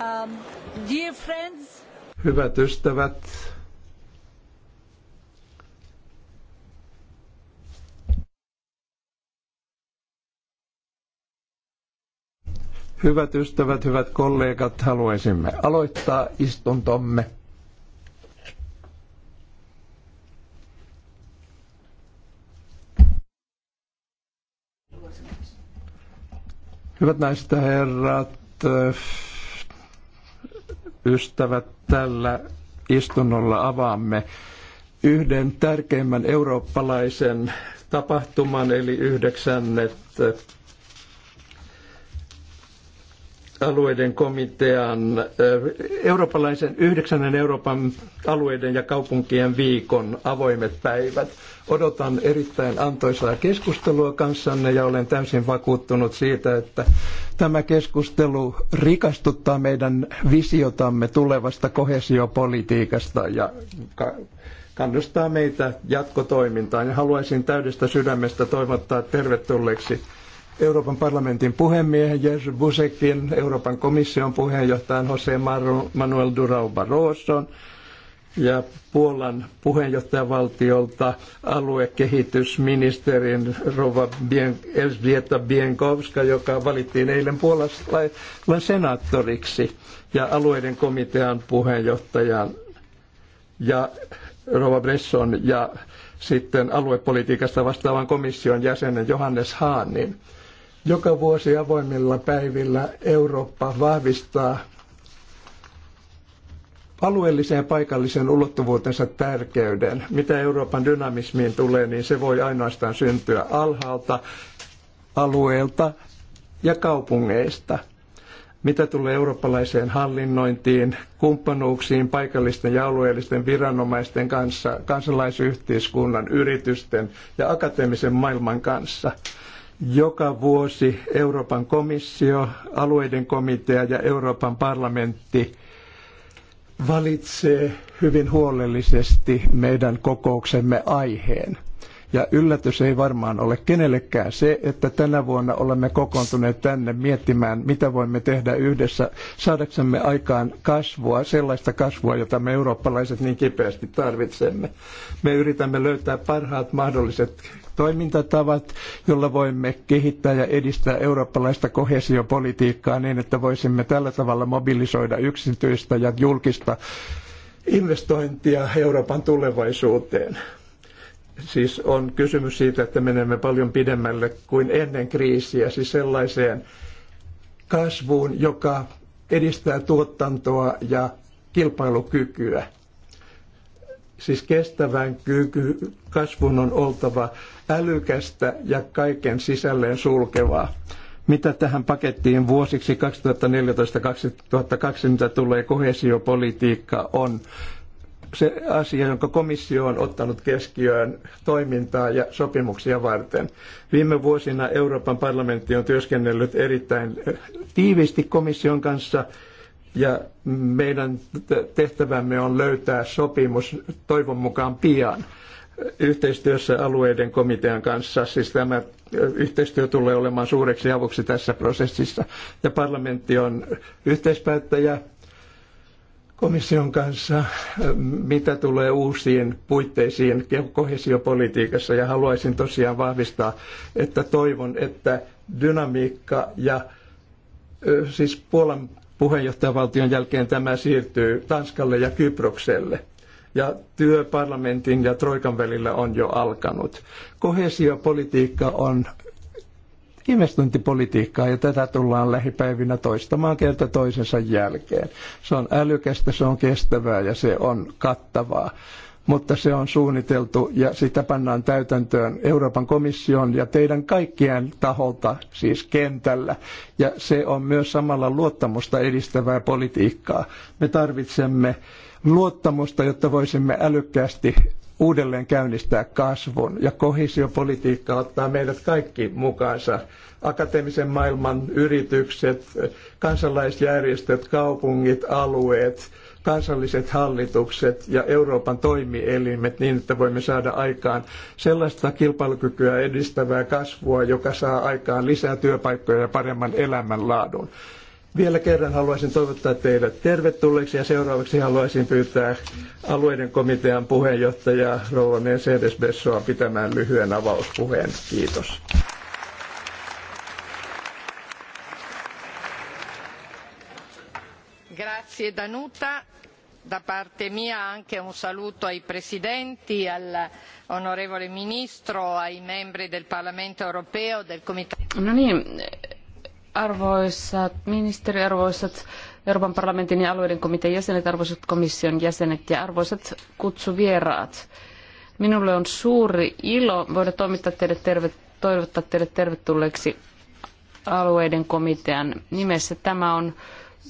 Um, dear friends. Hyvät ystävät. Hyvät ystävät, hyvät kollegat, haluaisimme aloittaa istuntomme. Hyvät naiset ja herrat, ystävät, tällä istunnolla avaamme yhden tärkeimmän eurooppalaisen tapahtuman, eli yhdeksännet alueiden komitean eurooppalaisen yhdeksännen Euroopan alueiden ja kaupunkien viikon avoimet päivät. Odotan erittäin antoisaa keskustelua kanssanne ja olen täysin vakuuttunut siitä, että tämä keskustelu rikastuttaa meidän visiotamme tulevasta kohesiopolitiikasta ja kannustaa meitä jatkotoimintaan. Ja haluaisin täydestä sydämestä toivottaa tervetulleeksi Euroopan parlamentin puhemiehen Jerzy Busekin, Euroopan komission puheenjohtajan Jose Manuel Durao Barroson ja Puolan puheenjohtajavaltiolta aluekehitysministerin Rova Bien, Elzbieta Bienkowska, joka valittiin eilen Puolan senaattoriksi ja alueiden komitean puheenjohtajan ja Rova Bresson ja sitten aluepolitiikasta vastaavan komission jäsenen Johannes Haanin. Joka vuosi avoimilla päivillä Eurooppa vahvistaa alueellisen ja paikallisen ulottuvuutensa tärkeyden. Mitä Euroopan dynamismiin tulee, niin se voi ainoastaan syntyä alhaalta, alueelta ja kaupungeista. Mitä tulee eurooppalaiseen hallinnointiin, kumppanuuksiin paikallisten ja alueellisten viranomaisten kanssa, kansalaisyhteiskunnan, yritysten ja akateemisen maailman kanssa – joka vuosi Euroopan komissio, alueiden komitea ja Euroopan parlamentti valitsee hyvin huolellisesti meidän kokouksemme aiheen. Ja yllätys ei varmaan ole kenellekään se, että tänä vuonna olemme kokoontuneet tänne miettimään, mitä voimme tehdä yhdessä saadaksemme aikaan kasvua, sellaista kasvua, jota me eurooppalaiset niin kipeästi tarvitsemme. Me yritämme löytää parhaat mahdolliset toimintatavat, jolla voimme kehittää ja edistää eurooppalaista kohesiopolitiikkaa niin, että voisimme tällä tavalla mobilisoida yksityistä ja julkista investointia Euroopan tulevaisuuteen. Siis on kysymys siitä, että menemme paljon pidemmälle kuin ennen kriisiä, siis sellaiseen kasvuun, joka edistää tuotantoa ja kilpailukykyä. Siis kestävän kyky, kasvun on oltava älykästä ja kaiken sisälleen sulkevaa. Mitä tähän pakettiin vuosiksi 2014-2020 tulee kohesiopolitiikka on se asia, jonka komissio on ottanut keskiöön toimintaa ja sopimuksia varten. Viime vuosina Euroopan parlamentti on työskennellyt erittäin tiiviisti komission kanssa ja meidän tehtävämme on löytää sopimus toivon mukaan pian yhteistyössä alueiden komitean kanssa. Siis tämä yhteistyö tulee olemaan suureksi avuksi tässä prosessissa. Ja parlamentti on yhteispäättäjä, komission kanssa, äh, mitä tulee uusiin puitteisiin kohesiopolitiikassa ja haluaisin tosiaan vahvistaa, että toivon, että dynamiikka ja siis Puolan puheenjohtajavaltion jälkeen tämä siirtyy Tanskalle ja Kyprokselle. Ja työ parlamentin ja Troikan välillä on jo alkanut. Kohesiopolitiikka on investointipolitiikkaa ja tätä tullaan lähipäivinä toistamaan kerta toisensa jälkeen. Se on älykästä, se on kestävää ja se on kattavaa mutta se on suunniteltu ja sitä pannaan täytäntöön Euroopan komission ja teidän kaikkien taholta, siis kentällä. Ja se on myös samalla luottamusta edistävää politiikkaa. Me tarvitsemme luottamusta, jotta voisimme älykkäästi uudelleen käynnistää kasvun ja kohesiopolitiikka ottaa meidät kaikki mukaansa. Akateemisen maailman yritykset, kansalaisjärjestöt, kaupungit, alueet, kansalliset hallitukset ja Euroopan toimielimet niin, että voimme saada aikaan sellaista kilpailukykyä edistävää kasvua, joka saa aikaan lisää työpaikkoja ja paremman elämänlaadun. Vielä kerran haluaisin toivottaa teidät tervetulleeksi ja seuraavaksi haluaisin pyytää alueiden komitean puheenjohtajaa Rouva Mercedes Bessoa pitämään lyhyen avauspuheen. Kiitos. Grazie Danuta. Da parte mia anche un saluto ai presidenti, al onorevole ministro, ai membri del Parlamento europeo, del comitato. No niin, Arvoisat ministeri, arvoisat Euroopan parlamentin ja alueiden komitean jäsenet, arvoisat komission jäsenet ja arvoisat kutsuvieraat. Minulle on suuri ilo voida toimittaa teille terve, toivottaa teille tervetulleeksi alueiden komitean nimessä. Tämä on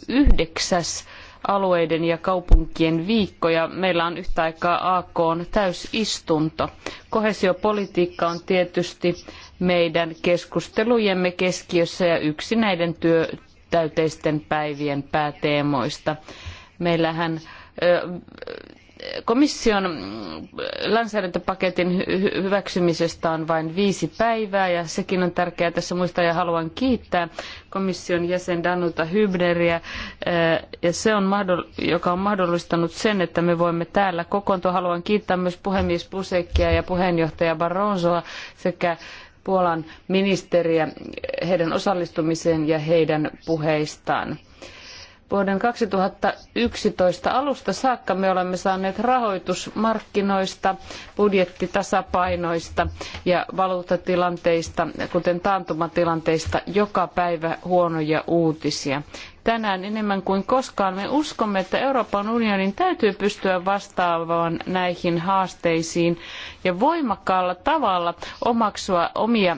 yhdeksäs alueiden ja kaupunkien viikko ja meillä on yhtä aikaa AK on täysistunto. Kohesiopolitiikka on tietysti meidän keskustelujemme keskiössä ja yksi näiden työtäyteisten päivien pääteemoista. Meillähän komission lainsäädäntöpaketin hyväksymisestä on vain viisi päivää ja sekin on tärkeää tässä muistaa ja haluan kiittää komission jäsen Danuta Hybneriä äh, ja se on joka on mahdollistanut sen, että me voimme täällä kokoontua. Haluan kiittää myös puhemies Pusekkia ja puheenjohtaja Barrosoa sekä Puolan ministeriä heidän osallistumiseen ja heidän puheistaan. Vuoden 2011 alusta saakka me olemme saaneet rahoitusmarkkinoista, budjettitasapainoista ja valuuttatilanteista, kuten taantumatilanteista, joka päivä huonoja uutisia tänään enemmän kuin koskaan. Me uskomme, että Euroopan unionin täytyy pystyä vastaamaan näihin haasteisiin ja voimakkaalla tavalla omaksua omia,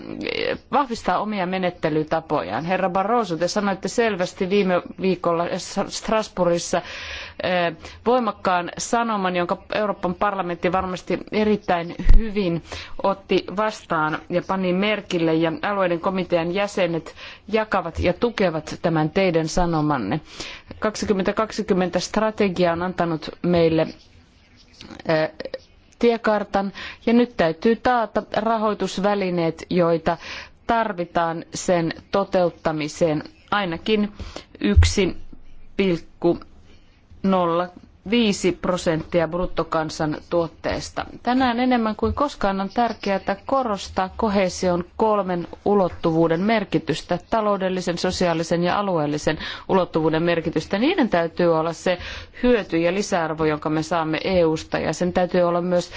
vahvistaa omia menettelytapojaan. Herra Barroso, te sanoitte selvästi viime viikolla Strasbourgissa, voimakkaan sanoman, jonka Euroopan parlamentti varmasti erittäin hyvin otti vastaan ja pani merkille ja alueiden komitean jäsenet jakavat ja tukevat tämän teidän sanomanne. 2020 strategia on antanut meille tiekartan ja nyt täytyy taata rahoitusvälineet, joita tarvitaan sen toteuttamiseen ainakin yksi 0,5 prosenttia bruttokansantuotteesta. Tänään enemmän kuin koskaan on tärkeää korostaa kohesion kolmen ulottuvuuden merkitystä, taloudellisen, sosiaalisen ja alueellisen ulottuvuuden merkitystä. Niiden täytyy olla se hyöty ja lisäarvo, jonka me saamme EU-sta ja sen täytyy olla myös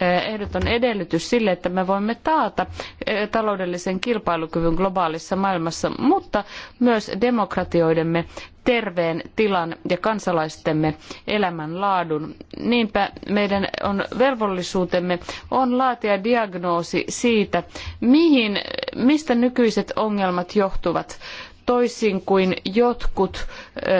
Eh, ehdoton edellytys sille, että me voimme taata eh, taloudellisen kilpailukyvyn globaalissa maailmassa, mutta myös demokratioidemme terveen tilan ja kansalaistemme elämänlaadun. Niinpä meidän on velvollisuutemme on laatia diagnoosi siitä, mihin, mistä nykyiset ongelmat johtuvat toisin kuin jotkut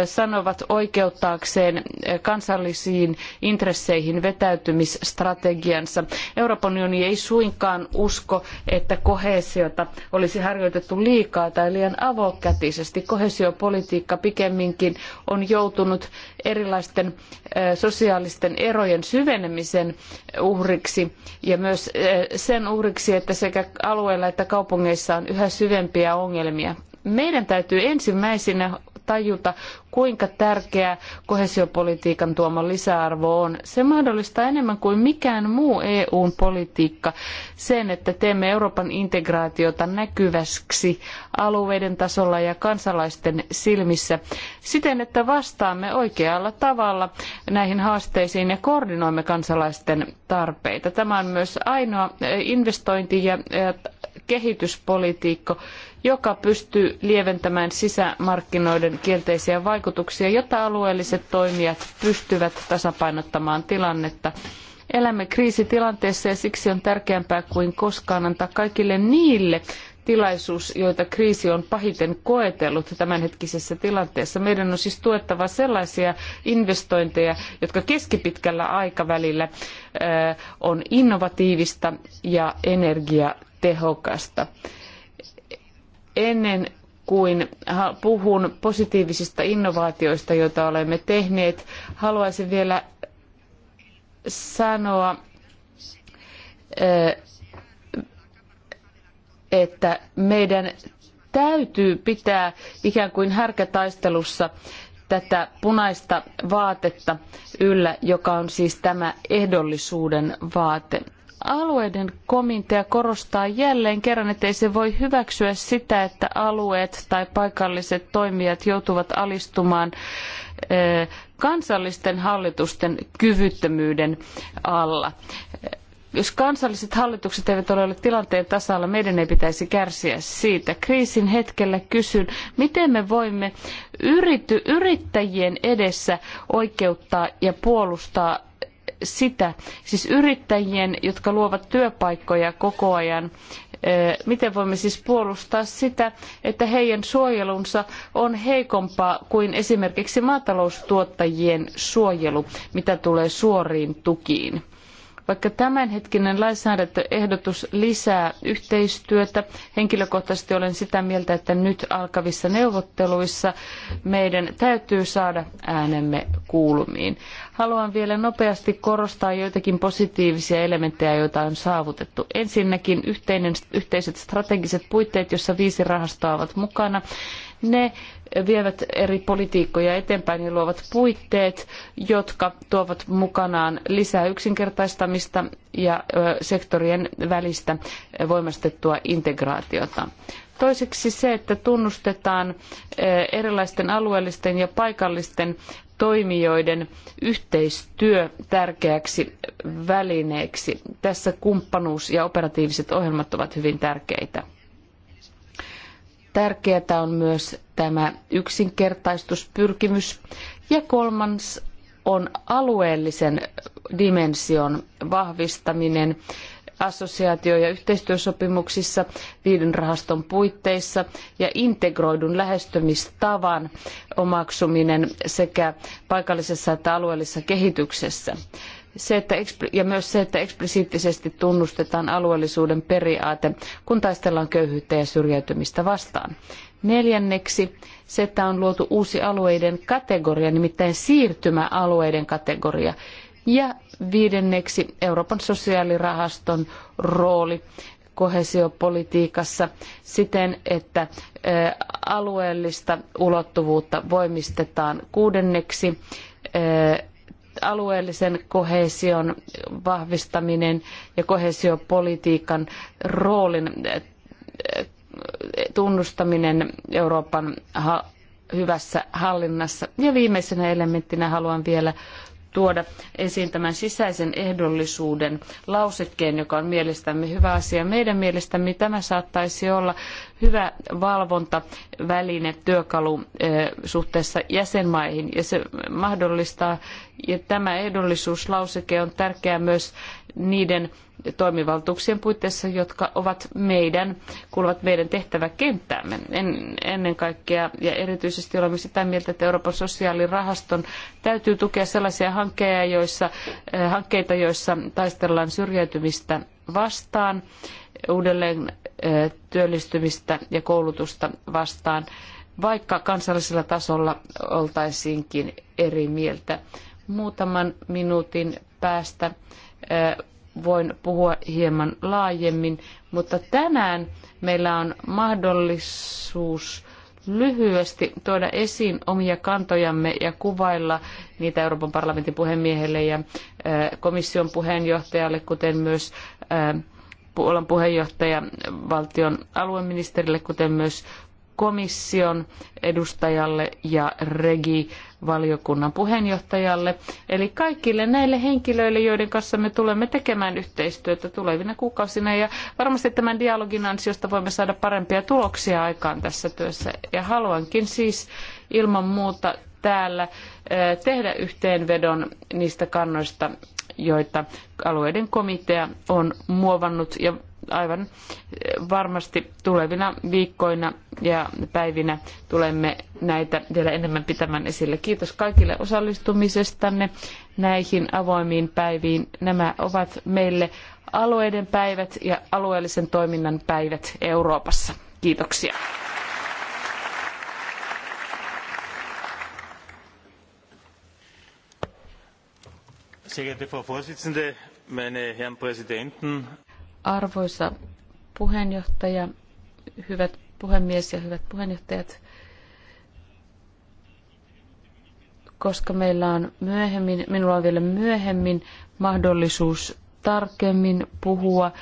sanovat oikeuttaakseen kansallisiin intresseihin vetäytymisstrategiansa. Euroopan unioni ei suinkaan usko, että kohesiota olisi harjoitettu liikaa tai liian avokätisesti. Kohesiopolitiikka pikemminkin on joutunut erilaisten sosiaalisten erojen syvenemisen uhriksi ja myös sen uhriksi, että sekä alueilla että kaupungeissa on yhä syvempiä ongelmia meidän täytyy ensimmäisenä tajuta, kuinka tärkeä kohesiopolitiikan tuoma lisäarvo on. Se mahdollistaa enemmän kuin mikään muu EUn politiikka sen, että teemme Euroopan integraatiota näkyväksi alueiden tasolla ja kansalaisten silmissä siten, että vastaamme oikealla tavalla näihin haasteisiin ja koordinoimme kansalaisten tarpeita. Tämä on myös ainoa eh, investointi ja eh, kehityspolitiikko, joka pystyy lieventämään sisämarkkinoiden kielteisiä vaikutuksia, jotta alueelliset toimijat pystyvät tasapainottamaan tilannetta. Elämme kriisitilanteessa ja siksi on tärkeämpää kuin koskaan antaa kaikille niille tilaisuus, joita kriisi on pahiten koetellut tämänhetkisessä tilanteessa. Meidän on siis tuettava sellaisia investointeja, jotka keskipitkällä aikavälillä on innovatiivista ja energia tehokasta. Ennen kuin puhun positiivisista innovaatioista, joita olemme tehneet, haluaisin vielä sanoa, että meidän täytyy pitää ikään kuin härkätaistelussa tätä punaista vaatetta yllä, joka on siis tämä ehdollisuuden vaate. Alueiden komitea korostaa jälleen kerran, että ei se voi hyväksyä sitä, että alueet tai paikalliset toimijat joutuvat alistumaan eh, kansallisten hallitusten kyvyttömyyden alla. Jos kansalliset hallitukset eivät ole olleet tilanteen tasalla, meidän ei pitäisi kärsiä siitä. Kriisin hetkellä kysyn, miten me voimme yrittäjien edessä oikeuttaa ja puolustaa sitä, siis yrittäjien, jotka luovat työpaikkoja koko ajan, eh, miten voimme siis puolustaa sitä, että heidän suojelunsa on heikompaa kuin esimerkiksi maataloustuottajien suojelu, mitä tulee suoriin tukiin. Vaikka tämänhetkinen lainsäädäntöehdotus lisää yhteistyötä, henkilökohtaisesti olen sitä mieltä, että nyt alkavissa neuvotteluissa meidän täytyy saada äänemme kuulumiin. Haluan vielä nopeasti korostaa joitakin positiivisia elementtejä, joita on saavutettu. Ensinnäkin yhteinen, yhteiset strategiset puitteet, jossa viisi rahastoa ovat mukana. Ne vievät eri politiikkoja eteenpäin ja luovat puitteet, jotka tuovat mukanaan lisää yksinkertaistamista ja sektorien välistä voimastettua integraatiota. Toiseksi se, että tunnustetaan erilaisten alueellisten ja paikallisten toimijoiden yhteistyö tärkeäksi välineeksi. Tässä kumppanuus ja operatiiviset ohjelmat ovat hyvin tärkeitä. Tärkeää on myös tämä yksinkertaistuspyrkimys. Ja kolmas on alueellisen dimension vahvistaminen assosiaatio- ja yhteistyösopimuksissa, viiden rahaston puitteissa ja integroidun lähestymistavan omaksuminen sekä paikallisessa että alueellisessa kehityksessä se, että, ja myös se, että eksplisiittisesti tunnustetaan alueellisuuden periaate, kun taistellaan köyhyyttä ja syrjäytymistä vastaan. Neljänneksi se, että on luotu uusi alueiden kategoria, nimittäin siirtymäalueiden kategoria. Ja viidenneksi Euroopan sosiaalirahaston rooli koheesiopolitiikassa siten, että alueellista ulottuvuutta voimistetaan. Kuudenneksi alueellisen kohesion vahvistaminen ja kohesiopolitiikan roolin eh, tunnustaminen Euroopan hyvässä hallinnassa. Ja viimeisenä elementtinä haluan vielä tuoda esiin tämän sisäisen ehdollisuuden lausekkeen, joka on mielestämme hyvä asia. Meidän mielestämme tämä saattaisi olla hyvä valvontaväline, työkalu suhteessa jäsenmaihin ja se mahdollistaa, ja tämä ehdollisuuslauseke on tärkeä myös niiden toimivaltuuksien puitteissa, jotka ovat meidän, kuuluvat meidän tehtäväkenttämme. En, ennen kaikkea ja erityisesti olemme sitä mieltä, että Euroopan sosiaalirahaston täytyy tukea sellaisia hankkeita, joissa, hankkeita, joissa taistellaan syrjäytymistä vastaan, uudelleen työllistymistä ja koulutusta vastaan, vaikka kansallisella tasolla oltaisiinkin eri mieltä. Muutaman minuutin päästä voin puhua hieman laajemmin, mutta tänään meillä on mahdollisuus lyhyesti tuoda esiin omia kantojamme ja kuvailla niitä Euroopan parlamentin puhemiehelle ja komission puheenjohtajalle, kuten myös Puolan puheenjohtaja valtion alueministerille, kuten myös komission edustajalle ja Regi-valiokunnan puheenjohtajalle. Eli kaikille näille henkilöille, joiden kanssa me tulemme tekemään yhteistyötä tulevina kuukausina. Ja varmasti tämän dialogin ansiosta voimme saada parempia tuloksia aikaan tässä työssä. Ja haluankin siis ilman muuta täällä eh, tehdä yhteenvedon niistä kannoista, joita alueiden komitea on muovannut ja aivan varmasti tulevina viikkoina ja päivinä tulemme näitä vielä enemmän pitämään esille. Kiitos kaikille osallistumisestanne näihin avoimiin päiviin. Nämä ovat meille alueiden päivät ja alueellisen toiminnan päivät Euroopassa. Kiitoksia. Arvoisa puheenjohtaja, hyvät puhemies ja hyvät puheenjohtajat, koska meillä on myöhemmin, minulla on vielä myöhemmin mahdollisuus tarkemmin puhua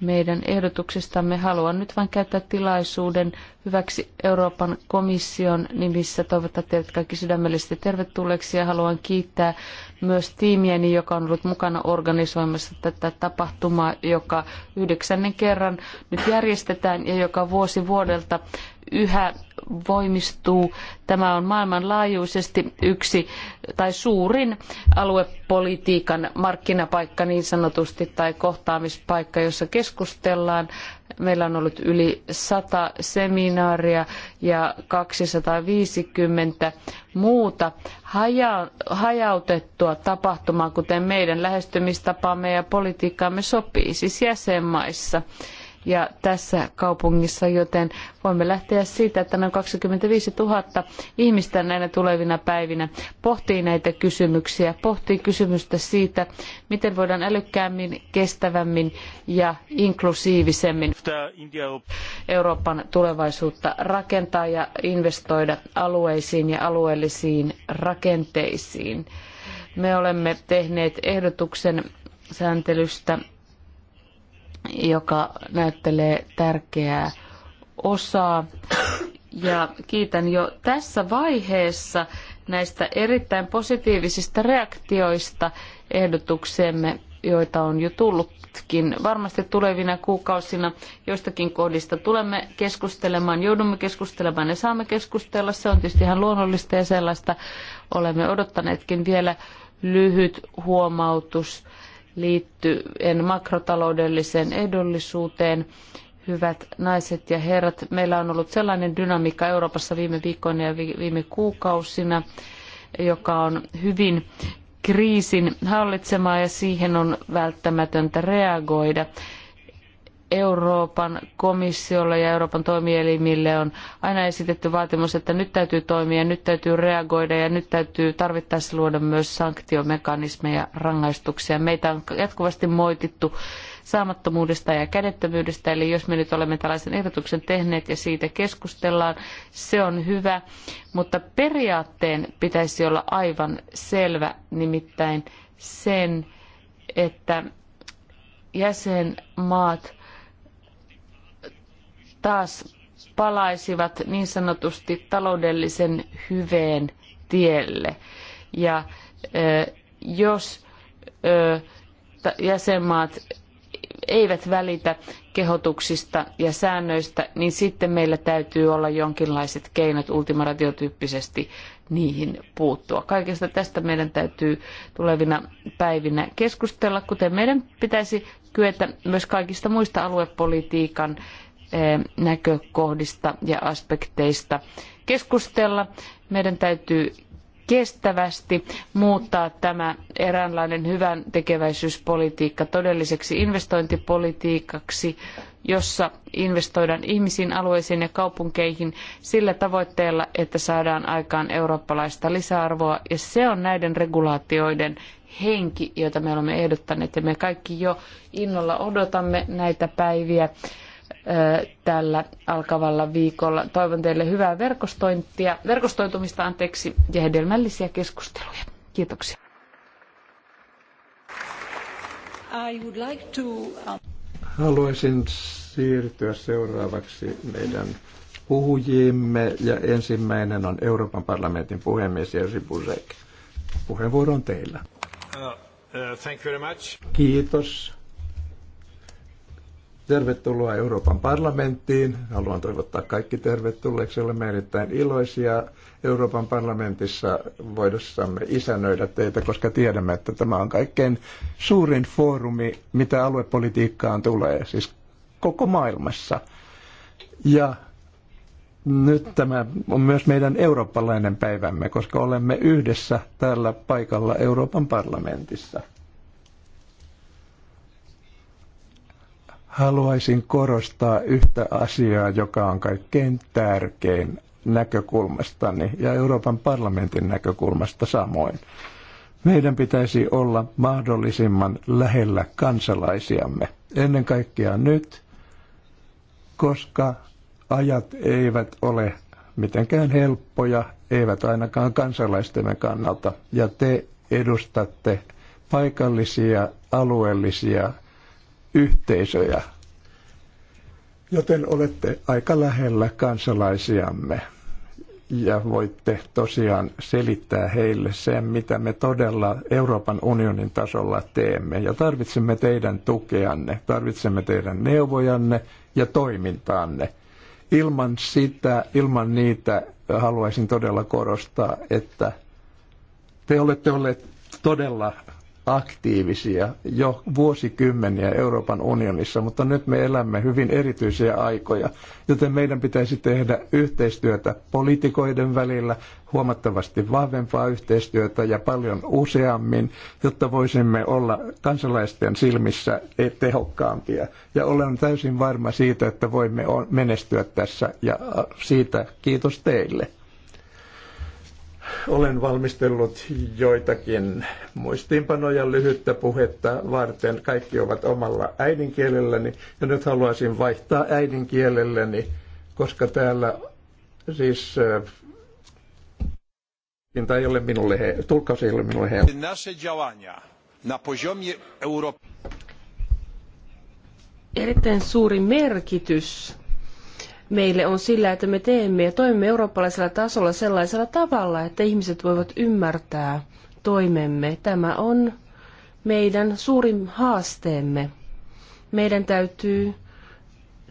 meidän ehdotuksistamme. Haluan nyt vain käyttää tilaisuuden hyväksi Euroopan komission nimissä. Toivotan teidät kaikki sydämellisesti tervetulleeksi ja haluan kiittää myös tiimieni, joka on ollut mukana organisoimassa tätä tapahtumaa, joka yhdeksännen kerran nyt järjestetään ja joka vuosi vuodelta yhä voimistuu. Tämä on maailmanlaajuisesti yksi tai suurin aluepolitiikan markkinapaikka niin sanotusti tai kohtaamispaikka, jossa keskustellaan Meillä on ollut yli 100 seminaaria ja 250 muuta haja, hajautettua tapahtumaa, kuten meidän lähestymistapamme ja politiikkaamme sopii, siis jäsenmaissa ja tässä kaupungissa, joten voimme lähteä siitä, että noin 25 000 ihmistä näinä tulevina päivinä pohtii näitä kysymyksiä, pohtii kysymystä siitä, miten voidaan älykkäämmin, kestävämmin ja inklusiivisemmin Euroopan tulevaisuutta rakentaa ja investoida alueisiin ja alueellisiin rakenteisiin. Me olemme tehneet ehdotuksen sääntelystä joka näyttelee tärkeää osaa. Ja kiitän jo tässä vaiheessa näistä erittäin positiivisista reaktioista ehdotuksemme, joita on jo tullutkin. Varmasti tulevina kuukausina joistakin kohdista tulemme keskustelemaan, joudumme keskustelemaan ja saamme keskustella. Se on tietysti ihan luonnollista ja sellaista olemme odottaneetkin vielä lyhyt huomautus liittyen makrotaloudelliseen edullisuuteen. Hyvät naiset ja herrat, meillä on ollut sellainen dynamiikka Euroopassa viime viikkoina ja viime kuukausina, joka on hyvin kriisin hallitsemaa ja siihen on välttämätöntä reagoida. Euroopan komissiolle ja Euroopan toimielimille on aina esitetty vaatimus, että nyt täytyy toimia, nyt täytyy reagoida ja nyt täytyy tarvittaessa luoda myös sanktiomekanismeja, rangaistuksia. Meitä on jatkuvasti moitittu saamattomuudesta ja kädettömyydestä, eli jos me nyt olemme tällaisen ehdotuksen tehneet ja siitä keskustellaan, se on hyvä, mutta periaatteen pitäisi olla aivan selvä, nimittäin sen, että jäsenmaat – taas palaisivat niin sanotusti taloudellisen hyveen tielle. Ja jos jäsenmaat eivät välitä kehotuksista ja säännöistä, niin sitten meillä täytyy olla jonkinlaiset keinot ultimaratiotyyppisesti niihin puuttua. Kaikesta tästä meidän täytyy tulevina päivinä keskustella, kuten meidän pitäisi kyetä myös kaikista muista aluepolitiikan Eh, näkökohdista ja aspekteista keskustella. Meidän täytyy kestävästi muuttaa tämä eräänlainen hyvän tekeväisyyspolitiikka todelliseksi investointipolitiikaksi, jossa investoidaan ihmisiin, alueisiin ja kaupunkeihin sillä tavoitteella, että saadaan aikaan eurooppalaista lisäarvoa. Ja se on näiden regulaatioiden henki, jota me olemme ehdottaneet. Ja me kaikki jo innolla odotamme näitä päiviä tällä alkavalla viikolla. Toivon teille hyvää verkostointia, verkostoitumista anteeksi, ja hedelmällisiä keskusteluja. Kiitoksia. Like to... Um, Haluaisin siirtyä seuraavaksi meidän puhujiimme ja ensimmäinen on Euroopan parlamentin puhemies Jerzy Buzek. Puheenvuoro on teillä. Uh, uh, thank you very much. Kiitos Tervetuloa Euroopan parlamenttiin. Haluan toivottaa kaikki tervetulleeksi. Olemme erittäin iloisia Euroopan parlamentissa voidessamme isännöidä teitä, koska tiedämme, että tämä on kaikkein suurin foorumi, mitä aluepolitiikkaan tulee, siis koko maailmassa. Ja nyt tämä on myös meidän eurooppalainen päivämme, koska olemme yhdessä tällä paikalla Euroopan parlamentissa. haluaisin korostaa yhtä asiaa, joka on kaikkein tärkein näkökulmastani ja Euroopan parlamentin näkökulmasta samoin. Meidän pitäisi olla mahdollisimman lähellä kansalaisiamme, ennen kaikkea nyt, koska ajat eivät ole mitenkään helppoja, eivät ainakaan kansalaistemme kannalta. Ja te edustatte paikallisia, alueellisia yhteisöjä. Joten olette aika lähellä kansalaisiamme ja voitte tosiaan selittää heille sen, mitä me todella Euroopan unionin tasolla teemme. Ja tarvitsemme teidän tukeanne, tarvitsemme teidän neuvojanne ja toimintaanne. Ilman sitä, ilman niitä haluaisin todella korostaa, että te olette olleet todella aktiivisia jo vuosikymmeniä Euroopan unionissa, mutta nyt me elämme hyvin erityisiä aikoja, joten meidän pitäisi tehdä yhteistyötä poliitikoiden välillä, huomattavasti vahvempaa yhteistyötä ja paljon useammin, jotta voisimme olla kansalaisten silmissä tehokkaampia. Ja olen täysin varma siitä, että voimme menestyä tässä ja siitä kiitos teille. Olen valmistellut joitakin muistiinpanoja lyhyttä puhetta varten. Kaikki ovat omalla äidinkielelläni ja nyt haluaisin vaihtaa äidinkielelläni, koska täällä siis äh, Tulkkaus ei ole minulle, he, tulkaus ei ole minulle he. Erittäin suuri merkitys meille on sillä, että me teemme ja toimimme eurooppalaisella tasolla sellaisella tavalla, että ihmiset voivat ymmärtää toimemme. Tämä on meidän suurin haasteemme. Meidän täytyy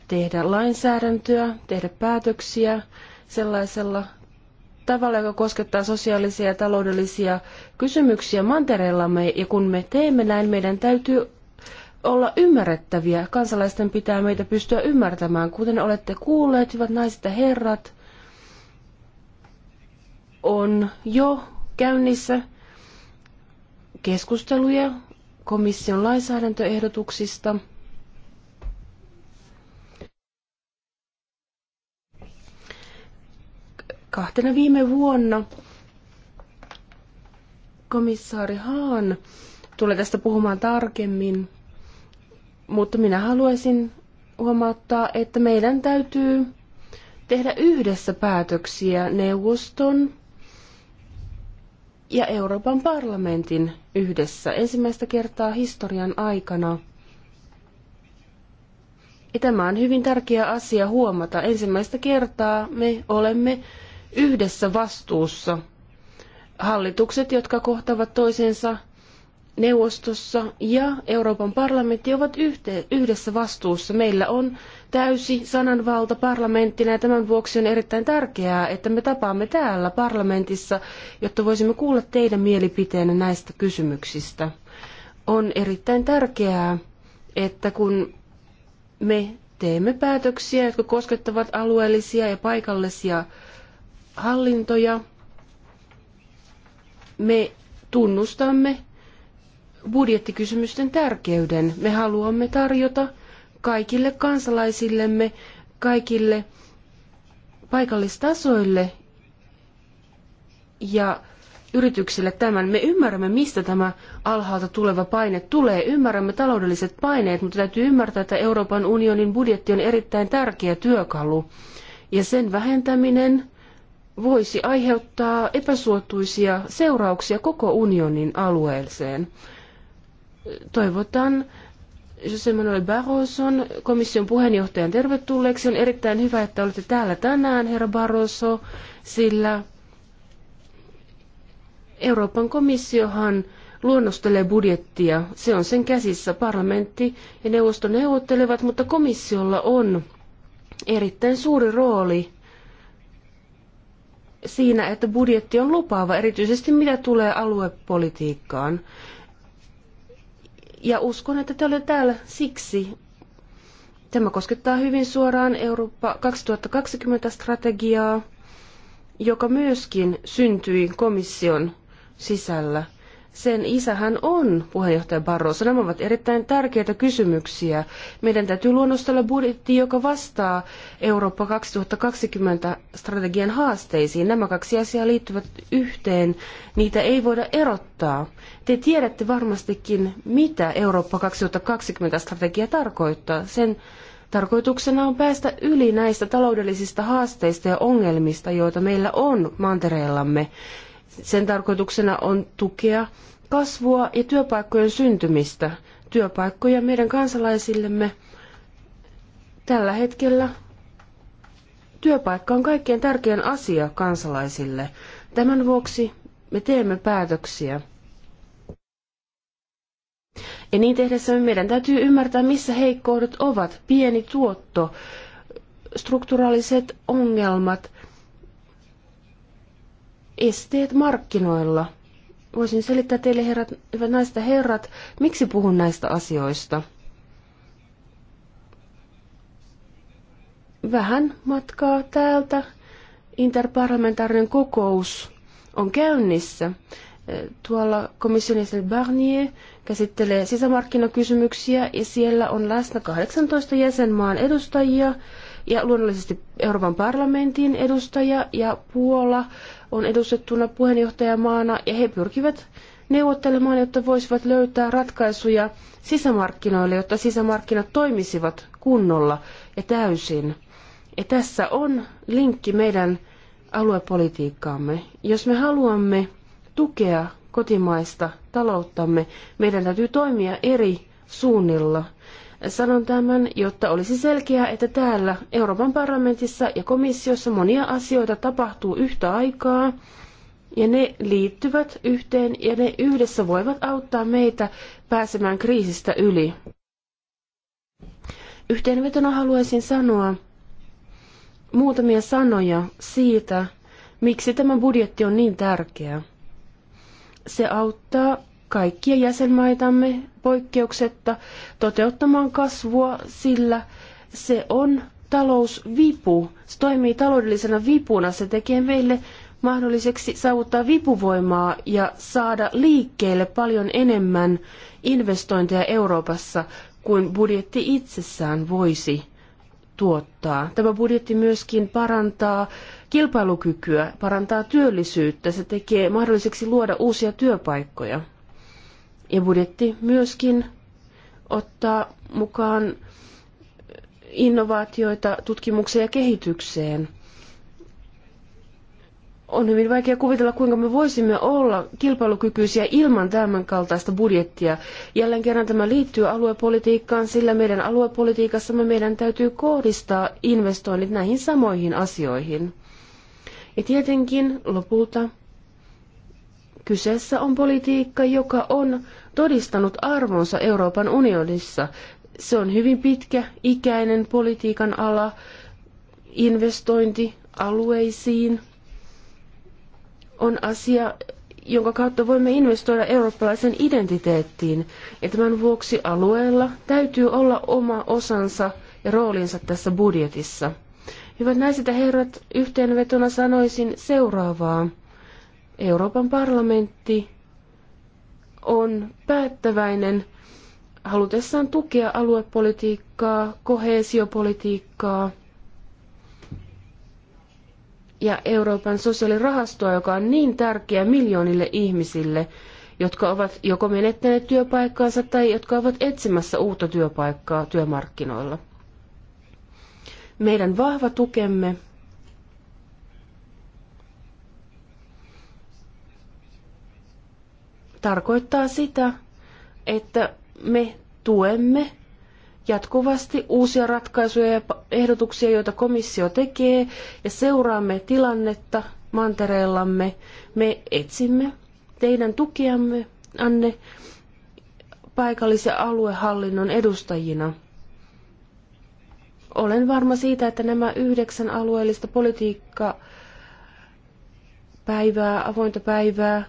tehdä lainsäädäntöä, tehdä päätöksiä sellaisella tavalla, joka koskettaa sosiaalisia ja taloudellisia kysymyksiä mantereellamme. Ja kun me teemme näin, meidän täytyy olla ymmärrettäviä. Kansalaisten pitää meitä pystyä ymmärtämään. Kuten olette kuulleet, hyvät naiset ja herrat, on jo käynnissä keskusteluja komission lainsäädäntöehdotuksista. Kahtena viime vuonna komissaari Haan tulee tästä puhumaan tarkemmin. Mutta minä haluaisin huomauttaa, että meidän täytyy tehdä yhdessä päätöksiä neuvoston ja Euroopan parlamentin yhdessä ensimmäistä kertaa historian aikana. Ja tämä on hyvin tärkeä asia huomata. Ensimmäistä kertaa me olemme yhdessä vastuussa. Hallitukset, jotka kohtavat toisensa neuvostossa ja Euroopan parlamentti ovat yhdessä vastuussa. Meillä on täysi sananvalta parlamenttina ja tämän vuoksi on erittäin tärkeää, että me tapaamme täällä parlamentissa, jotta voisimme kuulla teidän mielipiteenne näistä kysymyksistä. On erittäin tärkeää, että kun me teemme päätöksiä, jotka koskettavat alueellisia ja paikallisia hallintoja, me tunnustamme budjettikysymysten tärkeyden. Me haluamme tarjota kaikille kansalaisillemme, kaikille paikallistasoille ja yrityksille tämän. Me ymmärrämme, mistä tämä alhaalta tuleva paine tulee. Ymmärrämme taloudelliset paineet, mutta täytyy ymmärtää, että Euroopan unionin budjetti on erittäin tärkeä työkalu. Ja sen vähentäminen voisi aiheuttaa epäsuotuisia seurauksia koko unionin alueeseen toivotan José Manuel Barroson komission puheenjohtajan tervetulleeksi. On erittäin hyvä, että olette täällä tänään, herra Barroso, sillä Euroopan komissiohan luonnostelee budjettia. Se on sen käsissä. Parlamentti ja neuvosto neuvottelevat, mutta komissiolla on erittäin suuri rooli siinä, että budjetti on lupaava, erityisesti mitä tulee aluepolitiikkaan. Ja uskon, että te olette täällä siksi. Tämä koskettaa hyvin suoraan Eurooppa 2020-strategiaa, joka myöskin syntyi komission sisällä – sen isähän on puheenjohtaja Barroso. Nämä ovat erittäin tärkeitä kysymyksiä. Meidän täytyy luonnostella budjetti, joka vastaa Eurooppa 2020 strategian haasteisiin. Nämä kaksi asiaa liittyvät yhteen. Niitä ei voida erottaa. Te tiedätte varmastikin, mitä Eurooppa 2020 strategia tarkoittaa. Sen Tarkoituksena on päästä yli näistä taloudellisista haasteista ja ongelmista, joita meillä on mantereellamme. Sen tarkoituksena on tukea kasvua ja työpaikkojen syntymistä. Työpaikkoja meidän kansalaisillemme tällä hetkellä. Työpaikka on kaikkein tärkein asia kansalaisille. Tämän vuoksi me teemme päätöksiä. Ja niin tehdessämme meidän täytyy ymmärtää, missä heikkoudet ovat. Pieni tuotto, strukturaaliset ongelmat, esteet markkinoilla. Voisin selittää teille, herrat, hyvät naiset ja herrat, miksi puhun näistä asioista. Vähän matkaa täältä interparlamentaarinen kokous on käynnissä. Tuolla komission jäsen Barnier käsittelee sisämarkkinakysymyksiä ja siellä on läsnä 18 jäsenmaan edustajia ja luonnollisesti Euroopan parlamentin edustaja ja Puola, on edustettuna puheenjohtajamaana ja he pyrkivät neuvottelemaan, jotta voisivat löytää ratkaisuja sisämarkkinoille, jotta sisämarkkinat toimisivat kunnolla ja täysin. Ja tässä on linkki meidän aluepolitiikkaamme. Jos me haluamme tukea kotimaista talouttamme, meidän täytyy toimia eri suunnilla – Sanon tämän, jotta olisi selkeää, että täällä Euroopan parlamentissa ja komissiossa monia asioita tapahtuu yhtä aikaa ja ne liittyvät yhteen ja ne yhdessä voivat auttaa meitä pääsemään kriisistä yli. Yhteenvetona haluaisin sanoa muutamia sanoja siitä, miksi tämä budjetti on niin tärkeä. Se auttaa kaikkia jäsenmaitamme poikkeuksetta toteuttamaan kasvua, sillä se on talousvipu. Se toimii taloudellisena vipuna. Se tekee meille mahdolliseksi saavuttaa vipuvoimaa ja saada liikkeelle paljon enemmän investointeja Euroopassa kuin budjetti itsessään voisi tuottaa. Tämä budjetti myöskin parantaa kilpailukykyä, parantaa työllisyyttä, se tekee mahdolliseksi luoda uusia työpaikkoja. Ja budjetti myöskin ottaa mukaan innovaatioita tutkimukseen ja kehitykseen. On hyvin vaikea kuvitella, kuinka me voisimme olla kilpailukykyisiä ilman tämän kaltaista budjettia. Jälleen kerran tämä liittyy aluepolitiikkaan, sillä meidän aluepolitiikassamme meidän täytyy kohdistaa investoinnit näihin samoihin asioihin. Ja tietenkin lopulta kyseessä on politiikka, joka on todistanut arvonsa Euroopan unionissa. Se on hyvin pitkä ikäinen politiikan ala, investointi alueisiin on asia, jonka kautta voimme investoida eurooppalaisen identiteettiin. Ja tämän vuoksi alueella täytyy olla oma osansa ja roolinsa tässä budjetissa. Hyvät naiset ja herrat, yhteenvetona sanoisin seuraavaa. Euroopan parlamentti on päättäväinen halutessaan tukea aluepolitiikkaa, koheesiopolitiikkaa ja Euroopan sosiaalirahastoa, joka on niin tärkeä miljoonille ihmisille, jotka ovat joko menettäneet työpaikkaansa tai jotka ovat etsimässä uutta työpaikkaa työmarkkinoilla. Meidän vahva tukemme tarkoittaa sitä, että me tuemme jatkuvasti uusia ratkaisuja ja ehdotuksia, joita komissio tekee, ja seuraamme tilannetta mantereellamme. Me etsimme teidän tukiamme, Anne, paikallisen aluehallinnon edustajina. Olen varma siitä, että nämä yhdeksän alueellista politiikkapäivää, avointa päivää,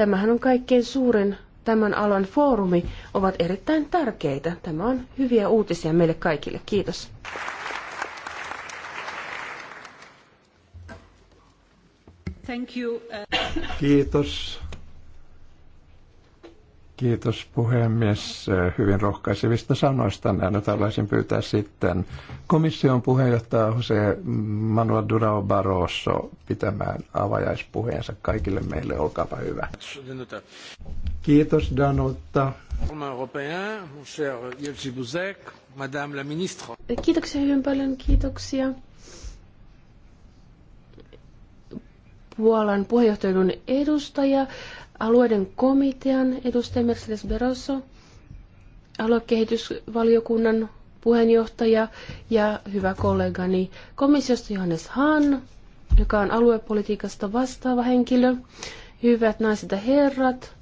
tämähän on kaikkein suurin tämän alan foorumi, ovat erittäin tärkeitä. Tämä on hyviä uutisia meille kaikille. Kiitos. Thank you. Uh, Kiitos. Kiitos puhemies hyvin rohkaisevista sanoista. Nyt haluaisin pyytää sitten komission puheenjohtaja Jose Manuel Durao Barroso pitämään avajaispuheensa kaikille meille. Olkaapa hyvä. Kiitos Danutta. Kiitoksia hyvin paljon, kiitoksia. Puolan puheenjohtajan edustaja alueiden komitean edustaja Mercedes Berosso, aluekehitysvaliokunnan puheenjohtaja ja hyvä kollegani komissiosta Johannes Hahn, joka on aluepolitiikasta vastaava henkilö, hyvät naiset ja herrat,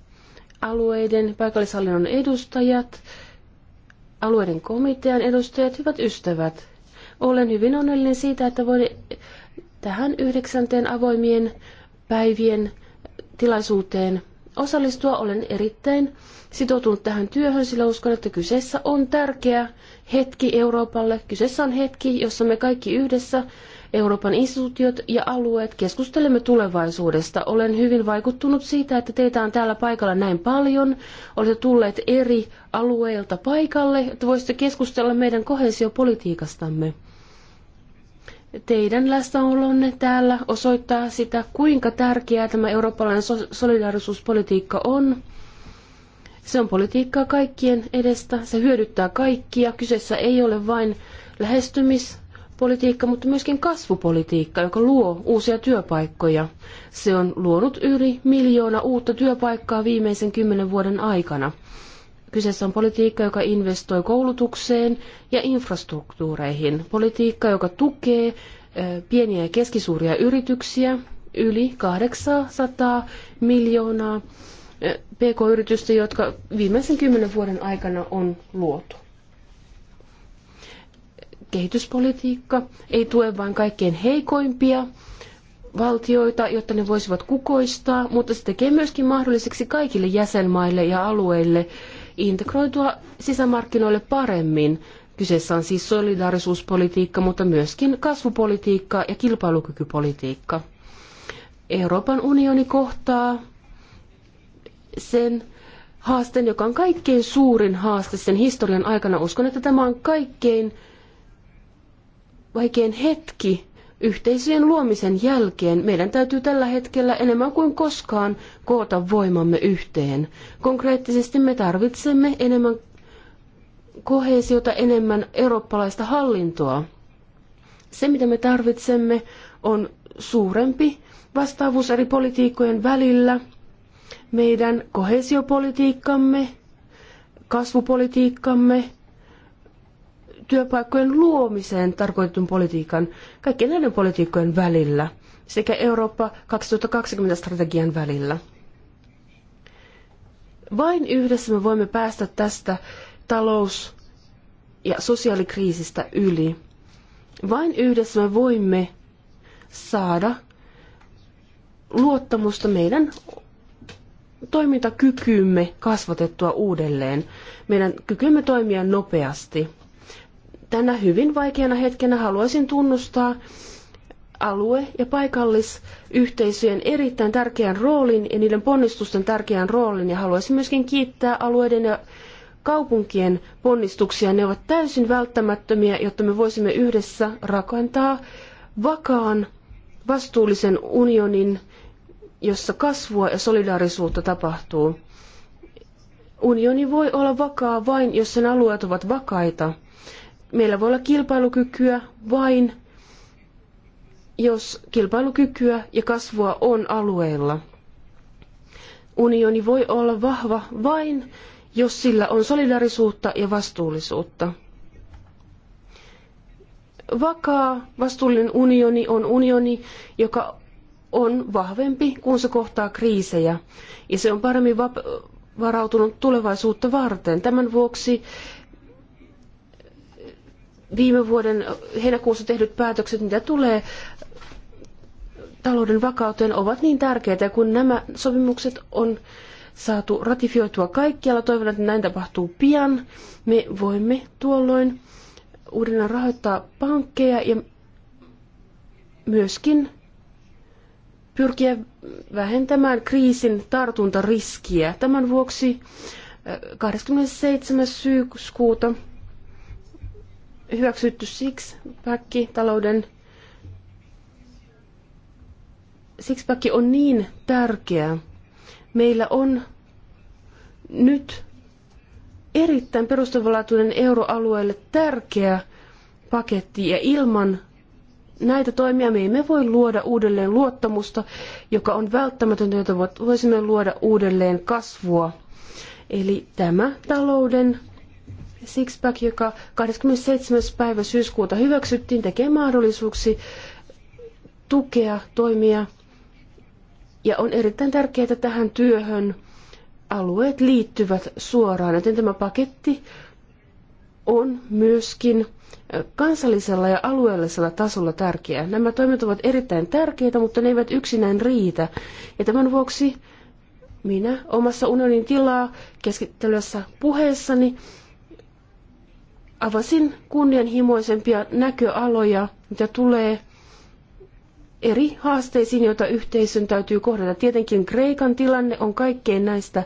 alueiden paikallishallinnon edustajat, alueiden komitean edustajat, hyvät ystävät. Olen hyvin onnellinen siitä, että voin tähän yhdeksänteen avoimien päivien tilaisuuteen osallistua. Olen erittäin sitoutunut tähän työhön, sillä uskon, että kyseessä on tärkeä hetki Euroopalle. Kyseessä on hetki, jossa me kaikki yhdessä, Euroopan instituutiot ja alueet, keskustelemme tulevaisuudesta. Olen hyvin vaikuttunut siitä, että teitä on täällä paikalla näin paljon. Olette tulleet eri alueilta paikalle, että voisitte keskustella meidän kohesiopolitiikastamme teidän läsnäolonne täällä osoittaa sitä, kuinka tärkeää tämä eurooppalainen solidaarisuuspolitiikka on. Se on politiikkaa kaikkien edestä, se hyödyttää kaikkia. Kyseessä ei ole vain lähestymispolitiikka, mutta myöskin kasvupolitiikka, joka luo uusia työpaikkoja. Se on luonut yli miljoona uutta työpaikkaa viimeisen kymmenen vuoden aikana. Kyseessä on politiikka, joka investoi koulutukseen ja infrastruktuureihin. Politiikka, joka tukee pieniä ja keskisuuria yrityksiä, yli 800 miljoonaa pk-yritystä, jotka viimeisen kymmenen vuoden aikana on luotu. Kehityspolitiikka ei tue vain kaikkein heikoimpia valtioita, jotta ne voisivat kukoistaa, mutta se tekee myöskin mahdolliseksi kaikille jäsenmaille ja alueille integroitua sisämarkkinoille paremmin. Kyseessä on siis solidaarisuuspolitiikka, mutta myöskin kasvupolitiikka ja kilpailukykypolitiikka. Euroopan unioni kohtaa sen haasteen, joka on kaikkein suurin haaste sen historian aikana. Uskon, että tämä on kaikkein vaikein hetki Yhteisöjen luomisen jälkeen meidän täytyy tällä hetkellä enemmän kuin koskaan koota voimamme yhteen. Konkreettisesti me tarvitsemme enemmän kohesiota, enemmän eurooppalaista hallintoa. Se, mitä me tarvitsemme, on suurempi vastaavuus eri politiikkojen välillä. Meidän kohesiopolitiikkamme, kasvupolitiikkamme, työpaikkojen luomiseen tarkoitetun politiikan, kaikkien näiden politiikkojen välillä sekä Eurooppa 2020-strategian välillä. Vain yhdessä me voimme päästä tästä talous- ja sosiaalikriisistä yli. Vain yhdessä me voimme saada luottamusta meidän toimintakykyymme kasvatettua uudelleen, meidän kykymme toimia nopeasti tänä hyvin vaikeana hetkenä haluaisin tunnustaa alue- ja paikallisyhteisöjen erittäin tärkeän roolin ja niiden ponnistusten tärkeän roolin. Ja haluaisin myöskin kiittää alueiden ja kaupunkien ponnistuksia. Ne ovat täysin välttämättömiä, jotta me voisimme yhdessä rakentaa vakaan, vastuullisen unionin, jossa kasvua ja solidaarisuutta tapahtuu. Unioni voi olla vakaa vain, jos sen alueet ovat vakaita meillä voi olla kilpailukykyä vain, jos kilpailukykyä ja kasvua on alueilla. Unioni voi olla vahva vain, jos sillä on solidaarisuutta ja vastuullisuutta. Vakaa, vastuullinen unioni on unioni, joka on vahvempi, kun se kohtaa kriisejä, ja se on paremmin varautunut tulevaisuutta varten. Tämän vuoksi viime vuoden heinäkuussa tehdyt päätökset, mitä tulee talouden vakauteen, ovat niin tärkeitä, kun nämä sopimukset on saatu ratifioitua kaikkialla. Toivon, että näin tapahtuu pian. Me voimme tuolloin uudelleen rahoittaa pankkeja ja myöskin pyrkiä vähentämään kriisin tartuntariskiä. Tämän vuoksi 27. Äh, syyskuuta hyväksytty six-pack talouden sixpack on niin tärkeä. Meillä on nyt erittäin perustavanlaatuinen euroalueelle tärkeä paketti ja ilman näitä toimia me emme voi luoda uudelleen luottamusta, joka on välttämätöntä, jota voisimme luoda uudelleen kasvua. Eli tämä talouden Sixpack, joka 27. päivä syyskuuta hyväksyttiin, tekee mahdollisuuksi tukea toimia ja on erittäin tärkeää, että tähän työhön alueet liittyvät suoraan, joten tämä paketti on myöskin kansallisella ja alueellisella tasolla tärkeää. Nämä toimet ovat erittäin tärkeitä, mutta ne eivät yksinään riitä. Ja tämän vuoksi minä omassa unionin tilaa keskittelyssä puheessani avasin kunnianhimoisempia näköaloja, mitä tulee eri haasteisiin, joita yhteisön täytyy kohdata. Tietenkin Kreikan tilanne on kaikkein näistä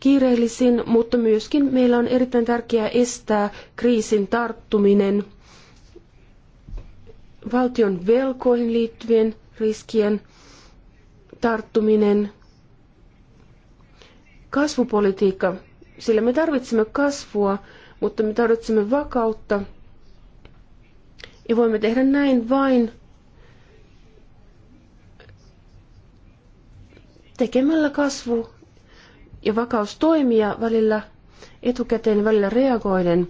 kiireellisin, mutta myöskin meillä on erittäin tärkeää estää kriisin tarttuminen valtion velkoihin liittyvien riskien tarttuminen, kasvupolitiikka, sillä me tarvitsemme kasvua mutta me tarvitsemme vakautta. Ja voimme tehdä näin vain tekemällä kasvu- ja vakaustoimia välillä etukäteen välillä reagoiden.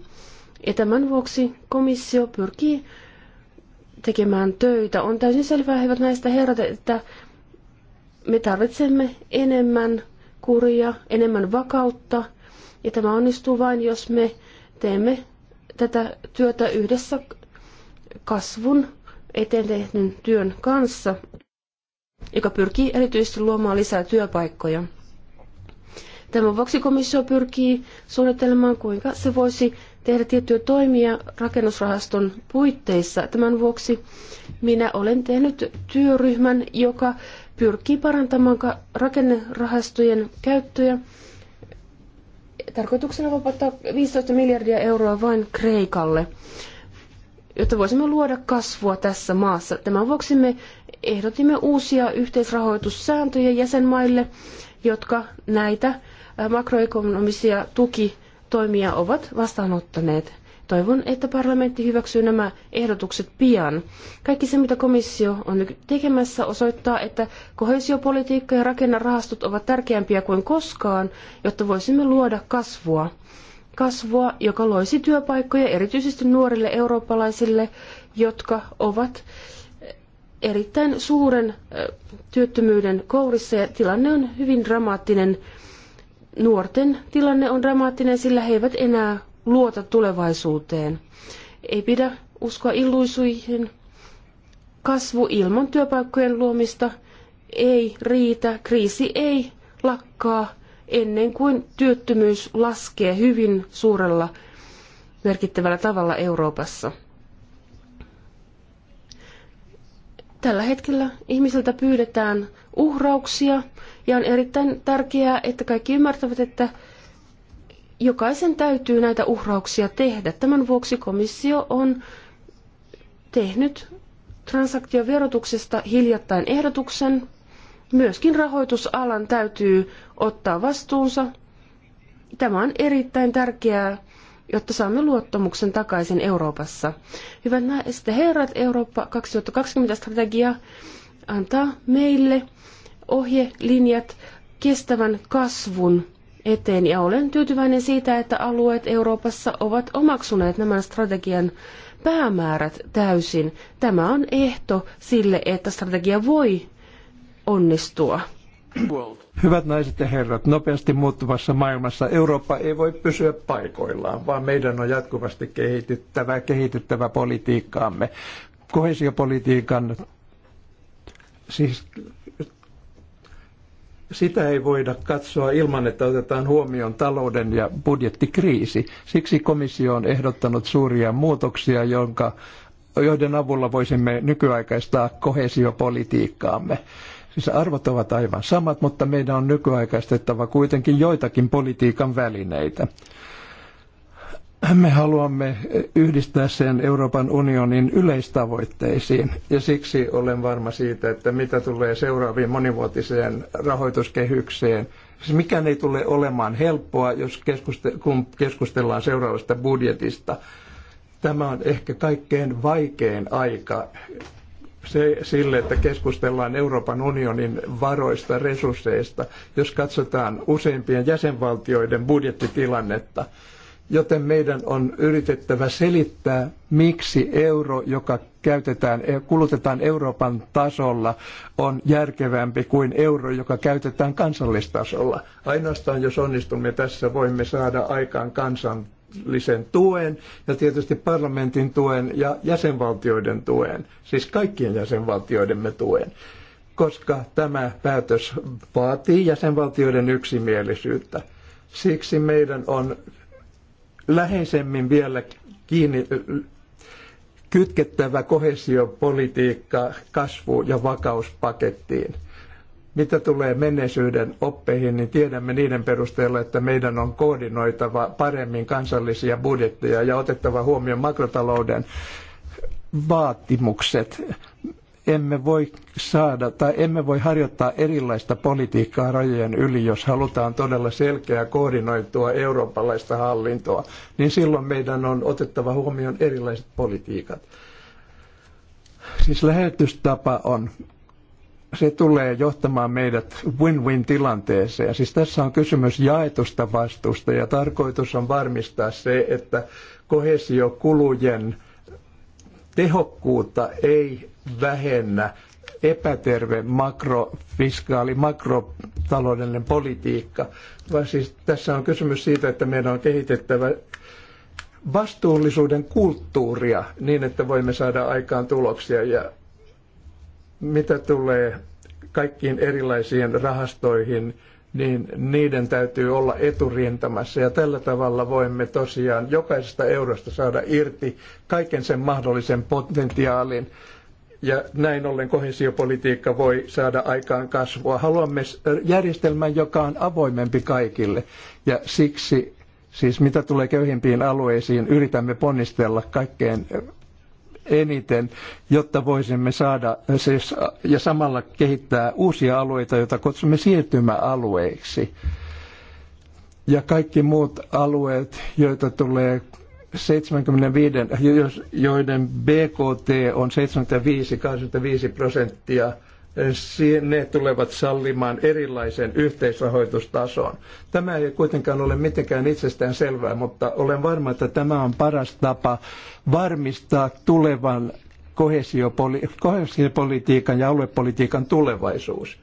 Ja tämän vuoksi komissio pyrkii tekemään töitä. On täysin selvää, hyvät näistä herrat, että me tarvitsemme enemmän kuria, enemmän vakautta. Ja tämä onnistuu vain, jos me Teemme tätä työtä yhdessä kasvun eteen tehdyn työn kanssa, joka pyrkii erityisesti luomaan lisää työpaikkoja. Tämän vuoksi komissio pyrkii suunnittelemaan, kuinka se voisi tehdä tiettyjä toimia rakennusrahaston puitteissa. Tämän vuoksi minä olen tehnyt työryhmän, joka pyrkii parantamaan rakennerahastojen käyttöä tarkoituksena vapauttaa 15 miljardia euroa vain Kreikalle, jotta voisimme luoda kasvua tässä maassa. Tämän vuoksi me ehdotimme uusia yhteisrahoitussääntöjä jäsenmaille, jotka näitä makroekonomisia tukitoimia ovat vastaanottaneet. Toivon, että parlamentti hyväksyy nämä ehdotukset pian. Kaikki se, mitä komissio on nyt tekemässä, osoittaa, että kohesiopolitiikka ja rakennerahastot ovat tärkeämpiä kuin koskaan, jotta voisimme luoda kasvua. Kasvua, joka loisi työpaikkoja erityisesti nuorille eurooppalaisille, jotka ovat erittäin suuren työttömyyden kourissa ja tilanne on hyvin dramaattinen. Nuorten tilanne on dramaattinen, sillä he eivät enää luota tulevaisuuteen. Ei pidä uskoa illuisuihin. Kasvu ilman työpaikkojen luomista ei riitä. Kriisi ei lakkaa ennen kuin työttömyys laskee hyvin suurella merkittävällä tavalla Euroopassa. Tällä hetkellä ihmisiltä pyydetään uhrauksia ja on erittäin tärkeää, että kaikki ymmärtävät, että jokaisen täytyy näitä uhrauksia tehdä. Tämän vuoksi komissio on tehnyt transaktioverotuksesta hiljattain ehdotuksen. Myöskin rahoitusalan täytyy ottaa vastuunsa. Tämä on erittäin tärkeää, jotta saamme luottamuksen takaisin Euroopassa. Hyvät naiset ja herrat, Eurooppa 2020-strategia antaa meille ohjelinjat kestävän kasvun eteen ja olen tyytyväinen siitä, että alueet Euroopassa ovat omaksuneet nämä strategian päämäärät täysin. Tämä on ehto sille, että strategia voi onnistua. Hyvät naiset ja herrat, nopeasti muuttuvassa maailmassa Eurooppa ei voi pysyä paikoillaan, vaan meidän on jatkuvasti kehityttävä, kehityttävä politiikkaamme. Kohesiopolitiikan, siis sitä ei voida katsoa ilman, että otetaan huomioon talouden ja budjettikriisi. Siksi komissio on ehdottanut suuria muutoksia, jonka, joiden avulla voisimme nykyaikaistaa kohesiopolitiikkaamme. Siis arvot ovat aivan samat, mutta meidän on nykyaikaistettava kuitenkin joitakin politiikan välineitä me haluamme yhdistää sen Euroopan unionin yleistavoitteisiin ja siksi olen varma siitä, että mitä tulee seuraaviin monivuotiseen rahoituskehykseen. Siis mikään ei tule olemaan helppoa, jos keskuste- kun keskustellaan seuraavasta budjetista. Tämä on ehkä kaikkein vaikein aika se, sille, että keskustellaan Euroopan unionin varoista, resursseista, jos katsotaan useimpien jäsenvaltioiden budjettitilannetta – Joten meidän on yritettävä selittää, miksi euro, joka käytetään, e, kulutetaan Euroopan tasolla, on järkevämpi kuin euro, joka käytetään kansallistasolla. Ainoastaan jos onnistumme tässä, voimme saada aikaan kansallisen tuen ja tietysti parlamentin tuen ja jäsenvaltioiden tuen, siis kaikkien jäsenvaltioidemme tuen koska tämä päätös vaatii jäsenvaltioiden yksimielisyyttä. Siksi meidän on läheisemmin vielä kiinni kytkettävä kohesiopolitiikka kasvu- ja vakauspakettiin. Mitä tulee menneisyyden oppeihin, niin tiedämme niiden perusteella, että meidän on koordinoitava paremmin kansallisia budjetteja ja otettava huomioon makrotalouden vaatimukset emme voi saada tai emme voi harjoittaa erilaista politiikkaa rajojen yli, jos halutaan todella selkeää koordinoitua eurooppalaista hallintoa, niin silloin meidän on otettava huomioon erilaiset politiikat. Siis lähetystapa on se tulee johtamaan meidät win-win tilanteeseen. Siis tässä on kysymys jaetusta vastuusta ja tarkoitus on varmistaa se, että kohesiokulujen tehokkuutta ei vähennä epäterve makrofiskaali, makrotaloudellinen politiikka, vaan siis tässä on kysymys siitä, että meidän on kehitettävä vastuullisuuden kulttuuria niin, että voimme saada aikaan tuloksia. Ja mitä tulee kaikkiin erilaisiin rahastoihin, niin niiden täytyy olla eturintamassa. Ja tällä tavalla voimme tosiaan jokaisesta eurosta saada irti kaiken sen mahdollisen potentiaalin, ja näin ollen kohesiopolitiikka voi saada aikaan kasvua. Haluamme järjestelmän, joka on avoimempi kaikille ja siksi, siis mitä tulee köyhimpiin alueisiin, yritämme ponnistella kaikkein eniten, jotta voisimme saada siis, ja samalla kehittää uusia alueita, joita kutsumme siirtymäalueiksi. Ja kaikki muut alueet, joita tulee 75, joiden BKT on 75-85 prosenttia, ne tulevat sallimaan erilaisen yhteisrahoitustason. Tämä ei kuitenkaan ole mitenkään itsestään selvää, mutta olen varma, että tämä on paras tapa varmistaa tulevan kohesiopoli- kohesiopolitiikan ja aluepolitiikan tulevaisuus.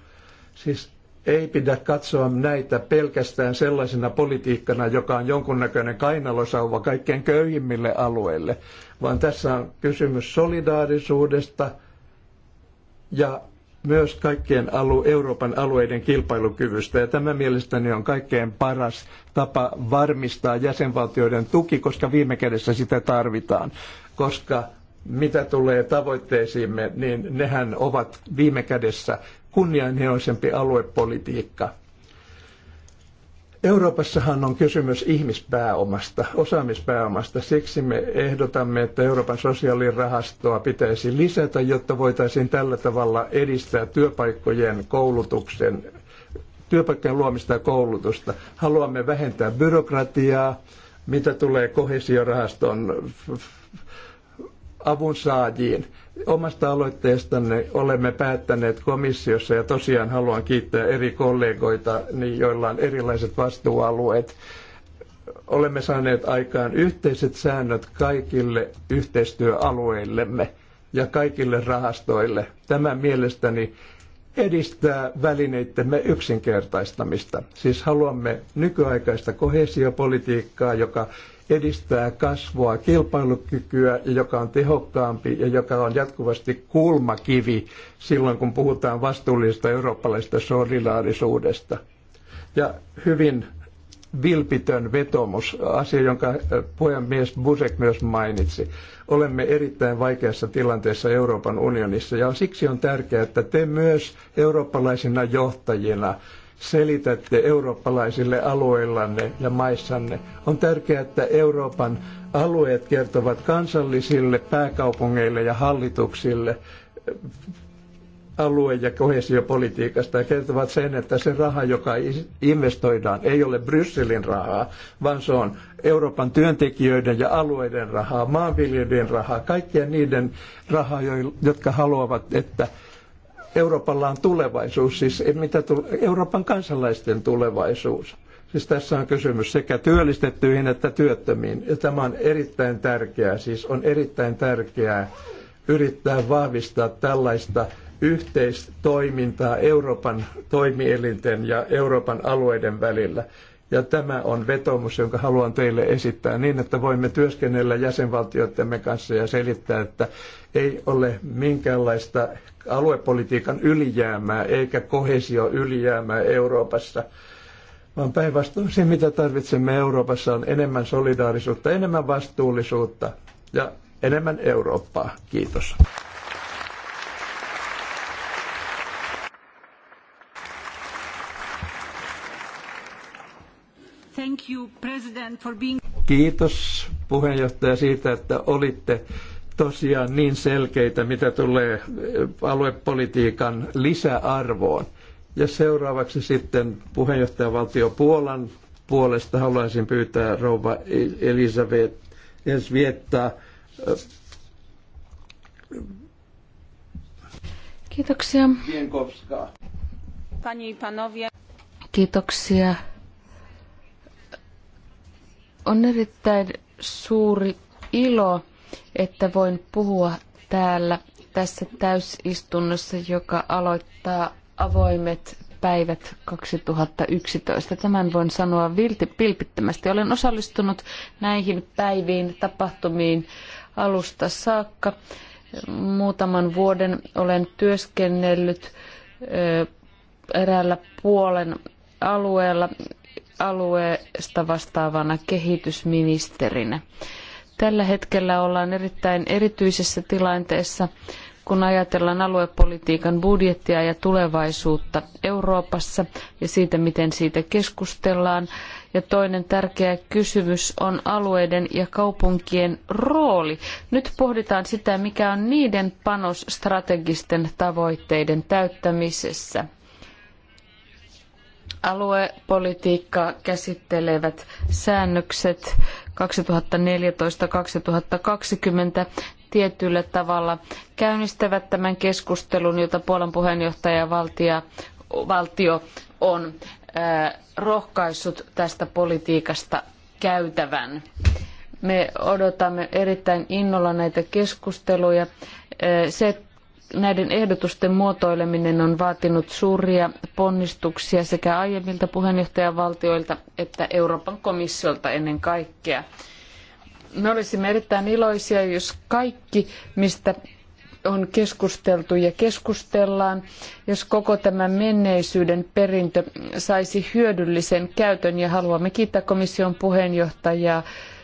Siis ei pidä katsoa näitä pelkästään sellaisena politiikkana, joka on jonkunnäköinen kainalosauva kaikkein köyhimmille alueille, vaan tässä on kysymys solidaarisuudesta ja myös kaikkien alu, Euroopan alueiden kilpailukyvystä. Ja tämä mielestäni on kaikkein paras tapa varmistaa jäsenvaltioiden tuki, koska viime kädessä sitä tarvitaan. Koska mitä tulee tavoitteisiimme, niin nehän ovat viime kädessä kunnianhimoisempi aluepolitiikka. Euroopassahan on kysymys ihmispääomasta, osaamispääomasta. Siksi me ehdotamme, että Euroopan sosiaalirahastoa pitäisi lisätä, jotta voitaisiin tällä tavalla edistää työpaikkojen koulutuksen, työpaikkojen luomista ja koulutusta. Haluamme vähentää byrokratiaa, mitä tulee kohesiorahaston avun saajiin. Omasta aloitteestanne olemme päättäneet komissiossa ja tosiaan haluan kiittää eri kollegoita, niin joilla on erilaiset vastuualueet. Olemme saaneet aikaan yhteiset säännöt kaikille yhteistyöalueillemme ja kaikille rahastoille. Tämä mielestäni edistää välineittemme yksinkertaistamista. Siis haluamme nykyaikaista kohesiopolitiikkaa, joka edistää kasvua, kilpailukykyä, joka on tehokkaampi ja joka on jatkuvasti kulmakivi silloin, kun puhutaan vastuullisesta eurooppalaisesta solidaarisuudesta. Ja hyvin vilpitön vetomus, asia, jonka äh, puhemies Busek myös mainitsi. Olemme erittäin vaikeassa tilanteessa Euroopan unionissa ja siksi on tärkeää, että te myös eurooppalaisina johtajina – selitätte eurooppalaisille alueillanne ja maissanne. On tärkeää, että Euroopan alueet kertovat kansallisille pääkaupungeille ja hallituksille alue- ja kohesiopolitiikasta ja kertovat sen, että se raha, joka investoidaan, ei ole Brysselin rahaa, vaan se on Euroopan työntekijöiden ja alueiden rahaa, maanviljelijöiden rahaa, kaikkien niiden rahaa, jotka haluavat, että Euroopalla on tulevaisuus, siis mitä tule, Euroopan kansalaisten tulevaisuus. Siis tässä on kysymys sekä työllistettyihin että työttömiin. Ja tämä on erittäin tärkeää, siis on erittäin tärkeää yrittää vahvistaa tällaista yhteistoimintaa Euroopan toimielinten ja Euroopan alueiden välillä. Ja tämä on vetomus, jonka haluan teille esittää niin, että voimme työskennellä jäsenvaltioidemme kanssa ja selittää, että ei ole minkäänlaista aluepolitiikan ylijäämää eikä kohesio ylijäämää Euroopassa vaan päinvastoin se, mitä tarvitsemme Euroopassa, on enemmän solidaarisuutta, enemmän vastuullisuutta ja enemmän Eurooppaa. Kiitos. thank you, President, for being... Kiitos puheenjohtaja siitä, että olitte tosiaan niin selkeitä, mitä tulee eh, aluepolitiikan lisäarvoon. Ja seuraavaksi sitten puheenjohtajavaltio Puolan puolesta haluaisin pyytää rouva e- Elisabeth Esvietta. Kiitoksia. Kiitoksia on erittäin suuri ilo, että voin puhua täällä tässä täysistunnossa, joka aloittaa avoimet päivät 2011. Tämän voin sanoa vilti, pilpittömästi. Olen osallistunut näihin päiviin, tapahtumiin alusta saakka. Muutaman vuoden olen työskennellyt eräällä puolen alueella alueesta vastaavana kehitysministerinä. Tällä hetkellä ollaan erittäin erityisessä tilanteessa, kun ajatellaan aluepolitiikan budjettia ja tulevaisuutta Euroopassa ja siitä, miten siitä keskustellaan. Ja toinen tärkeä kysymys on alueiden ja kaupunkien rooli. Nyt pohditaan sitä, mikä on niiden panos strategisten tavoitteiden täyttämisessä. Aluepolitiikkaa käsittelevät säännökset 2014-2020 tietyllä tavalla käynnistävät tämän keskustelun, jota Puolan puheenjohtaja valtio on rohkaissut tästä politiikasta käytävän. Me odotamme erittäin innolla näitä keskusteluja. Se, näiden ehdotusten muotoileminen on vaatinut suuria ponnistuksia sekä aiemmilta puheenjohtajavaltioilta että Euroopan komissiolta ennen kaikkea. Me olisimme erittäin iloisia, jos kaikki, mistä on keskusteltu ja keskustellaan, jos koko tämä menneisyyden perintö saisi hyödyllisen käytön ja haluamme kiittää komission puheenjohtajaa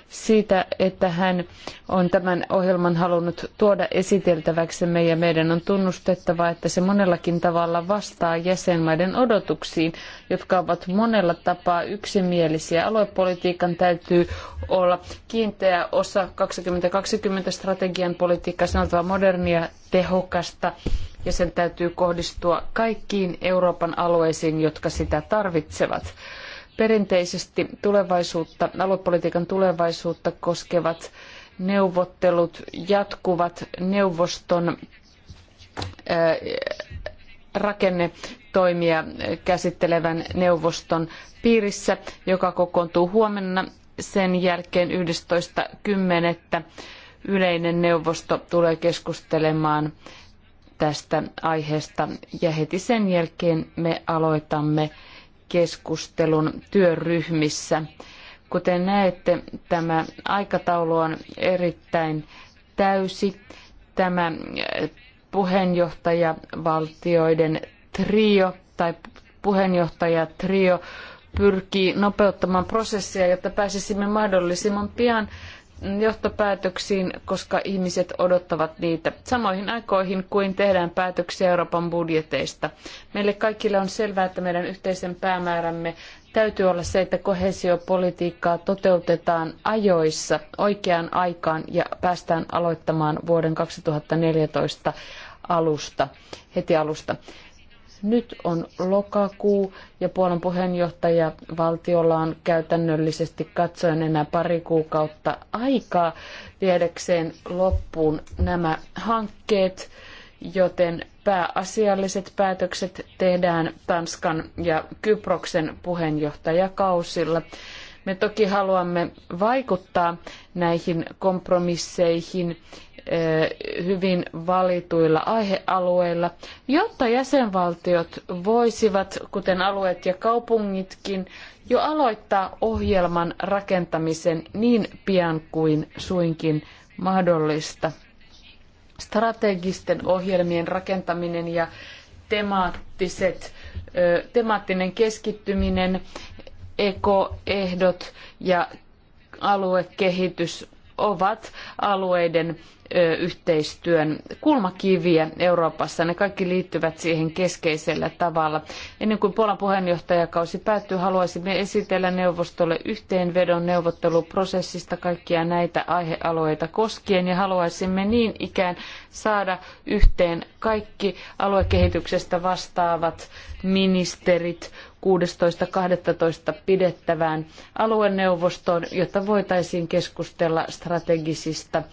siitä, että hän on tämän ohjelman halunnut tuoda esiteltäväksemme ja meidän on tunnustettava, että se monellakin tavalla vastaa jäsenmaiden odotuksiin, jotka ovat monella tapaa yksimielisiä. Aluepolitiikan täytyy olla kiinteä osa 2020-strategian politiikkaa, sanotaan modernia, tehokasta ja sen täytyy kohdistua kaikkiin Euroopan alueisiin, jotka sitä tarvitsevat. Perinteisesti tulevaisuutta, aluepolitiikan tulevaisuutta koskevat neuvottelut jatkuvat neuvoston rakennetoimia käsittelevän neuvoston piirissä, joka kokoontuu huomenna sen jälkeen 11.10. yleinen neuvosto tulee keskustelemaan tästä aiheesta ja heti sen jälkeen me aloitamme keskustelun työryhmissä. Kuten näette, tämä aikataulu on erittäin täysi. Tämä äh, puheenjohtajavaltioiden trio tai puheenjohtajatrio pyrkii nopeuttamaan prosessia, jotta pääsisimme mahdollisimman pian johtopäätöksiin, koska ihmiset odottavat niitä samoihin aikoihin kuin tehdään päätöksiä Euroopan budjeteista. Meille kaikille on selvää, että meidän yhteisen päämäärämme täytyy olla se, että koheesiopolitiikkaa toteutetaan ajoissa oikeaan aikaan ja päästään aloittamaan vuoden 2014 alusta, heti alusta. Nyt on lokakuu ja Puolan puheenjohtaja valtiolla on käytännöllisesti katsoen enää pari kuukautta aikaa viedäkseen loppuun nämä hankkeet, joten pääasialliset päätökset tehdään Tanskan ja Kyproksen puheenjohtajakausilla. Me toki haluamme vaikuttaa näihin kompromisseihin hyvin valituilla aihealueilla, jotta jäsenvaltiot voisivat, kuten alueet ja kaupungitkin, jo aloittaa ohjelman rakentamisen niin pian kuin suinkin mahdollista. Strategisten ohjelmien rakentaminen ja temaattiset, temaattinen keskittyminen, ekoehdot ja aluekehitys ovat alueiden yhteistyön kulmakiviä Euroopassa. Ne kaikki liittyvät siihen keskeisellä tavalla. Ennen kuin Puolan puheenjohtajakausi päättyy, haluaisimme esitellä neuvostolle yhteenvedon neuvotteluprosessista kaikkia näitä aihealueita koskien ja haluaisimme niin ikään saada yhteen kaikki aluekehityksestä vastaavat ministerit 16.12. pidettävään alueneuvostoon, jotta voitaisiin keskustella strategisista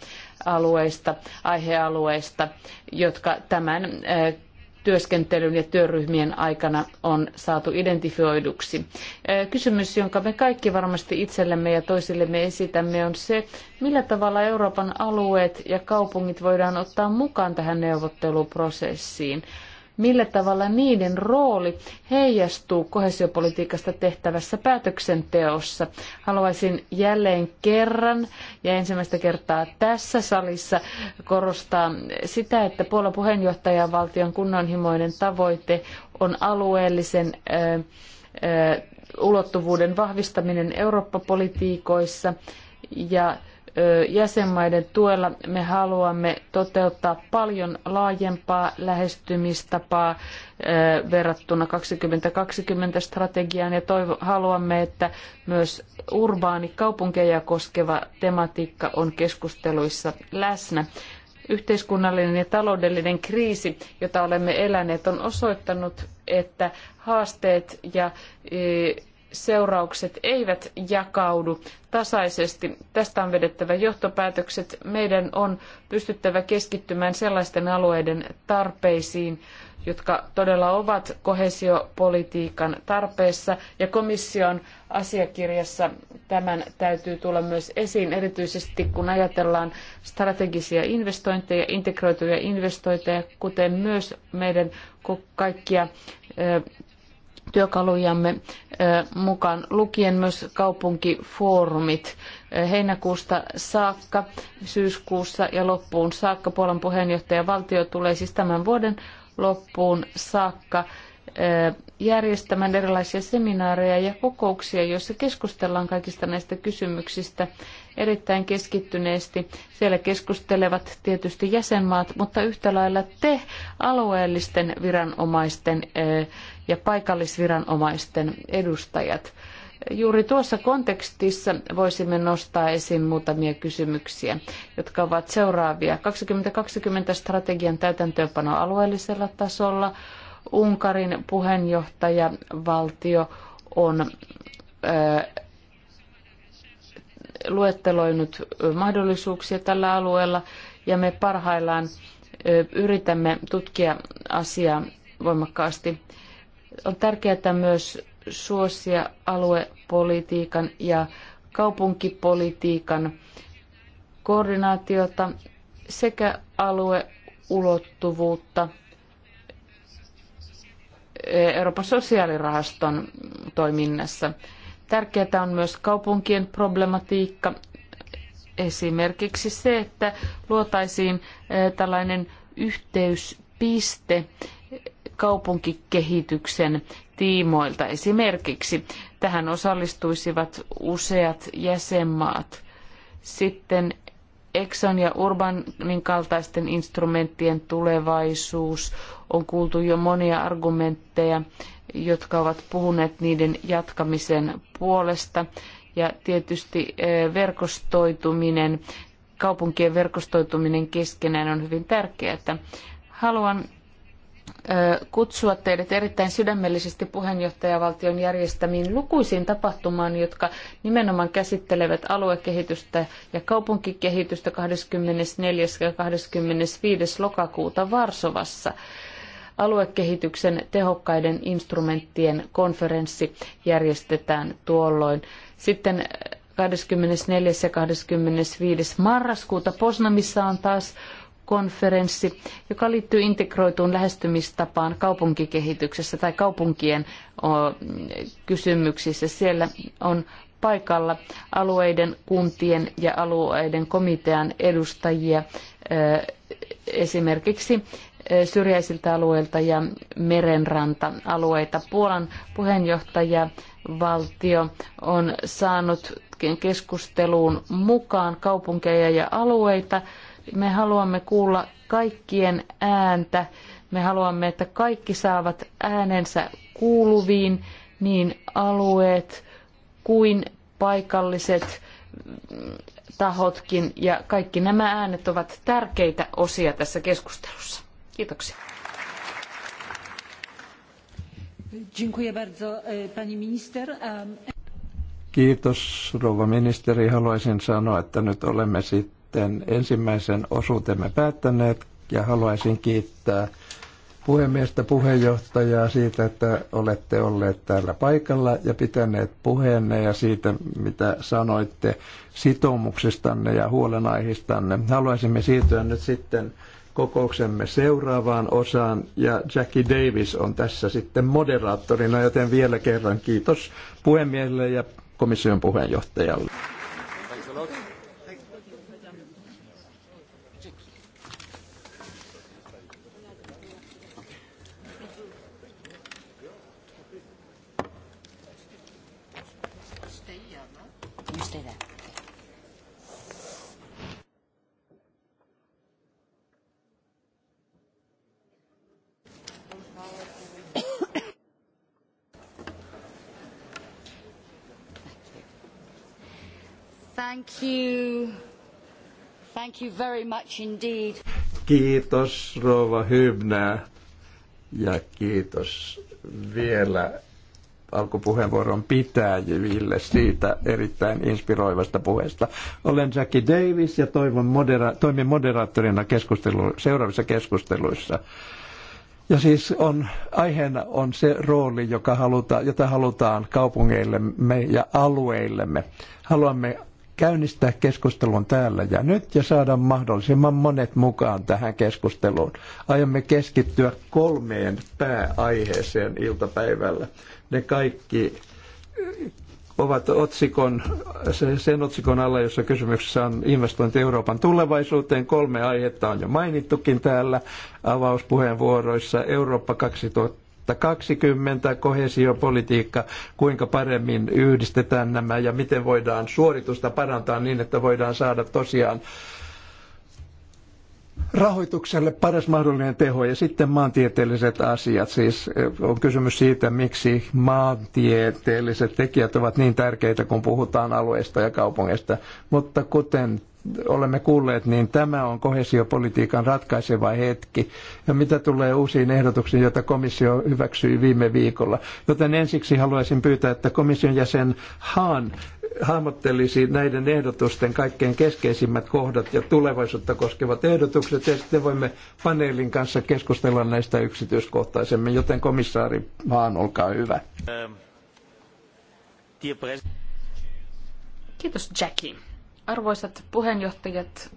alueista, aihealueista, jotka tämän työskentelyn ja työryhmien aikana on saatu identifioiduksi. Kysymys, jonka me kaikki varmasti itsellemme ja toisillemme esitämme, on se, millä tavalla Euroopan alueet ja kaupungit voidaan ottaa mukaan tähän neuvotteluprosessiin millä tavalla niiden rooli heijastuu kohesiopolitiikasta tehtävässä päätöksenteossa. Haluaisin jälleen kerran ja ensimmäistä kertaa tässä salissa korostaa sitä, että Puolan puheenjohtajavaltion kunnanhimoinen tavoite on alueellisen ulottuvuuden vahvistaminen Eurooppa-politiikoissa ja jäsenmaiden tuella me haluamme toteuttaa paljon laajempaa lähestymistapaa verrattuna 2020 strategiaan ja toivo, haluamme, että myös urbaani kaupunkeja koskeva tematiikka on keskusteluissa läsnä. Yhteiskunnallinen ja taloudellinen kriisi, jota olemme eläneet, on osoittanut, että haasteet ja seuraukset eivät jakaudu tasaisesti. Tästä on vedettävä johtopäätökset. Meidän on pystyttävä keskittymään sellaisten alueiden tarpeisiin, jotka todella ovat koheesiopolitiikan tarpeessa. Ja komission asiakirjassa tämän täytyy tulla myös esiin, erityisesti kun ajatellaan strategisia investointeja, integroituja investointeja, kuten myös meidän kaikkia työkalujamme mukaan lukien myös kaupunkifoorumit heinäkuusta saakka, syyskuussa ja loppuun saakka. Puolan puheenjohtajavaltio tulee siis tämän vuoden loppuun saakka järjestämään erilaisia seminaareja ja kokouksia, joissa keskustellaan kaikista näistä kysymyksistä erittäin keskittyneesti. Siellä keskustelevat tietysti jäsenmaat, mutta yhtä lailla te alueellisten viranomaisten ja paikallisviranomaisten edustajat. Juuri tuossa kontekstissa voisimme nostaa esiin muutamia kysymyksiä, jotka ovat seuraavia. 2020-strategian täytäntöönpano alueellisella tasolla. Unkarin puheenjohtajavaltio on luetteloinut mahdollisuuksia tällä alueella ja me parhaillaan yritämme tutkia asiaa voimakkaasti on tärkeää myös suosia aluepolitiikan ja kaupunkipolitiikan koordinaatiota sekä alueulottuvuutta Euroopan sosiaalirahaston toiminnassa. Tärkeää on myös kaupunkien problematiikka, esimerkiksi se, että luotaisiin eh, tällainen yhteyspiste kaupunkikehityksen tiimoilta. Esimerkiksi tähän osallistuisivat useat jäsenmaat. Sitten Exxon ja Urbanin kaltaisten instrumenttien tulevaisuus. On kuultu jo monia argumentteja, jotka ovat puhuneet niiden jatkamisen puolesta. Ja tietysti eh, verkostoituminen, kaupunkien verkostoituminen keskenään on hyvin tärkeää. Haluan kutsua teidät erittäin sydämellisesti puheenjohtajavaltion järjestämiin lukuisiin tapahtumaan, jotka nimenomaan käsittelevät aluekehitystä ja kaupunkikehitystä 24. ja 25. lokakuuta Varsovassa aluekehityksen tehokkaiden instrumenttien konferenssi järjestetään tuolloin. Sitten 24. ja 25. marraskuuta Posnamissa on taas konferenssi, joka liittyy integroituun lähestymistapaan kaupunkikehityksessä tai kaupunkien kysymyksissä. Siellä on paikalla alueiden, kuntien ja alueiden komitean edustajia esimerkiksi syrjäisiltä alueilta ja merenranta-alueita. Puolan puheenjohtaja valtio on saanut keskusteluun mukaan kaupunkeja ja alueita me haluamme kuulla kaikkien ääntä. Me haluamme, että kaikki saavat äänensä kuuluviin, niin alueet kuin paikalliset mm, tahotkin. Ja kaikki nämä äänet ovat tärkeitä osia tässä keskustelussa. Kiitoksia. E, Kiitos rouva ministeri. Haluaisin sanoa, että nyt olemme sitten sitten ensimmäisen osuutemme päättäneet ja haluaisin kiittää puhemiestä puheenjohtajaa siitä, että olette olleet täällä paikalla ja pitäneet puheenne ja siitä, mitä sanoitte sitoumuksistanne ja huolenaiheistanne. Haluaisimme siirtyä nyt sitten kokouksemme seuraavaan osaan ja Jackie Davis on tässä sitten moderaattorina, joten vielä kerran kiitos puhemiehelle ja komission puheenjohtajalle. Thanks a lot. Thank you. Thank you very much indeed. Kiitos Rova Hybnää ja kiitos vielä alkupuheenvuoron pitäjille siitä erittäin inspiroivasta puheesta. Olen Jackie Davis ja toivon modera- toimin moderaattorina keskustelu- seuraavissa keskusteluissa. Ja siis on, aiheena on se rooli, joka haluta, jota halutaan kaupungeillemme ja alueillemme. Haluamme käynnistää keskustelun täällä ja nyt ja saada mahdollisimman monet mukaan tähän keskusteluun. Aiomme keskittyä kolmeen pääaiheeseen iltapäivällä. Ne kaikki ovat otsikon, sen otsikon alla, jossa kysymyksessä on investointi Euroopan tulevaisuuteen. Kolme aihetta on jo mainittukin täällä avauspuheenvuoroissa. Eurooppa 2000 2020 kohesiopolitiikka, kuinka paremmin yhdistetään nämä ja miten voidaan suoritusta parantaa niin, että voidaan saada tosiaan rahoitukselle paras mahdollinen teho ja sitten maantieteelliset asiat. Siis eh, on kysymys siitä, miksi maantieteelliset tekijät ovat niin tärkeitä, kun puhutaan alueista ja kaupungeista. Mutta kuten olemme kuulleet, niin tämä on kohesiopolitiikan ratkaiseva hetki. Ja mitä tulee uusiin ehdotuksiin, joita komissio hyväksyi viime viikolla. Joten ensiksi haluaisin pyytää, että komission jäsen Haan hahmottelisi näiden ehdotusten kaikkein keskeisimmät kohdat ja tulevaisuutta koskevat ehdotukset, ja sitten voimme paneelin kanssa keskustella näistä yksityiskohtaisemmin, joten komissaari Haan, olkaa hyvä. Ähm, Kiitos Jackie. Arvoisat puheenjohtajat,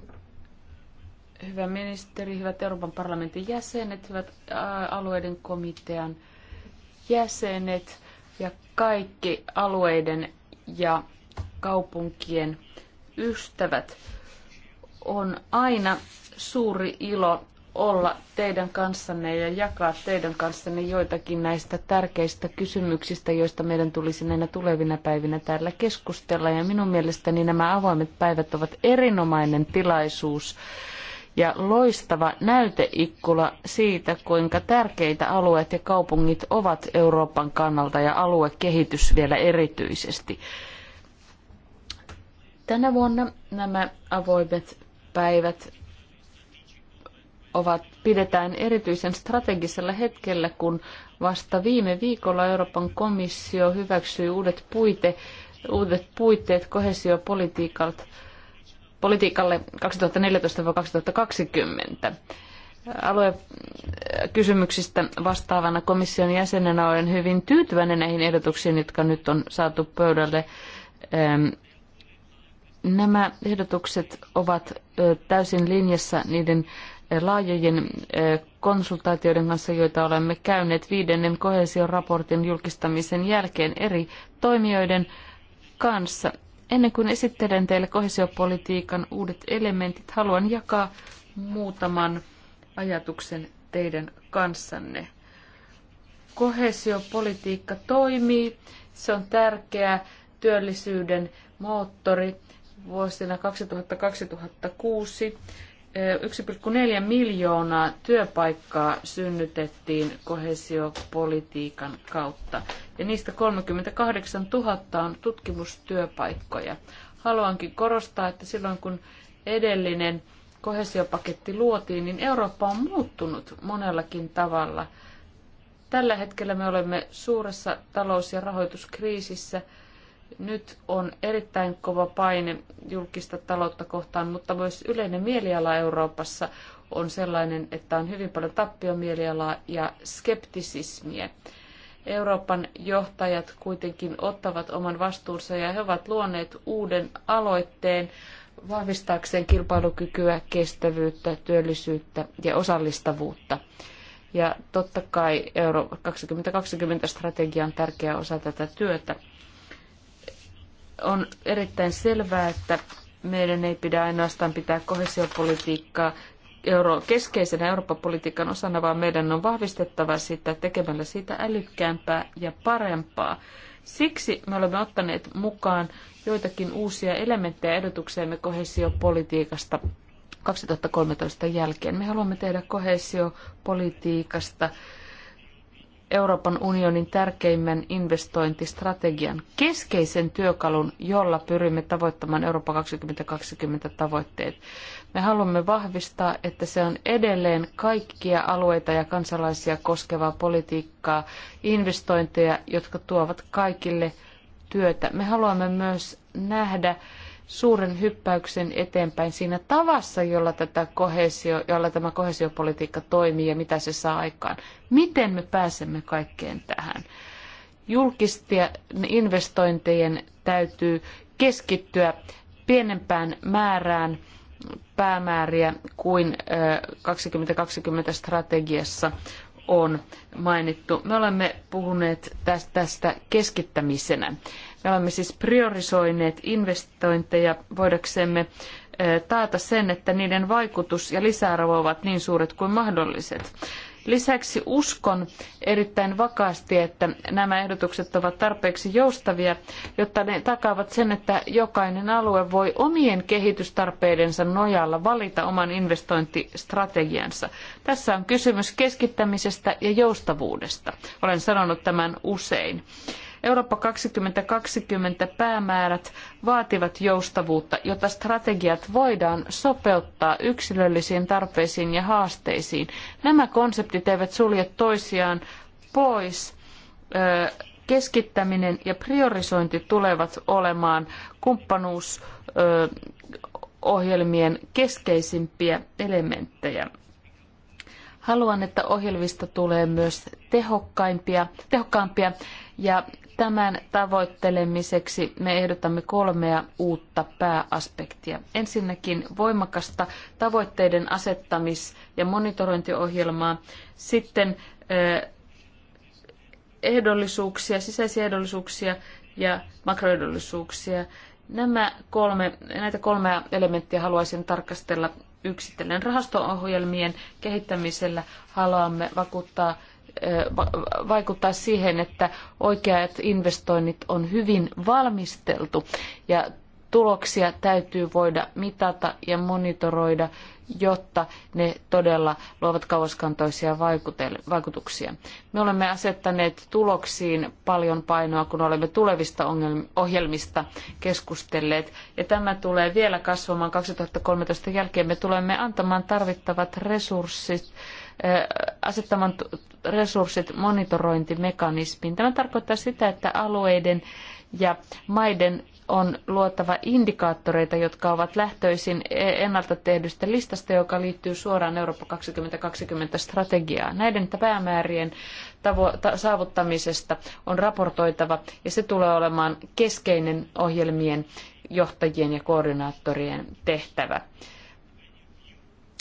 hyvä ministeri, hyvät Euroopan parlamentin jäsenet, hyvät alueiden komitean jäsenet ja kaikki alueiden ja kaupunkien ystävät. On aina suuri ilo olla teidän kanssanne ja jakaa teidän kanssanne joitakin näistä tärkeistä kysymyksistä, joista meidän tulisi näinä tulevina päivinä täällä keskustella. Ja minun mielestäni nämä avoimet päivät ovat erinomainen tilaisuus ja loistava näyteikkula siitä, kuinka tärkeitä alueet ja kaupungit ovat Euroopan kannalta ja aluekehitys vielä erityisesti. Tänä vuonna nämä avoimet päivät ovat, pidetään erityisen strategisella hetkellä, kun vasta viime viikolla Euroopan komissio hyväksyi uudet, puite, uudet puitteet kohesiopolitiikalle 2014-2020. Aluekysymyksistä vastaavana komission jäsenenä olen hyvin tyytyväinen näihin ehdotuksiin, jotka nyt on saatu pöydälle ehm, nämä ehdotukset ovat täysin linjassa niiden laajojen eh, konsultaatioiden kanssa, joita olemme käyneet viidennen kohesioraportin julkistamisen jälkeen eri toimijoiden kanssa. Ennen kuin esittelen teille kohesiopolitiikan uudet elementit, haluan jakaa muutaman ajatuksen teidän kanssanne. Kohesiopolitiikka toimii, se on tärkeä työllisyyden moottori vuosina 2002. 1,4 miljoonaa työpaikkaa synnytettiin kohesiopolitiikan kautta ja niistä 38 000 on tutkimustyöpaikkoja. Haluankin korostaa, että silloin kun edellinen kohesiopaketti luotiin, niin Eurooppa on muuttunut monellakin tavalla. Tällä hetkellä me olemme suuressa talous- ja rahoituskriisissä – nyt on erittäin kova paine julkista taloutta kohtaan, mutta myös yleinen mieliala Euroopassa on sellainen, että on hyvin paljon tappiomielialaa ja skeptisismiä. Euroopan johtajat kuitenkin ottavat oman vastuunsa ja he ovat luoneet uuden aloitteen vahvistaakseen kilpailukykyä, kestävyyttä, työllisyyttä ja osallistavuutta. Ja totta kai Euro 2020-strategia on tärkeä osa tätä työtä on erittäin selvää, että meidän ei pidä ainoastaan pitää kohesiopolitiikkaa euro, keskeisenä Eurooppa-politiikan osana, vaan meidän on vahvistettava sitä tekemällä siitä älykkäämpää ja parempaa. Siksi me olemme ottaneet mukaan joitakin uusia elementtejä edutukseemme kohesiopolitiikasta 2013 jälkeen. Me haluamme tehdä kohesiopolitiikasta Euroopan unionin tärkeimmän investointistrategian keskeisen työkalun, jolla pyrimme tavoittamaan Eurooppa 2020 tavoitteet. Me haluamme vahvistaa, että se on edelleen kaikkia alueita ja kansalaisia koskevaa politiikkaa, investointeja, jotka tuovat kaikille työtä. Me haluamme myös nähdä, suuren hyppäyksen eteenpäin siinä tavassa, jolla, tätä kohesio, jolla tämä kohesiopolitiikka toimii ja mitä se saa aikaan. Miten me pääsemme kaikkeen tähän? Julkisten investointien täytyy keskittyä pienempään määrään päämääriä kuin 2020 strategiassa on mainittu. Me olemme puhuneet tästä keskittämisenä. Ja olemme siis priorisoineet investointeja voidaksemme taata sen, että niiden vaikutus ja lisäarvo ovat niin suuret kuin mahdolliset. Lisäksi uskon erittäin vakaasti, että nämä ehdotukset ovat tarpeeksi joustavia, jotta ne takaavat sen, että jokainen alue voi omien kehitystarpeidensa nojalla valita oman investointistrategiansa. Tässä on kysymys keskittämisestä ja joustavuudesta. Olen sanonut tämän usein. Eurooppa 2020 päämäärät vaativat joustavuutta, jotta strategiat voidaan sopeuttaa yksilöllisiin tarpeisiin ja haasteisiin. Nämä konseptit eivät sulje toisiaan pois. Keskittäminen ja priorisointi tulevat olemaan kumppanuusohjelmien keskeisimpiä elementtejä. Haluan, että ohjelmista tulee myös tehokkaimpia, tehokkaampia ja tämän tavoittelemiseksi me ehdotamme kolmea uutta pääaspektia. Ensinnäkin voimakasta tavoitteiden asettamis- ja monitorointiohjelmaa, sitten ehdollisuuksia, sisäisiä ehdollisuuksia ja makroehdollisuuksia. Nämä kolme, näitä kolmea elementtiä haluaisin tarkastella yksittäinen rahasto-ohjelmien kehittämisellä haluamme vakuuttaa, vaikuttaa siihen, että oikeat investoinnit on hyvin valmisteltu ja tuloksia täytyy voida mitata ja monitoroida, jotta ne todella luovat kauaskantoisia vaikutuksia. Me olemme asettaneet tuloksiin paljon painoa, kun olemme tulevista ohjelmista keskustelleet, ja tämä tulee vielä kasvamaan 2013 jälkeen. Me tulemme antamaan tarvittavat resurssit eh, asettamaan resurssit monitorointimekanismiin. Tämä tarkoittaa sitä, että alueiden ja maiden on luotava indikaattoreita, jotka ovat lähtöisin e- ennalta tehdystä listasta, joka liittyy suoraan Eurooppa 2020 strategiaan. Näiden päämäärien saavuttamisesta on raportoitava ja se tulee olemaan keskeinen ohjelmien johtajien ja koordinaattorien tehtävä.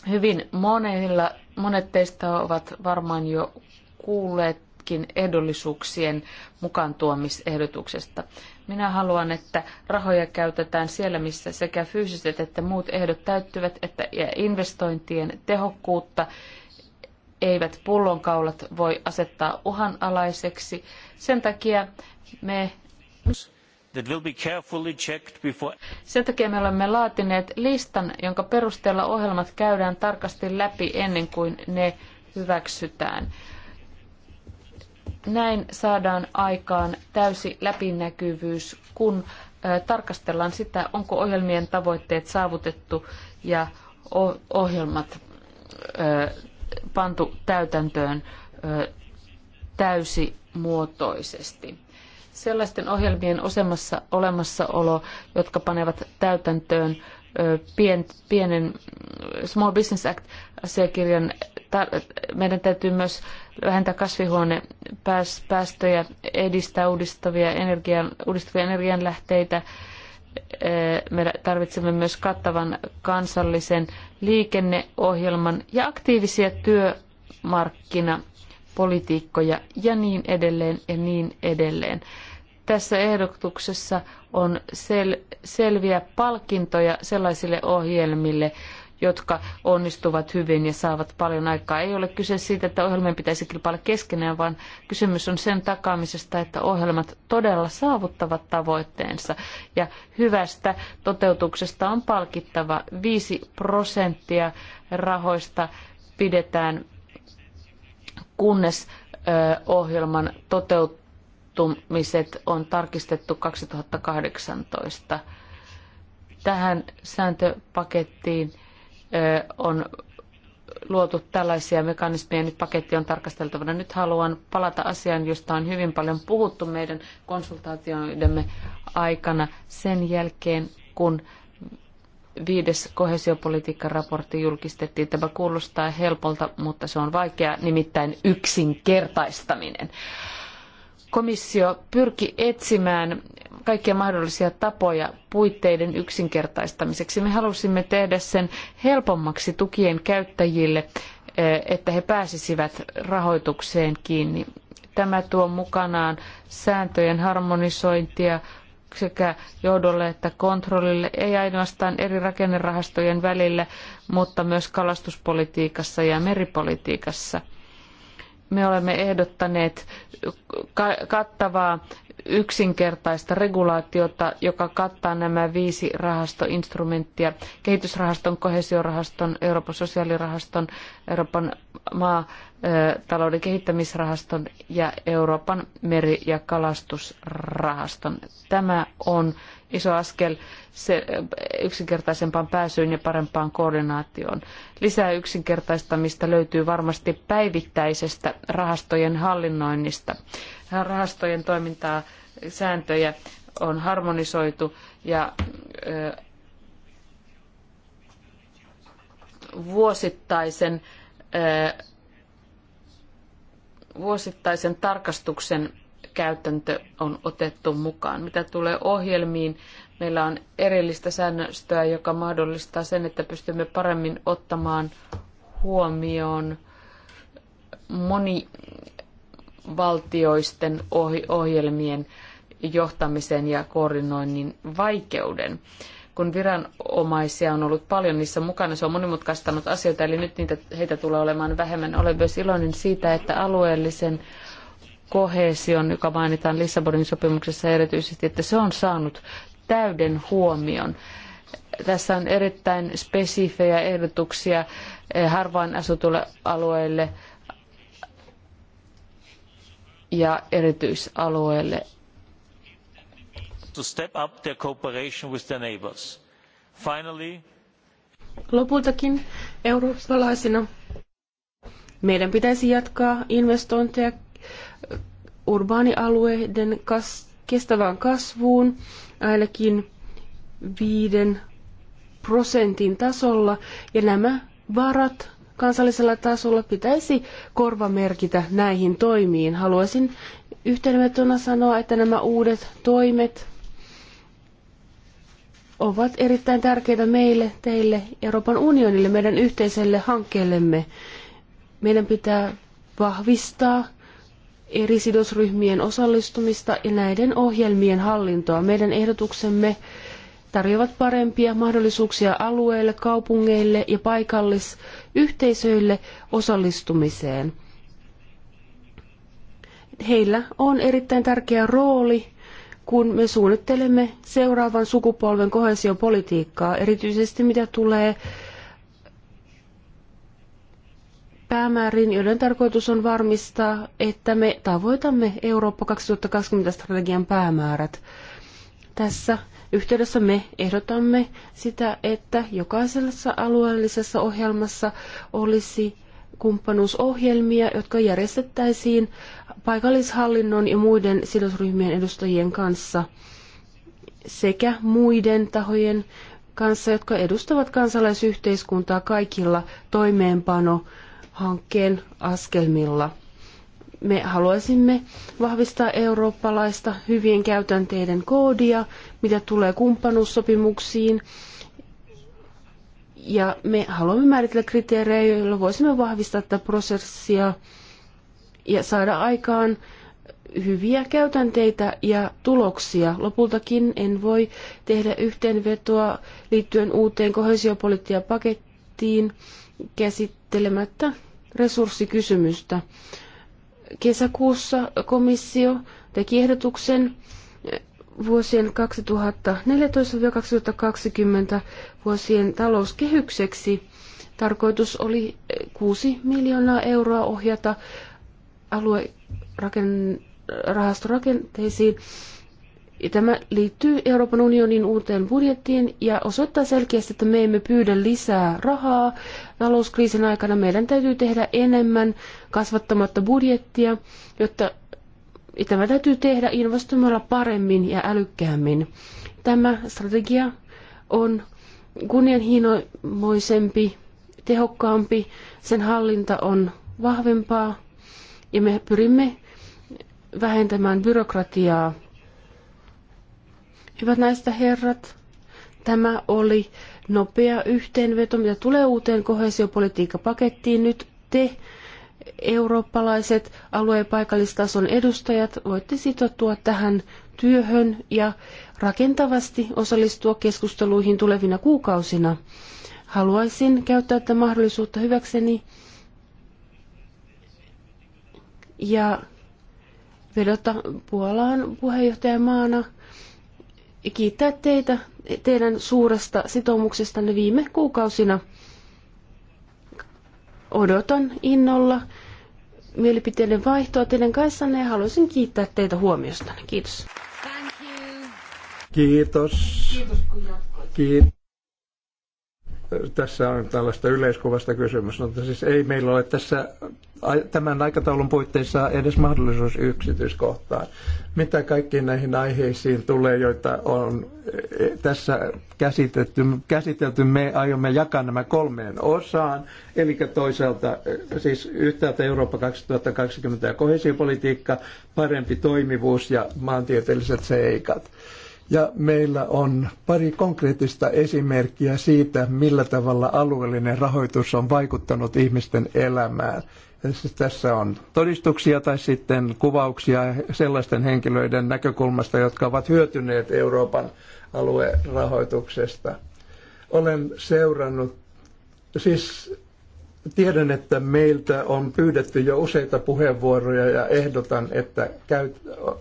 Hyvin monilla, monet teistä ovat varmaan jo kuulleet pankin ehdollisuuksien mukaan tuomisehdotuksesta. Minä haluan, että rahoja käytetään siellä, missä sekä fyysiset että muut ehdot täyttyvät, että investointien tehokkuutta eivät pullonkaulat voi asettaa uhanalaiseksi. Sen takia me sen takia me olemme laatineet listan, jonka perusteella ohjelmat käydään tarkasti läpi ennen kuin ne hyväksytään. Näin saadaan aikaan täysi läpinäkyvyys, kun tarkastellaan sitä, onko ohjelmien tavoitteet saavutettu ja ohjelmat pantu täytäntöön täysimuotoisesti. Sellaisten ohjelmien osemassa olemassaolo, jotka panevat täytäntöön pien, pienen mm, Small Business Act-asiakirjan. Meidän täytyy myös vähentää kasvihuonepäästöjä, edistää uudistavia, energian, uudistavia energianlähteitä. Me tarvitsemme myös kattavan kansallisen liikenneohjelman ja aktiivisia työmarkkinapolitiikkoja ja niin edelleen ja niin edelleen tässä ehdotuksessa on sel- selviä palkintoja sellaisille ohjelmille, jotka onnistuvat hyvin ja saavat paljon aikaa. Ei ole kyse siitä, että ohjelmien pitäisi kilpailla keskenään, vaan kysymys on sen takaamisesta, että ohjelmat todella saavuttavat tavoitteensa. Ja hyvästä toteutuksesta on palkittava 5 prosenttia rahoista pidetään, kunnes ohjelman toteutus puuttumiset on tarkistettu 2018. Tähän sääntöpakettiin on luotu tällaisia mekanismeja, nyt paketti on tarkasteltavana. Nyt haluan palata asiaan, josta on hyvin paljon puhuttu meidän konsultaatioidemme aikana sen jälkeen, kun viides raportti julkistettiin. Tämä kuulostaa helpolta, mutta se on vaikeaa, nimittäin yksinkertaistaminen komissio pyrki etsimään kaikkia mahdollisia tapoja puitteiden yksinkertaistamiseksi. Me halusimme tehdä sen helpommaksi tukien käyttäjille, eh, että he pääsisivät rahoitukseen kiinni. Tämä tuo mukanaan sääntöjen harmonisointia sekä johdolle että kontrollille, ei ainoastaan eri rakennerahastojen välillä, mutta myös kalastuspolitiikassa ja meripolitiikassa – me olemme ehdottaneet kattavaa yksinkertaista regulaatiota, joka kattaa nämä viisi rahastoinstrumenttia, kehitysrahaston, kohesiorahaston, Euroopan sosiaalirahaston, Euroopan maatalouden kehittämisrahaston ja Euroopan meri- ja kalastusrahaston. Tämä on iso askel se, äh, yksinkertaisempaan pääsyyn ja parempaan koordinaatioon. Lisää yksinkertaistamista löytyy varmasti päivittäisestä rahastojen hallinnoinnista. Rahastojen toimintaa, sääntöjä on harmonisoitu ja ö, äh, vuosittaisen, ö, äh, vuosittaisen tarkastuksen käytäntö on otettu mukaan. Mitä tulee ohjelmiin, meillä on erillistä säännöstöä, joka mahdollistaa sen, että pystymme paremmin ottamaan huomioon monivaltioisten ohjelmien johtamisen ja koordinoinnin vaikeuden. Kun viranomaisia on ollut paljon niissä mukana, se on monimutkaistanut asioita, eli nyt niitä, heitä tulee olemaan vähemmän. Olen myös iloinen siitä, että alueellisen Koheesion joka mainitaan Lissabonin sopimuksessa erityisesti, että se on saanut täyden huomion. Tässä on erittäin spesifejä ehdotuksia eh, harvaan asutulle alueille ja erityisalueille. To step up their cooperation with their neighbors. Finally, Lopultakin eurooppalaisina meidän pitäisi jatkaa investointeja urbaanialueiden kas- kestävään kasvuun ainakin viiden prosentin tasolla ja nämä varat kansallisella tasolla pitäisi korvamerkitä näihin toimiin. Haluaisin yhteenvetona sanoa, että nämä uudet toimet ovat erittäin tärkeitä meille, teille, Euroopan unionille, meidän yhteiselle hankkeellemme. Meidän pitää vahvistaa eri sidosryhmien osallistumista ja näiden ohjelmien hallintoa. Meidän ehdotuksemme tarjoavat parempia mahdollisuuksia alueille, kaupungeille ja paikallisyhteisöille osallistumiseen. Heillä on erittäin tärkeä rooli, kun me suunnittelemme seuraavan sukupolven kohesiopolitiikkaa, erityisesti mitä tulee päämäärin, joiden tarkoitus on varmistaa, että me tavoitamme Eurooppa 2020-strategian päämäärät. Tässä yhteydessä me ehdotamme sitä, että jokaisessa alueellisessa ohjelmassa olisi kumppanuusohjelmia, jotka järjestettäisiin paikallishallinnon ja muiden sidosryhmien edustajien kanssa sekä muiden tahojen kanssa, jotka edustavat kansalaisyhteiskuntaa kaikilla toimeenpano- hankkeen askelmilla. Me haluaisimme vahvistaa eurooppalaista hyvien käytänteiden koodia, mitä tulee kumppanuussopimuksiin, ja me haluamme määritellä kriteerejä, joilla voisimme vahvistaa tätä prosessia ja saada aikaan hyviä käytänteitä ja tuloksia. Lopultakin en voi tehdä yhteenvetoa liittyen uuteen kohesiopolitiikan pakettiin käsittelemättä resurssikysymystä. Kesäkuussa komissio teki ehdotuksen vuosien 2014-2020 vuosien talouskehykseksi. Tarkoitus oli 6 miljoonaa euroa ohjata aluerahastorakenteisiin. Ja tämä liittyy Euroopan unionin uuteen budjettiin ja osoittaa selkeästi, että me emme pyydä lisää rahaa, talouskriisin aikana meidän täytyy tehdä enemmän kasvattamatta budjettia, jotta tämä täytyy tehdä investoimalla paremmin ja älykkäämmin. Tämä strategia on kunnianhimoisempi, tehokkaampi, sen hallinta on vahvempaa ja me pyrimme vähentämään byrokratiaa. Hyvät naiset ja herrat, tämä oli nopea yhteenveto, mitä tulee uuteen kohesiopolitiikkapakettiin. Nyt te, eurooppalaiset alue- ja paikallistason edustajat, voitte sitoutua tähän työhön ja rakentavasti osallistua keskusteluihin tulevina kuukausina. Haluaisin käyttää tätä mahdollisuutta hyväkseni ja vedota Puolaan puheenjohtajamaana – kiittää teitä teidän suuresta sitoumuksestanne viime kuukausina. Odotan innolla mielipiteiden vaihtoa teidän kanssanne ja haluaisin kiittää teitä huomiostanne. Kiitos. Kiitos. Kiitos kun jatkoit. Kiitos tässä on tällaista yleiskuvasta kysymys, mutta no, siis ei meillä ole tässä tämän aikataulun puitteissa edes mahdollisuus yksityiskohtaan. Mitä kaikkiin näihin aiheisiin tulee, joita on e, e, tässä käsitetty, käsitelty, me aiomme jakaa nämä kolmeen osaan. Eli toisaalta e, siis yhtäältä Eurooppa 2020 ja kohesiopolitiikka, parempi toimivuus ja maantieteelliset seikat. Ja meillä on pari konkreettista esimerkkiä siitä, millä tavalla alueellinen rahoitus on vaikuttanut ihmisten elämään. Siis tässä on todistuksia tai sitten kuvauksia sellaisten henkilöiden näkökulmasta, jotka ovat hyötyneet Euroopan aluerahoituksesta. Olen seurannut, siis tiedän, että meiltä on pyydetty jo useita puheenvuoroja ja ehdotan, että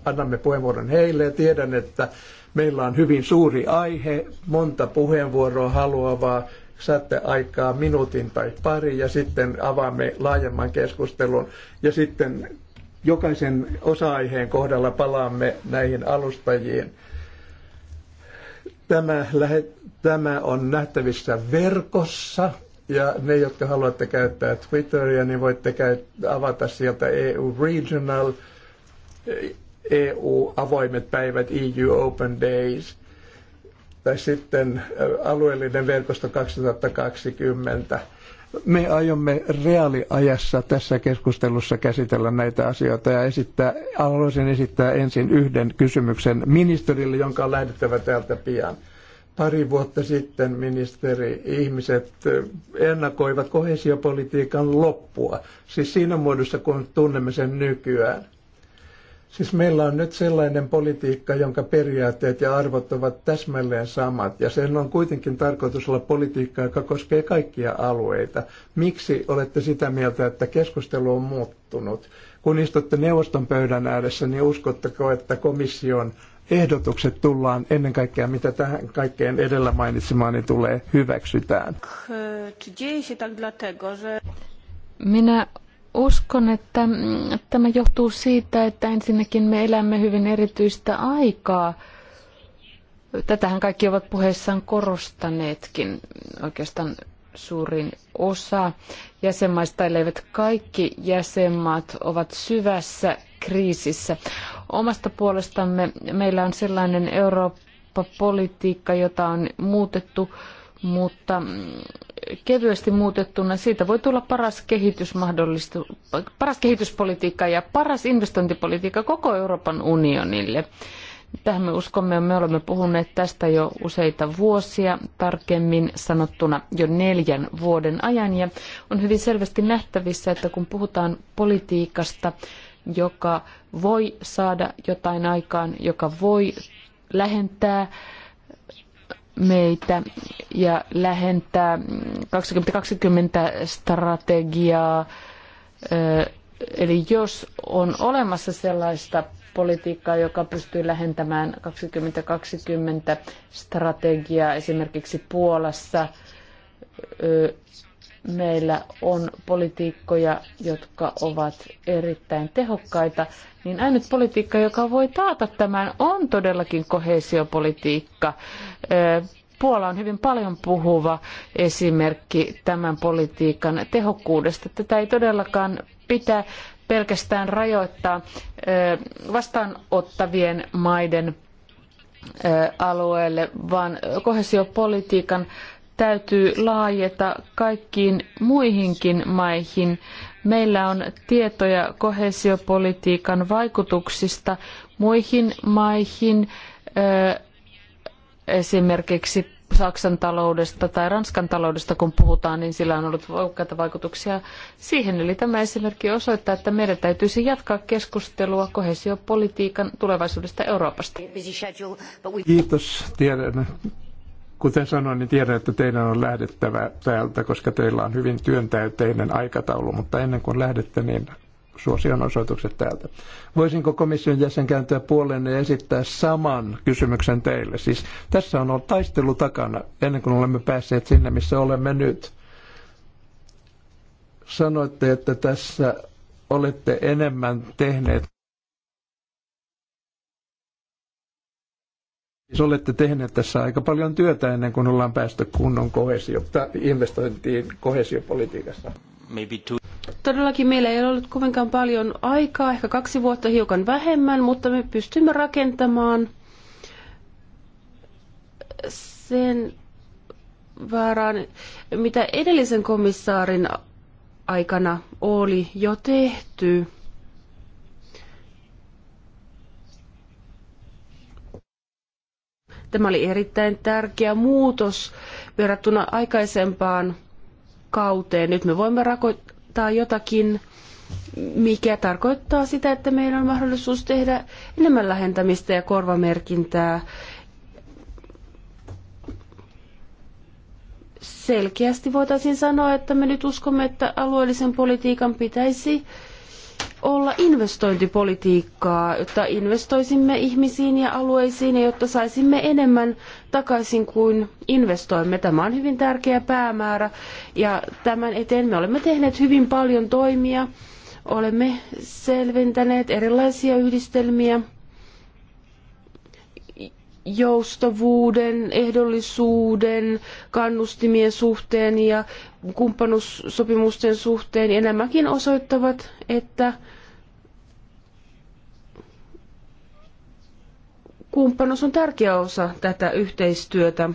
annamme puheenvuoron heille ja tiedän, että Meillä on hyvin suuri aihe, monta puheenvuoroa haluavaa, saatte aikaa minuutin tai pari ja sitten avaamme laajemman keskustelun ja sitten jokaisen osa-aiheen kohdalla palaamme näihin alustajiin. Tämä, lähe, tämä on nähtävissä verkossa ja ne, jotka haluatte käyttää Twitteria, niin voitte käyt, avata sieltä EU Regional EU-avoimet päivät, EU Open Days, tai sitten äh, alueellinen verkosto 2020. Me aiomme reaaliajassa tässä keskustelussa käsitellä näitä asioita ja esittää, haluaisin esittää ensin yhden kysymyksen ministerille, jonka on lähdettävä täältä pian pari vuotta sitten, ministeri, ihmiset äh, ennakoivat kohesiopolitiikan loppua. Siis siinä muodossa, kun tunnemme sen nykyään. Siis meillä on nyt sellainen politiikka, jonka periaatteet ja arvot ovat täsmälleen samat, ja sen on kuitenkin tarkoitus olla politiikkaa, joka koskee kaikkia alueita. Miksi olette sitä mieltä, että keskustelu on muuttunut? Kun istutte neuvoston pöydän ääressä, niin uskotteko, että komission ehdotukset tullaan ennen kaikkea, mitä tähän kaikkeen edellä mainitsemaan, niin tulee hyväksytään? Minä Uskon, että mm, tämä johtuu siitä, että ensinnäkin me elämme hyvin erityistä aikaa. Tätähän kaikki ovat puheissaan korostaneetkin oikeastaan suurin osa jäsenmaista, elleivät kaikki jäsenmaat, ovat syvässä kriisissä. Omasta puolestamme meillä on sellainen Eurooppa-politiikka, jota on muutettu, mutta mm, kevyesti muutettuna, siitä voi tulla paras, paras kehityspolitiikka ja paras investointipolitiikka koko Euroopan unionille. Tähän me uskomme, me olemme puhuneet tästä jo useita vuosia, tarkemmin sanottuna jo neljän vuoden ajan. Ja on hyvin selvästi nähtävissä, että kun puhutaan politiikasta, joka voi saada jotain aikaan, joka voi lähentää meitä ja lähentää 2020 strategiaa. Eli jos on olemassa sellaista politiikkaa, joka pystyy lähentämään 2020 strategiaa esimerkiksi Puolassa, meillä on politiikkoja, jotka ovat erittäin tehokkaita, niin ainut politiikka, joka voi taata tämän, on todellakin kohesiopolitiikka. Puola on hyvin paljon puhuva esimerkki tämän politiikan tehokkuudesta. Tätä ei todellakaan pitää pelkästään rajoittaa vastaanottavien maiden alueelle, vaan kohesiopolitiikan täytyy laajeta kaikkiin muihinkin maihin. Meillä on tietoja koheesiopolitiikan vaikutuksista muihin maihin, esimerkiksi Saksan taloudesta tai Ranskan taloudesta, kun puhutaan, niin sillä on ollut voikkaita vaikutuksia siihen. Eli tämä esimerkki osoittaa, että meidän täytyisi jatkaa keskustelua koheesiopolitiikan tulevaisuudesta Euroopasta. Kiitos. Tiedän, Kuten sanoin, niin tiedän, että teidän on lähdettävä täältä, koska teillä on hyvin työntäyteinen aikataulu, mutta ennen kuin lähdette, niin suosion osoitukset täältä. Voisinko komission jäsen kääntyä puoleen ja esittää saman kysymyksen teille? Siis tässä on ollut taistelu takana ennen kuin olemme päässeet sinne, missä olemme nyt. Sanoitte, että tässä olette enemmän tehneet siis olette tehneet tässä aika paljon työtä ennen kuin ollaan päästy kunnon kohesio, investointiin kohesiopolitiikassa. Maybe two. Todellakin meillä ei ollut kovinkaan paljon aikaa, ehkä kaksi vuotta hiukan vähemmän, mutta me pystymme rakentamaan sen varaan, mitä edellisen komissaarin aikana oli jo tehty. Tämä oli erittäin tärkeä muutos verrattuna aikaisempaan kauteen. Nyt me voimme rakoittaa jotakin, mikä tarkoittaa sitä, että meillä on mahdollisuus tehdä enemmän lähentämistä ja korvamerkintää selkeästi voitaisiin sanoa, että me nyt uskomme, että alueellisen politiikan pitäisi olla investointipolitiikkaa, jotta investoisimme ihmisiin ja alueisiin ja jotta saisimme enemmän takaisin kuin investoimme. Tämä on hyvin tärkeä päämäärä ja tämän eteen me olemme tehneet hyvin paljon toimia. Olemme selventäneet erilaisia yhdistelmiä joustavuuden, ehdollisuuden, kannustimien suhteen ja kumppanuussopimusten suhteen. Ja nämäkin osoittavat, että kumppanuus on tärkeä osa tätä yhteistyötä.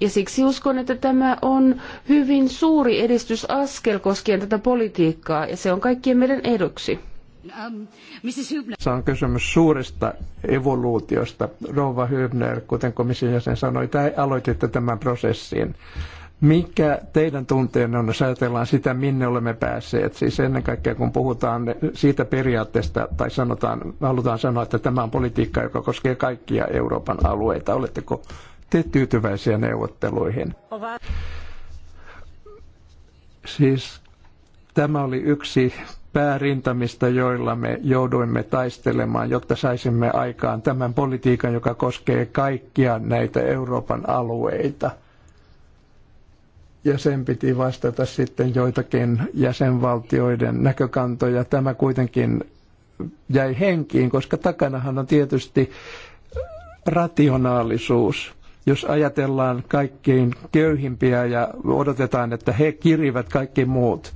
Ja siksi uskon, että tämä on hyvin suuri edistysaskel koskien tätä politiikkaa, ja se on kaikkien meidän eduksi. Tässä um, on kysymys suuresta evoluutiosta. Rouva Hübner, kuten komission jäsen sanoi, tai aloititte tämän prosessin mikä teidän tunteenne on, jos ajatellaan sitä, minne olemme päässeet? Siis ennen kaikkea, kun puhutaan siitä periaatteesta, tai sanotaan, halutaan sanoa, että tämä on politiikka, joka koskee kaikkia Euroopan alueita. Oletteko te tyytyväisiä neuvotteluihin? Siis tämä oli yksi päärintamista, joilla me jouduimme taistelemaan, jotta saisimme aikaan tämän politiikan, joka koskee kaikkia näitä Euroopan alueita – ja sen piti vastata sitten joitakin jäsenvaltioiden näkökantoja. Tämä kuitenkin jäi henkiin, koska takanahan on tietysti rationaalisuus. Jos ajatellaan kaikkein köyhimpiä ja odotetaan, että he kirivät kaikki muut,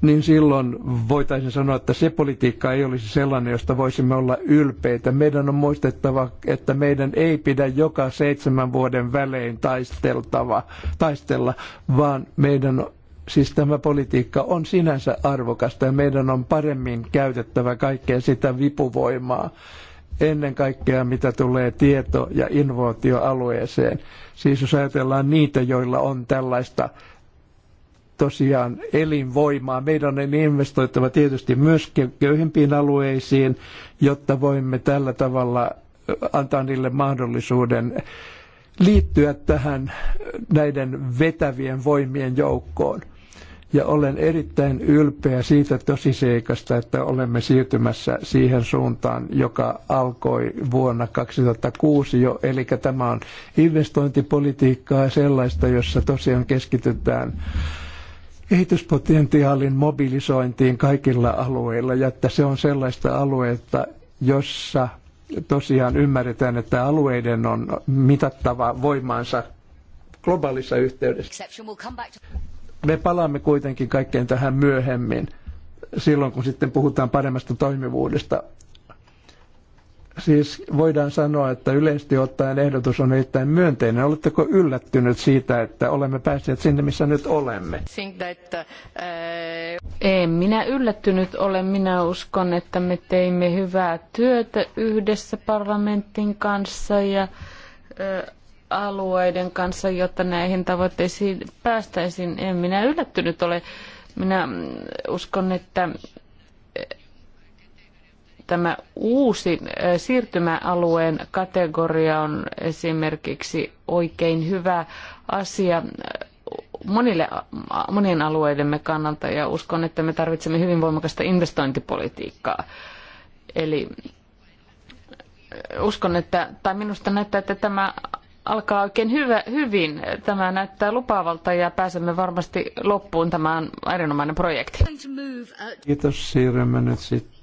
niin silloin voitaisiin sanoa, että se politiikka ei olisi sellainen, josta voisimme olla ylpeitä. Meidän on muistettava, että meidän ei pidä joka seitsemän vuoden välein taisteltava, taistella, vaan meidän Siis tämä politiikka on sinänsä arvokasta ja meidän on paremmin käytettävä kaikkea sitä vipuvoimaa, ennen kaikkea mitä tulee tieto- ja innovaatioalueeseen. Siis jos ajatellaan niitä, joilla on tällaista tosiaan elinvoimaa. Meidän on investoitava tietysti myös köyhimpiin alueisiin, jotta voimme tällä tavalla antaa niille mahdollisuuden liittyä tähän näiden vetävien voimien joukkoon. Ja olen erittäin ylpeä siitä tosiseikasta, että olemme siirtymässä siihen suuntaan, joka alkoi vuonna 2006 jo. Eli tämä on investointipolitiikkaa sellaista, jossa tosiaan keskitytään kehityspotentiaalin mobilisointiin kaikilla alueilla ja että se on sellaista aluetta, jossa tosiaan ymmärretään, että alueiden on mitattava voimansa globaalissa yhteydessä. Me palaamme kuitenkin kaikkeen tähän myöhemmin, silloin kun sitten puhutaan paremmasta toimivuudesta. Siis voidaan sanoa, että yleisesti ottaen ehdotus on erittäin myönteinen. Oletteko yllättynyt siitä, että olemme päässeet sinne, missä nyt olemme? Uh, en minä yllättynyt ole. Minä uskon, että me teimme hyvää työtä yhdessä parlamentin kanssa ja alueiden kanssa, jotta näihin tavoitteisiin päästäisiin. En minä yllättynyt ole. Minä mm, uskon, että Tämä uusi siirtymäalueen kategoria on esimerkiksi oikein hyvä asia monille, monien alueidemme kannalta ja uskon, että me tarvitsemme hyvin voimakasta investointipolitiikkaa. Eli uskon, että, tai minusta näyttää, että tämä alkaa oikein hyvä, hyvin. Tämä näyttää lupaavalta ja pääsemme varmasti loppuun. Tämä on erinomainen projekti. Uh, Kiitos. Siirrymme nyt sitten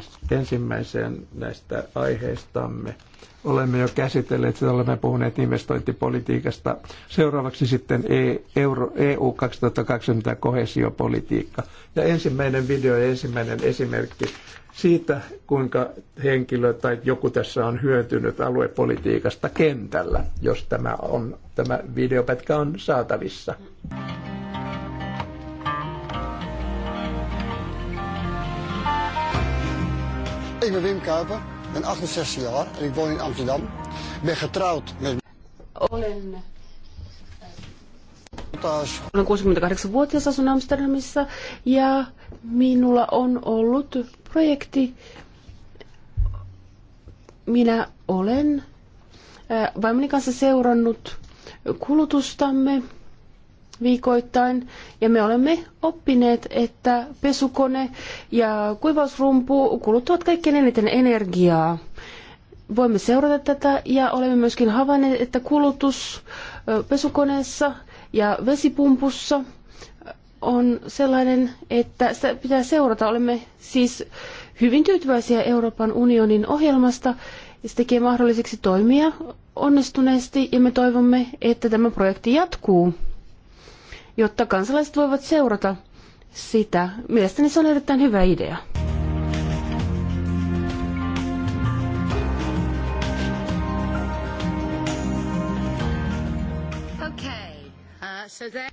sitten ensimmäiseen näistä aiheistamme. Olemme jo käsitelleet, että olemme puhuneet investointipolitiikasta. Seuraavaksi sitten e, EU 2020 e kohesiopolitiikka. Ja ensimmäinen video ja ensimmäinen esimerkki siitä, kuinka henkilö tai joku tässä on hyötynyt aluepolitiikasta kentällä, jos tämä, on, tämä videopätkä on saatavissa. Mm-hmm. Ik ben Wim Kuiper, ben 68 jaar en ik woon in Amsterdam. Ik ben getrouwd met... Olen... Taas. Olen 68-vuotias, asun Amsterdamissa ja minulla on ollut projekti. Minä olen äh, vaimoni kanssa seurannut kulutustamme viikoittain. Ja me olemme oppineet, että pesukone ja kuivausrumpu kuluttavat kaikkein eniten energiaa. Voimme seurata tätä ja olemme myöskin havainneet, että kulutus pesukoneessa ja vesipumpussa on sellainen, että sitä pitää seurata. Olemme siis hyvin tyytyväisiä Euroopan unionin ohjelmasta ja se tekee mahdolliseksi toimia onnistuneesti ja me toivomme, että tämä projekti jatkuu jotta kansalaiset voivat seurata sitä. Mielestäni se on erittäin hyvä idea.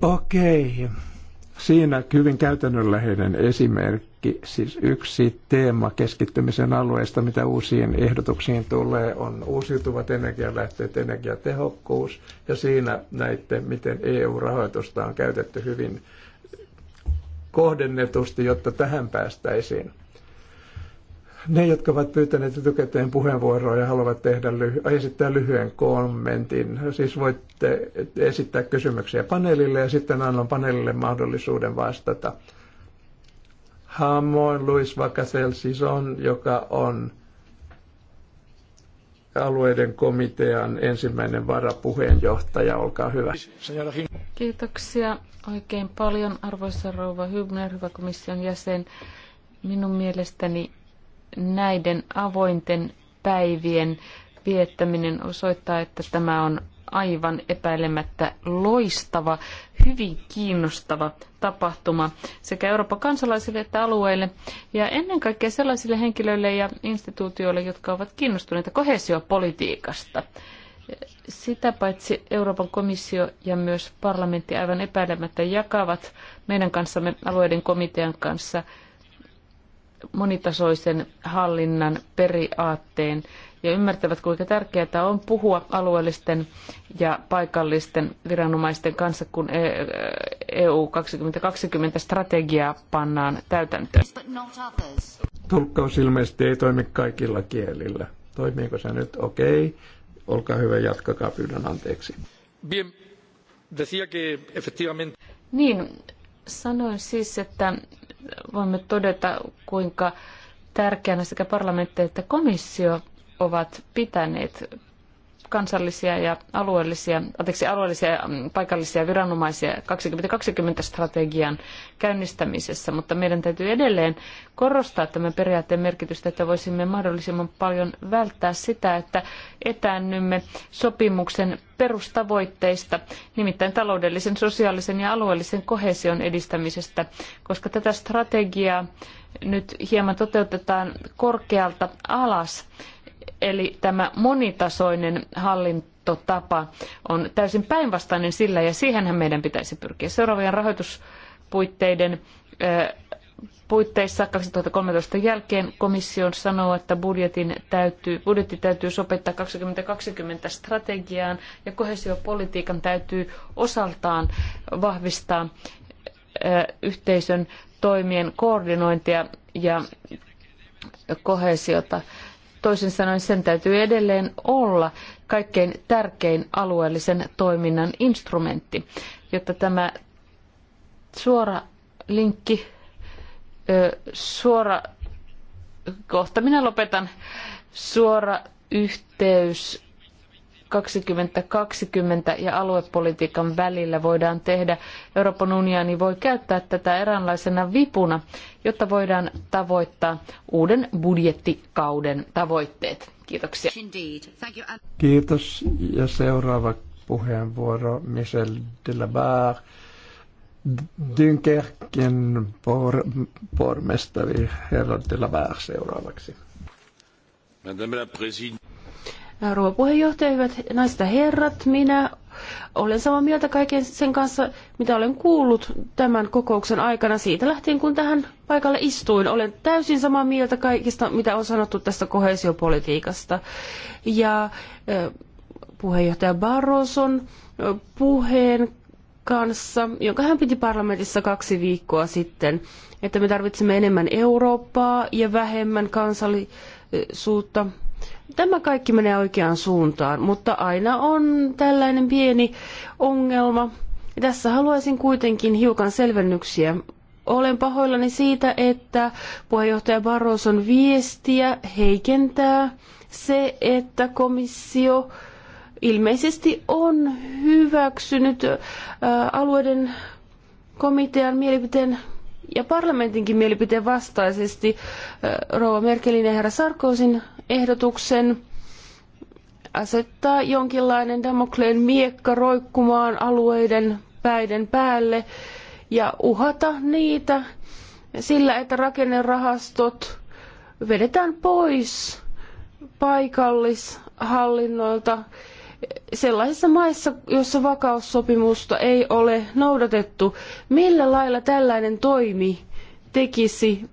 Uh, Okei. Okay. Siinä hyvin käytännönläheinen esimerkki kaikki, siis yksi teema keskittymisen alueesta, mitä uusiin ehdotuksiin tulee, on uusiutuvat energialähteet, energiatehokkuus ja siinä näiden, miten EU-rahoitusta on käytetty hyvin kohdennetusti, jotta tähän päästäisiin. Ne, jotka ovat pyytäneet etukäteen puheenvuoroa ja haluavat tehdä lyhy- äh, esittää lyhyen kommentin, siis voitte esittää kysymyksiä paneelille ja sitten annan paneelille mahdollisuuden vastata – Hamoin Luis Vacasel Sison, joka on alueiden komitean ensimmäinen varapuheenjohtaja. Olkaa hyvä. Kiitoksia oikein paljon, arvoisa rouva Hübner, hyvä komission jäsen. Minun mielestäni näiden avointen päivien viettäminen osoittaa, että tämä on aivan epäilemättä loistava, hyvin kiinnostava tapahtuma sekä Euroopan kansalaisille että alueille ja ennen kaikkea sellaisille henkilöille ja instituutioille, jotka ovat kiinnostuneita kohesiopolitiikasta. Sitä paitsi Euroopan komissio ja myös parlamentti aivan epäilemättä jakavat meidän kanssamme alueiden komitean kanssa monitasoisen hallinnan periaatteen ja ymmärtävät, kuinka tärkeää on puhua alueellisten ja paikallisten viranomaisten kanssa, kun EU e 2020-strategiaa pannaan täytäntöön. Tulkkaus ilmeisesti ei toimi kaikilla kielillä. Toimiiko se nyt? Okei. Okay. Olkaa hyvä, jatkakaa, pyydän anteeksi. Bien. Decía que efectivamente... Niin, sanoin siis, että voimme todeta, kuinka tärkeänä sekä parlamentti että komissio ovat pitäneet kansallisia ja alueellisia, anteeksi, alueellisia ja mm, paikallisia viranomaisia 2020-strategian käynnistämisessä, mutta meidän täytyy edelleen korostaa tämän periaatteen merkitystä, että voisimme mahdollisimman paljon välttää sitä, että etäännymme sopimuksen perustavoitteista, nimittäin taloudellisen, sosiaalisen ja alueellisen kohesion edistämisestä, koska tätä strategiaa nyt hieman toteutetaan korkealta alas Eli tämä monitasoinen hallintotapa on täysin päinvastainen sillä, ja siihenhän meidän pitäisi pyrkiä. Seuraavien rahoituspuitteiden puitteissa 2013 jälkeen komissio sanoo, että budjetin täytyy, budjetti täytyy sopittaa 2020 strategiaan ja koheesiopolitiikan täytyy osaltaan vahvistaa yhteisön toimien koordinointia ja koheesiota Toisin sanoen sen täytyy edelleen olla kaikkein tärkein alueellisen toiminnan instrumentti, jotta tämä suora linkki, suora, kohta minä lopetan, suora yhteys 2020 ja aluepolitiikan välillä voidaan tehdä. Euroopan unioni voi käyttää tätä eräänlaisena vipuna, jotta voidaan tavoittaa uuden budjettikauden tavoitteet. Kiitoksia. Kiitos. Ja seuraava puheenvuoro Michel Delabar, Dynkerkin por, pormestari herra Delabar seuraavaksi. Madame la Présidente rouva puheenjohtaja, hyvät naiset ja herrat, minä olen samaa mieltä kaiken sen kanssa, mitä olen kuullut tämän kokouksen aikana. Siitä lähtien, kun tähän paikalle istuin, olen täysin samaa mieltä kaikista, mitä on sanottu tästä kohesiopolitiikasta. Ja puheenjohtaja Barroson puheen kanssa, jonka hän piti parlamentissa kaksi viikkoa sitten, että me tarvitsemme enemmän Eurooppaa ja vähemmän kansallisuutta Tämä kaikki menee oikeaan suuntaan, mutta aina on tällainen pieni ongelma. Tässä haluaisin kuitenkin hiukan selvennyksiä. Olen pahoillani siitä, että puheenjohtaja Barroson viestiä heikentää se, että komissio ilmeisesti on hyväksynyt alueiden komitean mielipiteen ja parlamentinkin mielipiteen vastaisesti rouva Merkelin ja herra Sarkozyn ehdotuksen asettaa jonkinlainen Damokleen miekka roikkumaan alueiden päiden päälle ja uhata niitä sillä, että rakennerahastot vedetään pois paikallishallinnoilta sellaisissa maissa, joissa vakaussopimusta ei ole noudatettu. Millä lailla tällainen toimi tekisi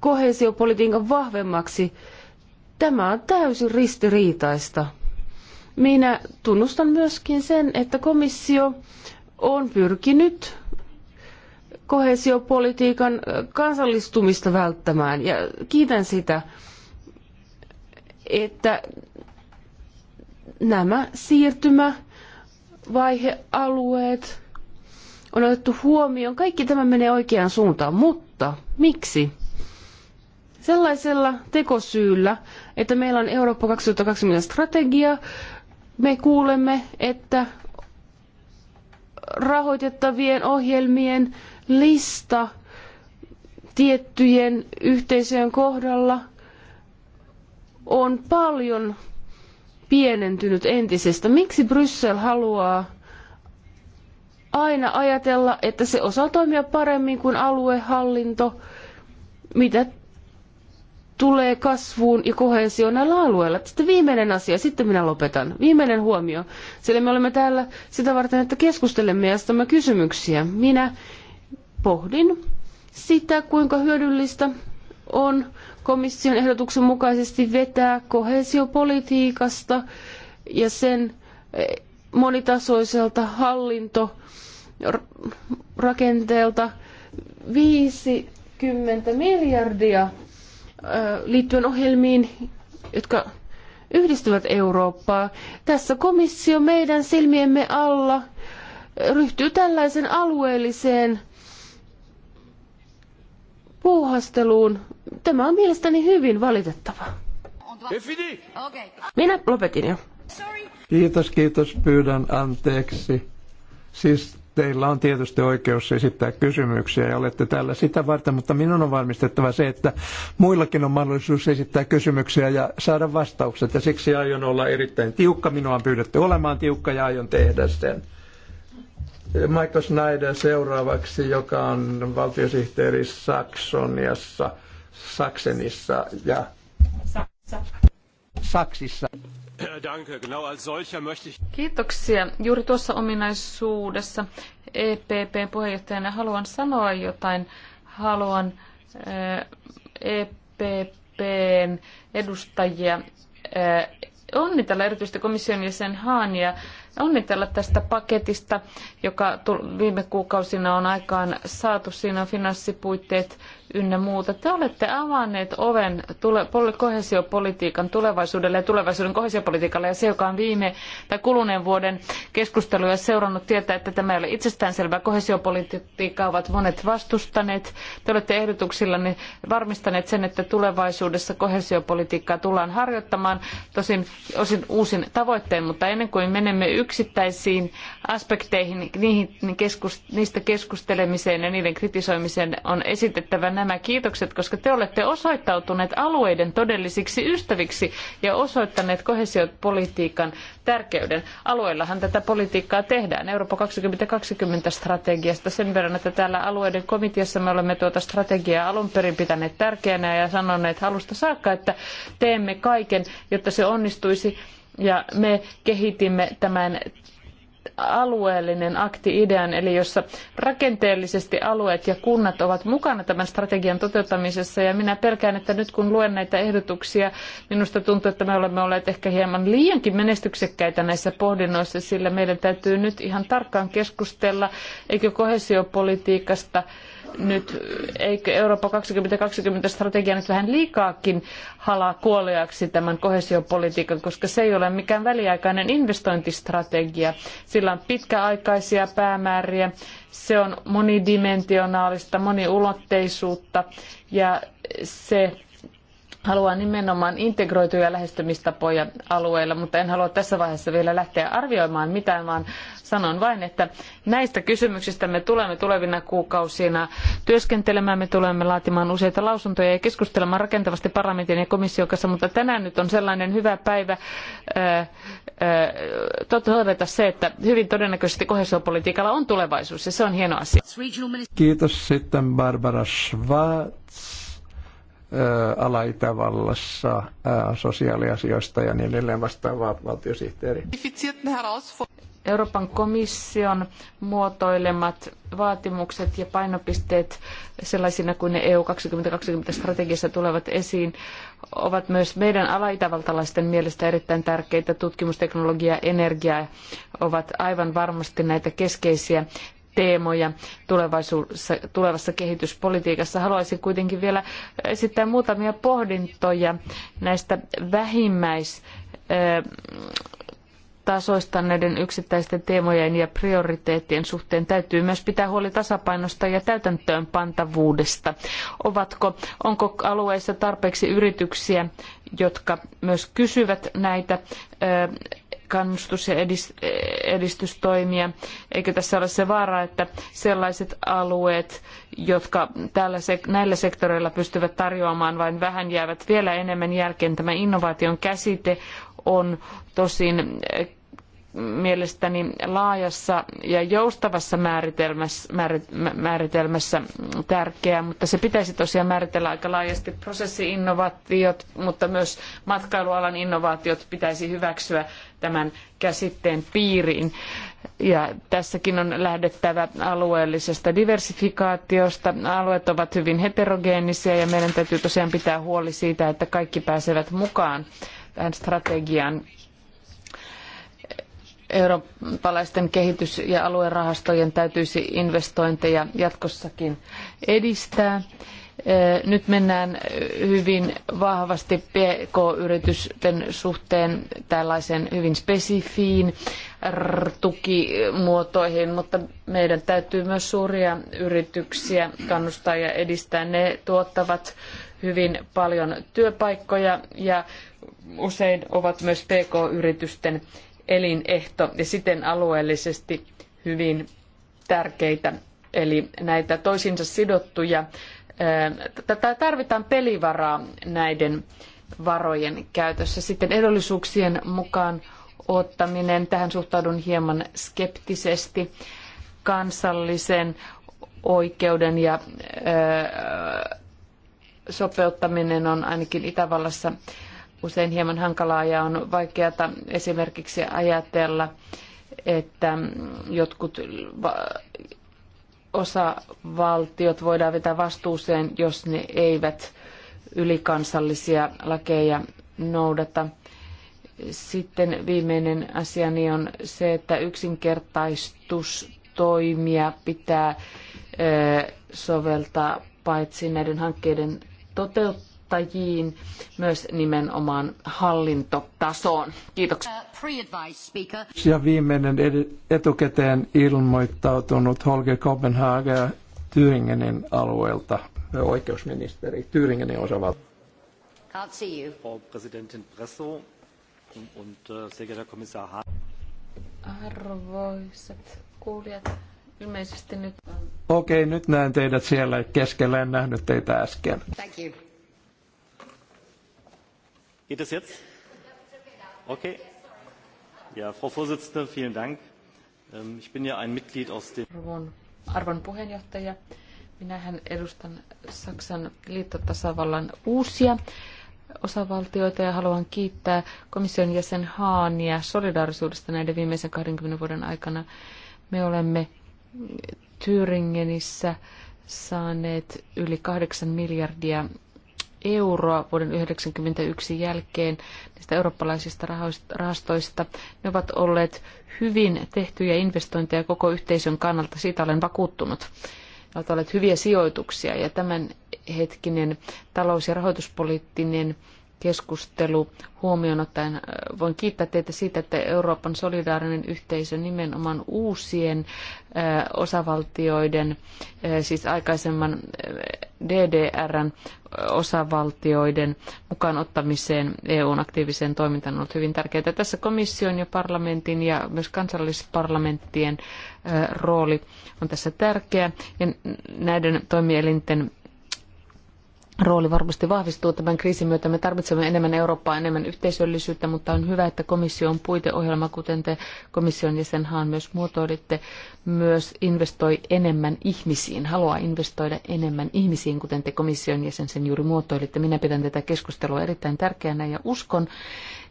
koheesiopolitiikan vahvemmaksi? Tämä on täysin ristiriitaista. Minä tunnustan myöskin sen, että komissio on pyrkinyt koheesiopolitiikan kansallistumista välttämään ja kiitän sitä, että nämä siirtymävaihealueet on otettu huomioon. Kaikki tämä menee oikeaan suuntaan, mutta miksi? Sellaisella tekosyyllä, että meillä on Eurooppa 2020 strategia, me kuulemme, että rahoitettavien ohjelmien lista tiettyjen yhteisöjen kohdalla on paljon pienentynyt entisestä. Miksi Bryssel haluaa aina ajatella, että se osaa toimia paremmin kuin aluehallinto, mitä tulee kasvuun ja kohesioon näillä alueilla. Sitten viimeinen asia, sitten minä lopetan. Viimeinen huomio, sillä me olemme täällä sitä varten, että keskustelemme ja astamme kysymyksiä. Minä pohdin sitä, kuinka hyödyllistä on komission ehdotuksen mukaisesti vetää koheesiopolitiikasta ja sen eh, monitasoiselta hallintorakenteelta 50 miljardia eh, liittyen ohjelmiin, jotka yhdistävät Eurooppaa. Tässä komissio meidän silmiemme alla ryhtyy tällaisen alueelliseen puuhasteluun. Tämä on mielestäni hyvin valitettava. Minä lopetin jo. Kiitos, kiitos. Pyydän anteeksi. Siis teillä on tietysti oikeus esittää kysymyksiä ja olette täällä sitä varten, mutta minun on varmistettava se, että muillakin on mahdollisuus esittää kysymyksiä ja saada vastaukset. Ja siksi aion olla erittäin tiukka. Minua on pyydetty olemaan tiukka ja aion tehdä sen. Michael Schneider seuraavaksi, joka on valtiosihteeri Saksoniassa, Saksenissa ja Saksissa. Kiitoksia. Juuri tuossa ominaisuudessa epp puheenjohtajana haluan sanoa jotain. Haluan EPPn eh, e edustajia eh, onnitella erityisesti komission jäsen Haania onnitella tästä paketista, joka viime kuukausina on aikaan saatu. Siinä on finanssipuitteet ynnä muuta. Te olette avanneet oven tule, kohesiopolitiikan tulevaisuudelle ja tulevaisuuden kohesiopolitiikalle ja se, joka on viime tai kuluneen vuoden keskusteluja seurannut tietää, että tämä ei ole itsestäänselvää. Kohesiopolitiikkaa ovat monet vastustaneet. Te olette ehdotuksillanne varmistaneet sen, että tulevaisuudessa kohesiopolitiikkaa tullaan harjoittamaan tosin osin uusin tavoitteen, mutta ennen kuin menemme yksittäisiin aspekteihin, niihin, niistä keskustelemiseen ja niiden kritisoimiseen on esitettävä nämä kiitokset, koska te olette osoittautuneet alueiden todellisiksi ystäviksi ja osoittaneet kohesiopolitiikan tärkeyden. Alueillahan tätä politiikkaa tehdään. Eurooppa 2020 strategiasta sen verran, että täällä alueiden komiteassa me olemme tuota strategiaa alun perin pitäneet tärkeänä ja sanoneet alusta saakka, että teemme kaiken, jotta se onnistuisi ja me kehitimme tämän alueellinen akti-idean, eli jossa rakenteellisesti alueet ja kunnat ovat mukana tämän strategian toteuttamisessa. Ja minä pelkään, että nyt kun luen näitä ehdotuksia, minusta tuntuu, että me olemme olleet ehkä hieman liiankin menestyksekkäitä näissä pohdinnoissa, sillä meidän täytyy nyt ihan tarkkaan keskustella, eikö kohesiopolitiikasta nyt, eikö Eurooppa 2020 strategia nyt vähän liikaakin halaa kuoliaksi tämän kohesiopolitiikan, koska se ei ole mikään väliaikainen investointistrategia. Sillä on pitkäaikaisia päämääriä, se on monidimensionaalista, moniulotteisuutta ja se haluaa nimenomaan integroituja lähestymistapoja alueilla, mutta en halua tässä vaiheessa vielä lähteä arvioimaan mitään, vaan sanon vain, että näistä kysymyksistä me tulemme tulevina kuukausina työskentelemään, me tulemme laatimaan useita lausuntoja ja keskustelemaan rakentavasti parlamentin ja komission kanssa, mutta tänään nyt on sellainen hyvä päivä äh, äh, todeta se, että hyvin todennäköisesti kohesiopolitiikalla on tulevaisuus ja se on hieno asia. Kiitos sitten Barbara ala-Itävallassa sosiaaliasioista ja niin edelleen vastaava valtiosihteeri. Euroopan komission muotoilemat vaatimukset ja painopisteet sellaisina kuin ne EU 2020 strategiassa tulevat esiin ovat myös meidän alaitävaltalaisten mielestä erittäin tärkeitä. Tutkimusteknologia ja energia ovat aivan varmasti näitä keskeisiä teemoja tulevaisuudessa, tulevassa kehityspolitiikassa. Haluaisin kuitenkin vielä esittää muutamia pohdintoja näistä vähimmäistasoista näiden yksittäisten teemojen ja prioriteettien suhteen täytyy myös pitää huoli tasapainosta ja täytäntöön pantavuudesta. Ovatko, onko alueissa tarpeeksi yrityksiä, jotka myös kysyvät näitä kannustus- ja edistystoimia. Eikö tässä ole se vaara, että sellaiset alueet, jotka tällä näillä sektoreilla pystyvät tarjoamaan vain vähän, jäävät vielä enemmän jälkeen. Tämä innovaation käsite on tosin mielestäni laajassa ja joustavassa määritelmässä, määritelmässä tärkeää, mutta se pitäisi tosiaan määritellä aika laajasti. Prosessi-innovaatiot, mutta myös matkailualan innovaatiot pitäisi hyväksyä tämän käsitteen piiriin. Ja tässäkin on lähdettävä alueellisesta diversifikaatiosta. Alueet ovat hyvin heterogeenisia ja meidän täytyy tosiaan pitää huoli siitä, että kaikki pääsevät mukaan tähän strategiaan eurooppalaisten kehitys- ja aluerahastojen täytyisi investointeja jatkossakin edistää. Nyt mennään hyvin vahvasti PK-yritysten suhteen tällaisen hyvin spesifiin tukimuotoihin, mutta meidän täytyy myös suuria yrityksiä kannustaa ja edistää. Ne tuottavat hyvin paljon työpaikkoja ja usein ovat myös PK-yritysten elinehto ja siten alueellisesti hyvin tärkeitä. Eli näitä toisinsa sidottuja, tätä tarvitaan pelivaraa näiden varojen käytössä. Sitten edullisuuksien mukaan ottaminen, tähän suhtaudun hieman skeptisesti kansallisen oikeuden ja sopeuttaminen on ainakin Itävallassa usein hieman hankalaa ja on vaikeata esimerkiksi ajatella, että jotkut osavaltiot voidaan vetää vastuuseen, jos ne eivät ylikansallisia lakeja noudata. Sitten viimeinen asiani on se, että yksinkertaistustoimia pitää soveltaa paitsi näiden hankkeiden toteuttamiseen, kuluttajiin, myös nimenomaan hallintotasoon. Kiitoksia. Uh, ja viimeinen etukäteen ilmoittautunut Holger Kopenhagen Thüringenin alueelta, oikeusministeri Thüringenin osavalta. Frau Präsidentin Bresso und äh, sehr geehrter Kommissar Hahn. Arvoisat kuulijat, ilmeisesti nyt... Okei, okay, nyt näen teidät siellä keskellä, en nähnyt teitä äsken. Thank you. Geht es jetzt? Okay. Ja, Frau Vorsitzende, vielen Dank. Ähm, ich bin ja ein Mitglied aus dem... Arvon, arvon puheenjohtaja, minähän edustan Saksan liittotasavallan uusia osavaltioita ja haluan kiittää komission jäsen Haania solidaarisuudesta näiden viimeisen 20 vuoden aikana. Me olemme Thüringenissä saaneet yli 8 miljardia euroa vuoden 1991 jälkeen näistä eurooppalaisista rahastoista. Ne ovat olleet hyvin tehtyjä investointeja koko yhteisön kannalta, siitä olen vakuuttunut. Ne ovat olleet hyviä sijoituksia ja tämänhetkinen talous- ja rahoituspoliittinen keskustelu huomioon ottaen. Äh, voin kiittää teitä siitä, että Euroopan solidaarinen yhteisö nimenomaan uusien äh, osavaltioiden, äh, siis aikaisemman DDRn osavaltioiden mukaan ottamiseen EUn aktiiviseen toimintaan on ollut hyvin tärkeää. Tässä komission ja parlamentin ja myös kansallisparlamenttien rooli on tässä tärkeä ja näiden toimielinten rooli varmasti vahvistuu tämän kriisin myötä. Me tarvitsemme enemmän Eurooppaa, enemmän yhteisöllisyyttä, mutta on hyvä, että komission puiteohjelma, kuten te komission jäsenhaan myös muotoilitte, myös investoi enemmän ihmisiin, haluaa investoida enemmän ihmisiin, kuten te komission jäsen sen juuri muotoilitte. Minä pidän tätä keskustelua erittäin tärkeänä ja uskon,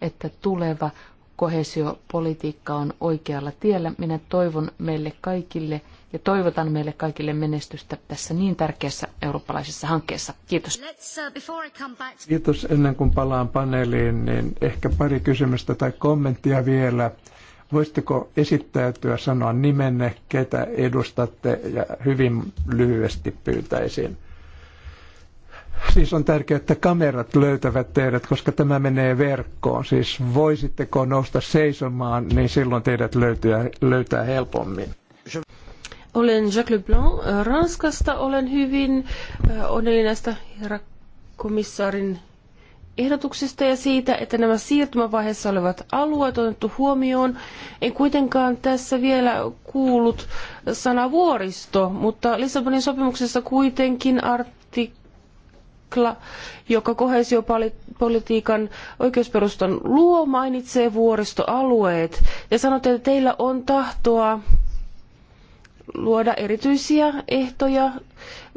että tuleva kohesiopolitiikka on oikealla tiellä. Minä toivon meille kaikille ja toivotan meille kaikille menestystä tässä niin tärkeässä eurooppalaisessa hankkeessa. Kiitos. Uh, Kiitos. Ennen kuin palaan paneeliin, niin ehkä pari kysymystä tai kommenttia vielä. Voisitteko esittäytyä, sanoa nimenne, ketä edustatte ja hyvin lyhyesti pyytäisin. Siis on tärkeää, että kamerat löytävät teidät, koska tämä menee verkkoon. Siis voisitteko nousta seisomaan, niin silloin teidät löytyä, löytää helpommin. Olen Jacques Leblanc Ranskasta. Olen hyvin onnellinen näistä herra komissaarin ehdotuksista ja siitä, että nämä siirtymävaiheessa olevat alueet on otettu huomioon. En kuitenkaan tässä vielä kuullut sana vuoristo, mutta Lissabonin sopimuksessa kuitenkin artikla, joka kohesiopolitiikan oikeusperustan luo, mainitsee vuoristoalueet. Ja sanotte, että teillä on tahtoa luoda erityisiä ehtoja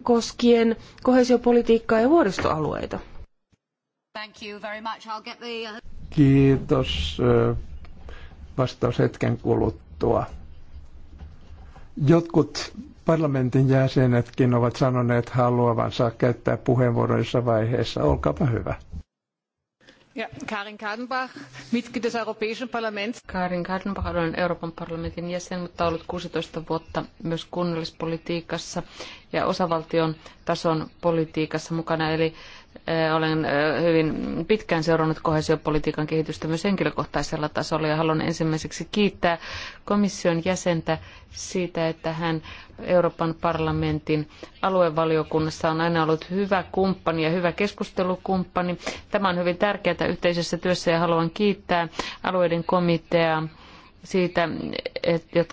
koskien kohesiopolitiikkaa ja vuoristoalueita. Uh, Kiitos. Vastaus hetken kuluttua. Jotkut parlamentin jäsenetkin ovat sanoneet haluavansa käyttää puheenvuoron jossain vaiheessa. Olkaapa hyvä. Karin Kadenbach, Mitglied des Europäischen Parlaments. Karin Kadenbach on Euroopan parlamentin jäsen, mutta ollut 16 vuotta myös kunnallispolitiikassa ja osavaltion tason politiikassa mukana. Eli olen hyvin pitkään seurannut kohesiopolitiikan kehitystä myös henkilökohtaisella tasolla ja haluan ensimmäiseksi kiittää komission jäsentä siitä, että hän Euroopan parlamentin aluevaliokunnassa on aina ollut hyvä kumppani ja hyvä keskustelukumppani. Tämä on hyvin tärkeää yhteisessä työssä ja haluan kiittää alueiden komiteaa siitä, että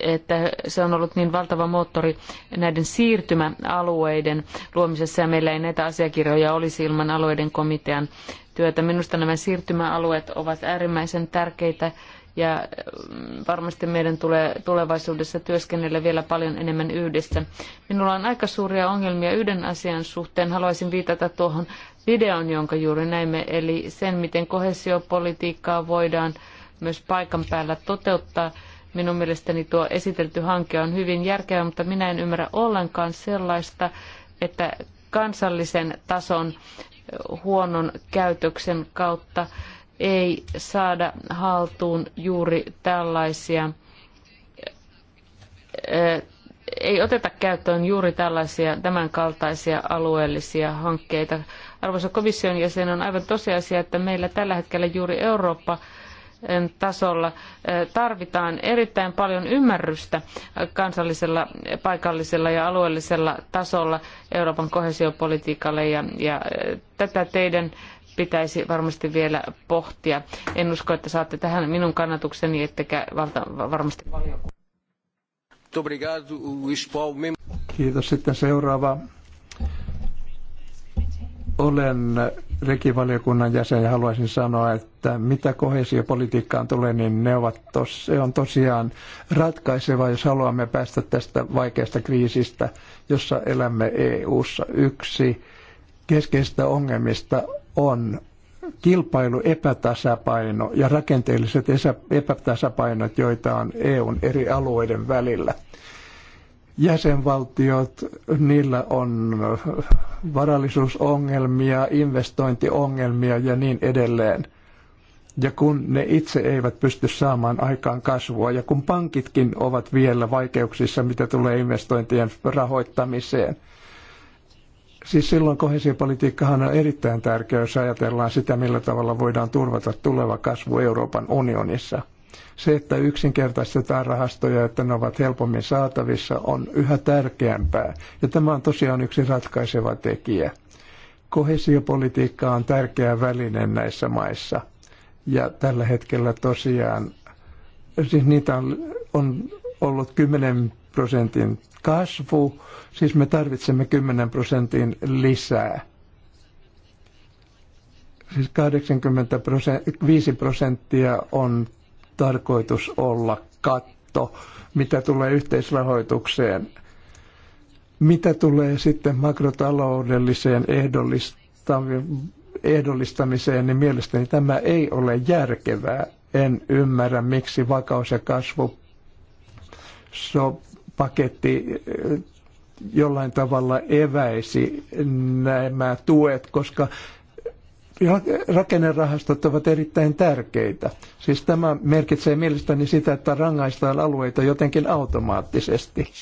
että se on ollut niin valtava moottori näiden siirtymäalueiden luomisessa ja meillä ei näitä asiakirjoja olisi ilman alueiden komitean työtä. Minusta nämä siirtymäalueet ovat äärimmäisen tärkeitä ja mm, varmasti meidän tulee tulevaisuudessa työskennellä vielä paljon enemmän yhdessä. Minulla on aika suuria ongelmia yhden asian suhteen. Haluaisin viitata tuohon videon, jonka juuri näimme, eli sen, miten kohesiopolitiikkaa voidaan myös paikan päällä toteuttaa – Minun mielestäni tuo esitelty hanke on hyvin järkevä, mutta minä en ymmärrä ollenkaan sellaista, että kansallisen tason huonon käytöksen kautta ei saada haltuun juuri tällaisia, eh, ei oteta käyttöön juuri tällaisia tämänkaltaisia alueellisia hankkeita. Arvoisa komission jäsen, on aivan tosiasia, että meillä tällä hetkellä juuri Eurooppa tasolla tarvitaan erittäin paljon ymmärrystä kansallisella, paikallisella ja alueellisella tasolla Euroopan kohesiopolitiikalle ja, ja tätä teidän pitäisi varmasti vielä pohtia. En usko, että saatte tähän minun kannatukseni, ettekä valta, varmasti valiokunta. Kiitos. Sitten seuraava olen rekivaliokunnan jäsen ja haluaisin sanoa, että mitä kohesiopolitiikkaan tulee, niin ne ovat tos, se on tosiaan ratkaiseva, jos haluamme päästä tästä vaikeasta kriisistä, jossa elämme EU-ssa. Yksi keskeistä ongelmista on kilpailu, epätasapaino ja rakenteelliset epätasapainot, joita on EUn eri alueiden välillä jäsenvaltiot, niillä on varallisuusongelmia, investointiongelmia ja niin edelleen. Ja kun ne itse eivät pysty saamaan aikaan kasvua, ja kun pankitkin ovat vielä vaikeuksissa, mitä tulee investointien rahoittamiseen. Siis silloin kohesiopolitiikkahan on erittäin tärkeä, jos ajatellaan sitä, millä tavalla voidaan turvata tuleva kasvu Euroopan unionissa – se, että yksinkertaistetaan rahastoja, että ne ovat helpommin saatavissa, on yhä tärkeämpää. Ja tämä on tosiaan yksi ratkaiseva tekijä. Kohesiopolitiikka on tärkeä väline näissä maissa. Ja tällä hetkellä tosiaan, siis niitä on, on ollut 10 prosentin kasvu, siis me tarvitsemme 10 prosentin lisää siis 85 prosenttia on tarkoitus olla katto, mitä tulee yhteisrahoitukseen. Mitä tulee sitten makrotaloudelliseen ehdollistamiseen, niin mielestäni tämä ei ole järkevää. En ymmärrä, miksi vakaus- ja kasvupaketti eh, jollain tavalla eväisi nämä tuet, koska rakennerahastot ovat erittäin tärkeitä. Siis tämä merkitsee mielestäni sitä, että rangaistaan alueita jotenkin automaattisesti.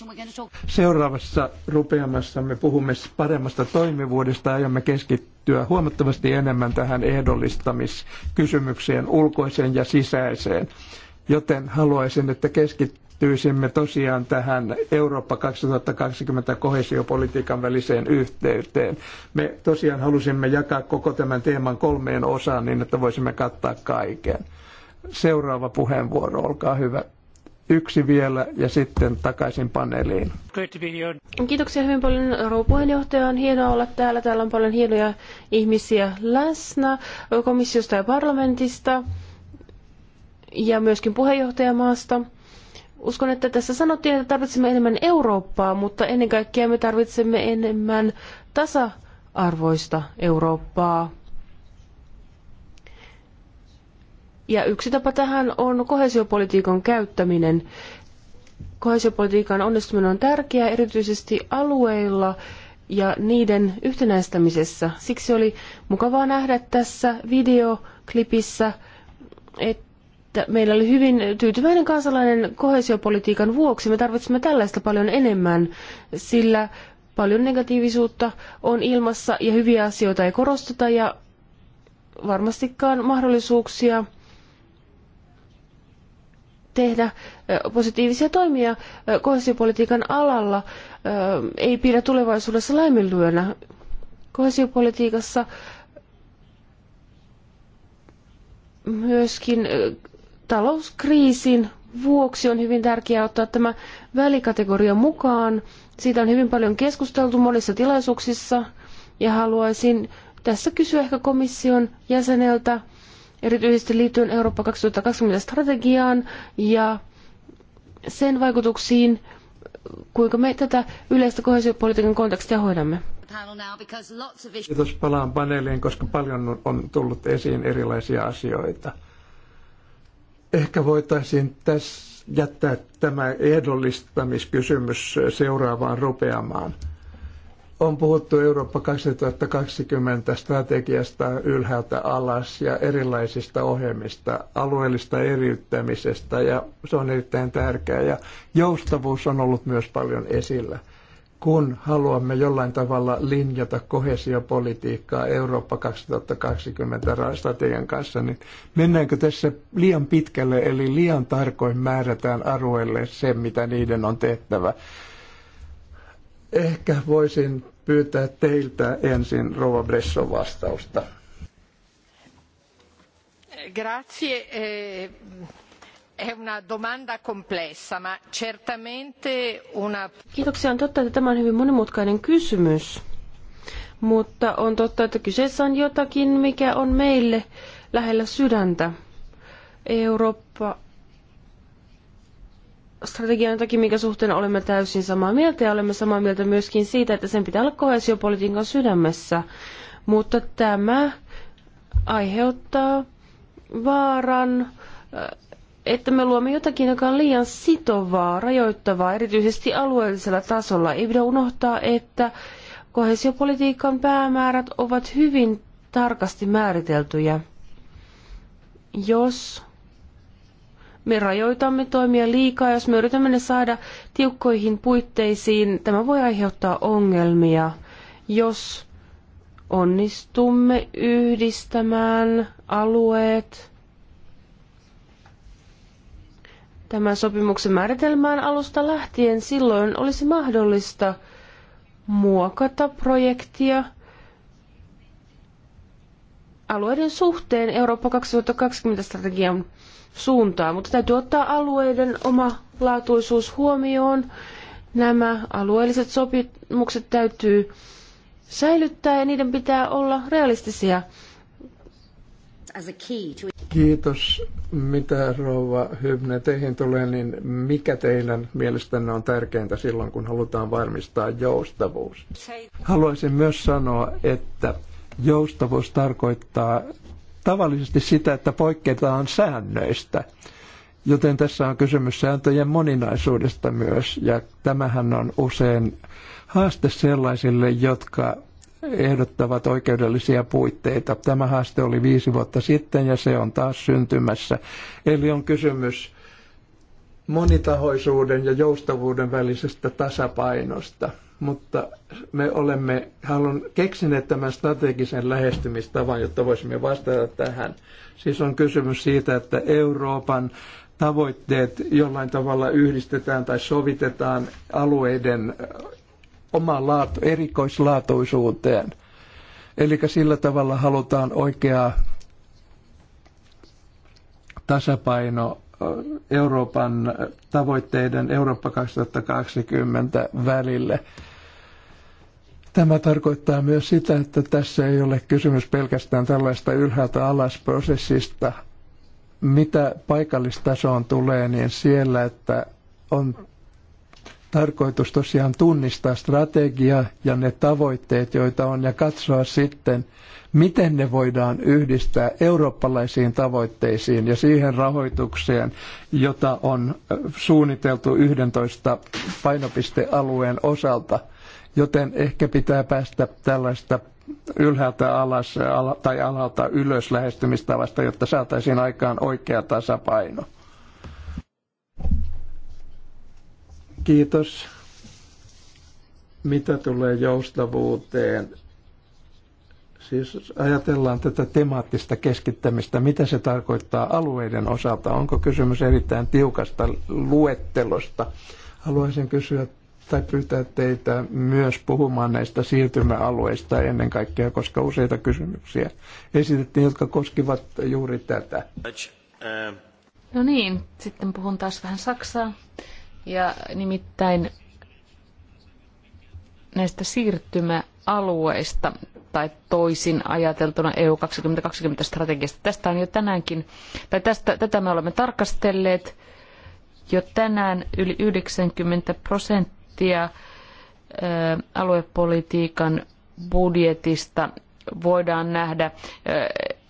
Seuraavassa rupeamassa me puhumme paremmasta toimivuudesta ja aiomme keskittyä huomattavasti enemmän tähän ehdollistamiskysymykseen ulkoiseen ja sisäiseen. Joten haluaisin, että keskittyy liittyisimme tosiaan tähän Eurooppa 2020 kohesiopolitiikan väliseen yhteyteen. Me tosiaan halusimme jakaa koko tämän teeman kolmeen osaan niin, että voisimme kattaa kaiken. Seuraava puheenvuoro, olkaa hyvä. Yksi vielä ja sitten takaisin paneeliin. Kiitoksia hyvin paljon rouva puheenjohtaja. On hienoa olla täällä. Täällä on paljon hienoja ihmisiä läsnä komissiosta ja parlamentista ja myöskin puheenjohtajamaasta. Uskon, että tässä sanottiin, että tarvitsemme enemmän Eurooppaa, mutta ennen kaikkea me tarvitsemme enemmän tasa-arvoista Eurooppaa. Ja yksi tapa tähän on kohesiopolitiikan käyttäminen. Kohesiopolitiikan onnistuminen on tärkeää erityisesti alueilla ja niiden yhtenäistämisessä. Siksi oli mukavaa nähdä tässä videoklipissä, että että meillä oli hyvin tyytyväinen kansalainen kohesiopolitiikan vuoksi. Me tarvitsemme tällaista paljon enemmän, sillä paljon negatiivisuutta on ilmassa ja hyviä asioita ei korosteta ja varmastikaan mahdollisuuksia tehdä positiivisia toimia kohesiopolitiikan alalla ei pidä tulevaisuudessa laiminlyönä. Kohesiopolitiikassa myöskin talouskriisin vuoksi on hyvin tärkeää ottaa tämä välikategoria mukaan. Siitä on hyvin paljon keskusteltu monissa tilaisuuksissa ja haluaisin tässä kysyä ehkä komission jäseneltä erityisesti liittyen Eurooppa 2020 strategiaan ja sen vaikutuksiin, kuinka me tätä yleistä kohesiopolitiikan kontekstia hoidamme. Kiitos palaan paneeliin, koska paljon on tullut esiin erilaisia asioita. Ehkä voitaisiin tässä jättää tämä ehdollistamiskysymys seuraavaan rupeamaan. On puhuttu Eurooppa 2020 strategiasta ylhäältä alas ja erilaisista ohjelmista, alueellista eriyttämisestä ja se on erittäin tärkeää. Ja joustavuus on ollut myös paljon esillä – kun haluamme jollain tavalla linjata kohesiopolitiikkaa Eurooppa 2020 strategian kanssa, niin mennäänkö tässä liian pitkälle, eli liian tarkoin määrätään alueelle se, mitä niiden on tehtävä. Ehkä voisin pyytää teiltä ensin Rova Bresson vastausta. Grazie. Eh, È una domanda complessa, ma certamente una... Kiitoksia. On totta, että tämä on hyvin monimutkainen kysymys. Mutta on totta, että kyseessä on jotakin, mikä on meille lähellä sydäntä. Eurooppa strategia on jotakin, mikä suhteen olemme täysin samaa mieltä ja olemme samaa mieltä myöskin siitä, että sen pitää olla kohesiopolitiikan sydämessä. Mutta tämä aiheuttaa vaaran että me luomme jotakin, joka on liian sitovaa, rajoittavaa, erityisesti alueellisella tasolla. Ei pidä unohtaa, että kohesiopolitiikan päämäärät ovat hyvin tarkasti määriteltyjä. Jos me rajoitamme toimia liikaa, jos me yritämme ne saada tiukkoihin puitteisiin, tämä voi aiheuttaa ongelmia. Jos onnistumme yhdistämään alueet, tämän sopimuksen määritelmään alusta lähtien, silloin olisi mahdollista muokata projektia alueiden suhteen Eurooppa 2020-strategian suuntaan, mutta täytyy ottaa alueiden oma laatuisuus huomioon. Nämä alueelliset sopimukset täytyy säilyttää ja niiden pitää olla realistisia. Kiitos. Mitä rouva Hybne teihin tulee, niin mikä teidän mielestänne on tärkeintä silloin, kun halutaan varmistaa joustavuus? Haluaisin myös sanoa, että joustavuus tarkoittaa tavallisesti sitä, että poikkeetaan säännöistä. Joten tässä on kysymys sääntöjen moninaisuudesta myös, ja tämähän on usein haaste sellaisille, jotka ehdottavat oikeudellisia puitteita. Tämä haaste oli viisi vuotta sitten ja se on taas syntymässä. Eli on kysymys monitahoisuuden ja joustavuuden välisestä tasapainosta. Mutta me olemme halun, keksineet tämän strategisen lähestymistavan, jotta voisimme vastata tähän. Siis on kysymys siitä, että Euroopan tavoitteet jollain tavalla yhdistetään tai sovitetaan alueiden omaan laatu, erikoislaatuisuuteen. Eli sillä tavalla halutaan oikeaa tasapaino Euroopan tavoitteiden Eurooppa 2020 välille. Tämä tarkoittaa myös sitä, että tässä ei ole kysymys pelkästään tällaista ylhäältä alas prosessista. Mitä paikallistasoon tulee, niin siellä, että on tarkoitus tosiaan tunnistaa strategia ja ne tavoitteet, joita on, ja katsoa sitten, miten ne voidaan yhdistää eurooppalaisiin tavoitteisiin ja siihen rahoitukseen, jota on äh, suunniteltu 11 painopistealueen osalta. Joten ehkä pitää päästä tällaista ylhäältä alas äh, tai alhaalta ylös lähestymistavasta, jotta saataisiin aikaan oikea tasapaino. Kiitos. Mitä tulee joustavuuteen? Siis ajatellaan tätä temaattista keskittämistä. Mitä se tarkoittaa alueiden osalta? Onko kysymys erittäin tiukasta luettelosta? Haluaisin kysyä tai pyytää teitä myös puhumaan näistä siirtymäalueista ennen kaikkea, koska useita kysymyksiä esitettiin, jotka koskivat juuri tätä. No niin, sitten puhun taas vähän Saksaa. Ja nimittäin näistä siirtymäalueista tai toisin ajateltuna EU 2020 strategiasta. Tästä on jo tänäänkin, tai tästä, tätä me olemme tarkastelleet jo tänään yli 90 prosenttia aluepolitiikan budjetista voidaan nähdä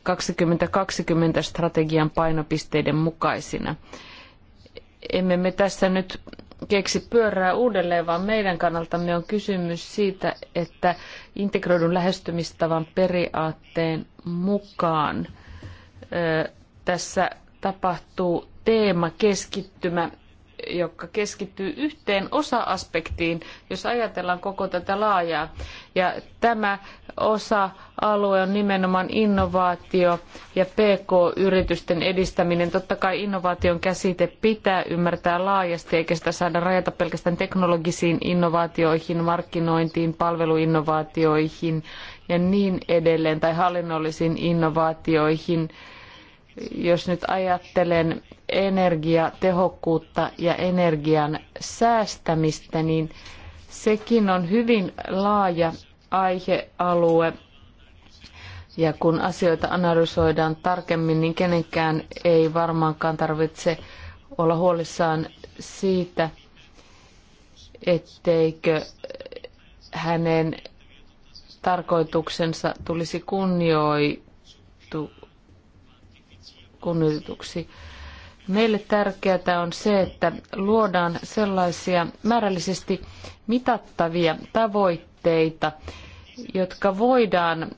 2020 strategian painopisteiden mukaisina emme me tässä nyt keksi pyörää uudelleen, vaan meidän kannaltamme on kysymys siitä, että integroidun lähestymistavan periaatteen mukaan ö, tässä tapahtuu teema keskittymä joka keskittyy yhteen osa-aspektiin, jos ajatellaan koko tätä laajaa. Ja tämä osa-alue on nimenomaan innovaatio ja PK-yritysten edistäminen. Totta kai innovaation käsite pitää ymmärtää laajasti, eikä sitä saada rajata pelkästään teknologisiin innovaatioihin, markkinointiin, palveluinnovaatioihin ja niin edelleen, tai hallinnollisiin innovaatioihin – jos nyt ajattelen energiatehokkuutta ja energian säästämistä, niin sekin on hyvin laaja aihealue. Ja kun asioita analysoidaan tarkemmin, niin kenenkään ei varmaankaan tarvitse olla huolissaan siitä, etteikö hänen tarkoituksensa tulisi kunnioitu, kunnioitetuksi. Meille tärkeää on se, että luodaan sellaisia määrällisesti mitattavia tavoitteita, jotka voidaan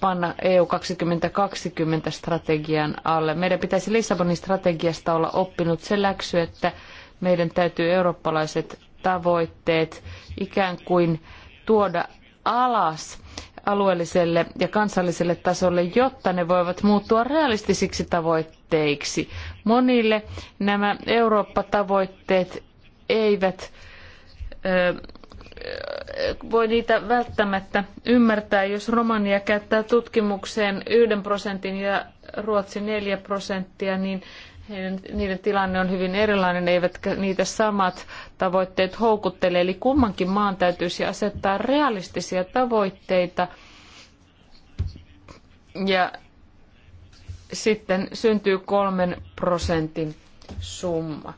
panna EU 2020 strategian alle. Meidän pitäisi Lissabonin strategiasta olla oppinut se läksy, että meidän täytyy eurooppalaiset tavoitteet ikään kuin tuoda alas alueelliselle ja kansalliselle tasolle, jotta ne voivat muuttua realistisiksi tavoitteiksi. Monille nämä Eurooppa-tavoitteet eivät ö, voi niitä välttämättä ymmärtää, jos Romania käyttää tutkimukseen yhden prosentin ja Ruotsi neljä prosenttia, niin heidän, niiden tilanne on hyvin erilainen, eivätkä niitä samat tavoitteet houkuttele. Eli kummankin maan täytyisi asettaa realistisia tavoitteita ja sitten syntyy kolmen prosentin summa.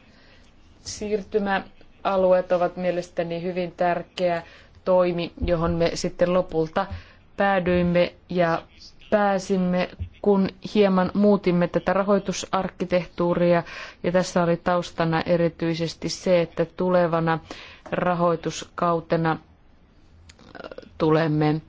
Siirtymäalueet ovat mielestäni hyvin tärkeä toimi, johon me sitten lopulta päädyimme ja pääsimme, kun hieman muutimme tätä rahoitusarkkitehtuuria. Ja tässä oli taustana erityisesti se, että tulevana rahoituskautena tulemme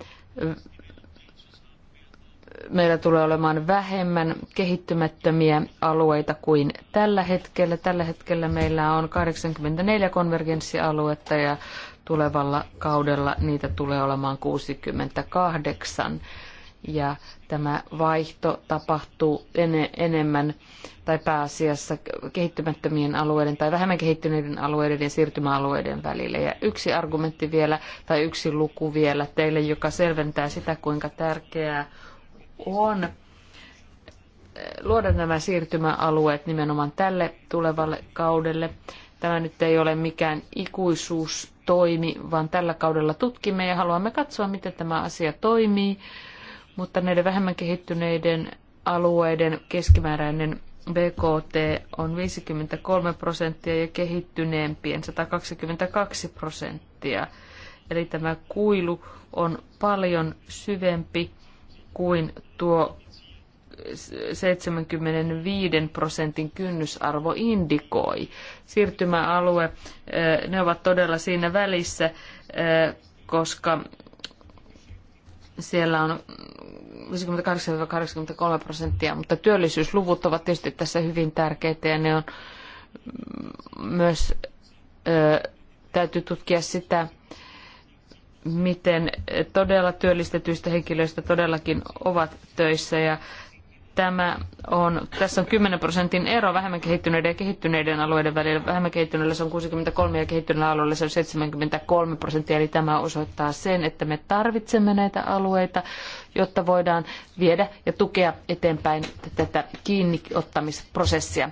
meillä tulee olemaan vähemmän kehittymättömiä alueita kuin tällä hetkellä. Tällä hetkellä meillä on 84 konvergenssialuetta ja tulevalla kaudella niitä tulee olemaan 68 ja tämä vaihto tapahtuu enemmän tai pääasiassa kehittymättömien alueiden tai vähemmän kehittyneiden alueiden ja siirtymäalueiden välillä. Ja yksi argumentti vielä tai yksi luku vielä teille, joka selventää sitä, kuinka tärkeää on eh, luoda nämä siirtymäalueet nimenomaan tälle tulevalle kaudelle. Tämä nyt ei ole mikään ikuisuustoimi, vaan tällä kaudella tutkimme ja haluamme katsoa, miten tämä asia toimii mutta näiden vähemmän kehittyneiden alueiden keskimääräinen BKT on 53 prosenttia ja kehittyneempien 122 prosenttia. Eli tämä kuilu on paljon syvempi kuin tuo 75 prosentin kynnysarvo indikoi. Siirtymäalue, eh, ne ovat todella siinä välissä, eh, koska siellä on 58-83 prosenttia, mutta työllisyysluvut ovat tietysti tässä hyvin tärkeitä ja ne on myös ö, täytyy tutkia sitä, miten todella työllistetyistä henkilöistä todellakin ovat töissä ja tämä on, tässä on 10 prosentin ero vähemmän kehittyneiden ja kehittyneiden alueiden välillä. Vähemmän kehittyneillä se on 63 ja kehittyneillä alueilla se on 73 prosenttia. Eli tämä osoittaa sen, että me tarvitsemme näitä alueita, jotta voidaan viedä ja tukea eteenpäin tätä kiinniottamisprosessia.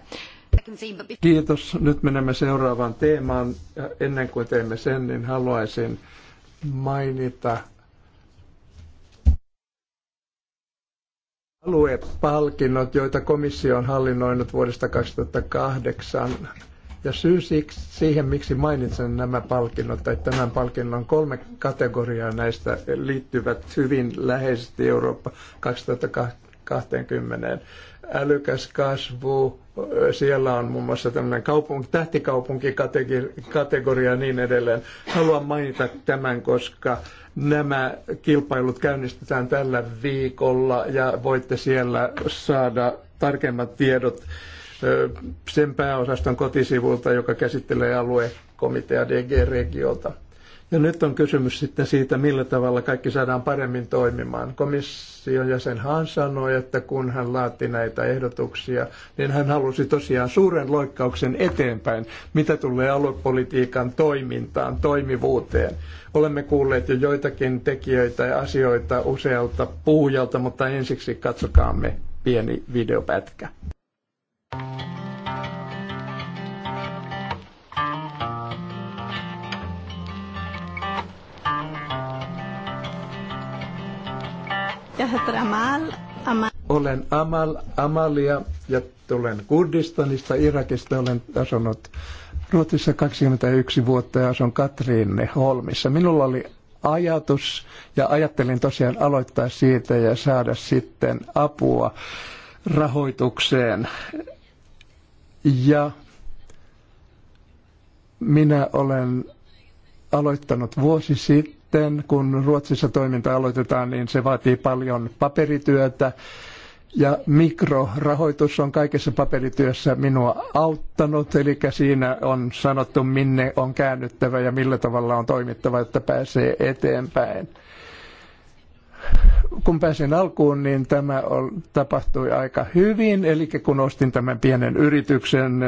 Kiitos. Nyt menemme seuraavaan teemaan. Ennen kuin teemme sen, niin haluaisin mainita aluepalkinnot, joita komissio on hallinnoinut vuodesta 2008. Ja syy siihen, miksi mainitsen nämä palkinnot tai tämän palkinnon, kolme kategoriaa näistä liittyvät hyvin läheisesti Eurooppa 2020. Älykäs kasvu, siellä on muun muassa tämmöinen kaupunki, tähtikaupunkikategoria ja niin edelleen. Haluan mainita tämän, koska Nämä kilpailut käynnistetään tällä viikolla ja voitte siellä saada tarkemmat tiedot sen pääosaston kotisivulta, joka käsittelee aluekomitea DG-regiota. Ja nyt on kysymys sitten siitä, millä tavalla kaikki saadaan paremmin toimimaan. Komission jäsen Haan sanoi, että kun hän laatti näitä ehdotuksia, niin hän halusi tosiaan suuren loikkauksen eteenpäin, mitä tulee aluepolitiikan toimintaan, toimivuuteen. Olemme kuulleet jo joitakin tekijöitä ja asioita usealta puhujalta, mutta ensiksi katsokaamme pieni videopätkä. Thank you. Jag heter Amal. Amal. Olen Amal, Amalia ja tulen Kurdistanista, Irakista. Olen asunut Ruotsissa 21 vuotta ja asun Katriinne Holmissa. Minulla oli ajatus ja ajattelin tosiaan aloittaa siitä ja saada sitten apua rahoitukseen. Ja minä olen aloittanut vuosi sitten sitten, kun Ruotsissa toiminta aloitetaan, niin se vaatii paljon paperityötä. Ja mikrorahoitus on kaikessa paperityössä minua auttanut, eli siinä on sanottu, minne on käännyttävä ja millä tavalla on toimittava, että pääsee eteenpäin. Kun pääsin alkuun, niin tämä tapahtui aika hyvin, eli kun ostin tämän pienen yrityksen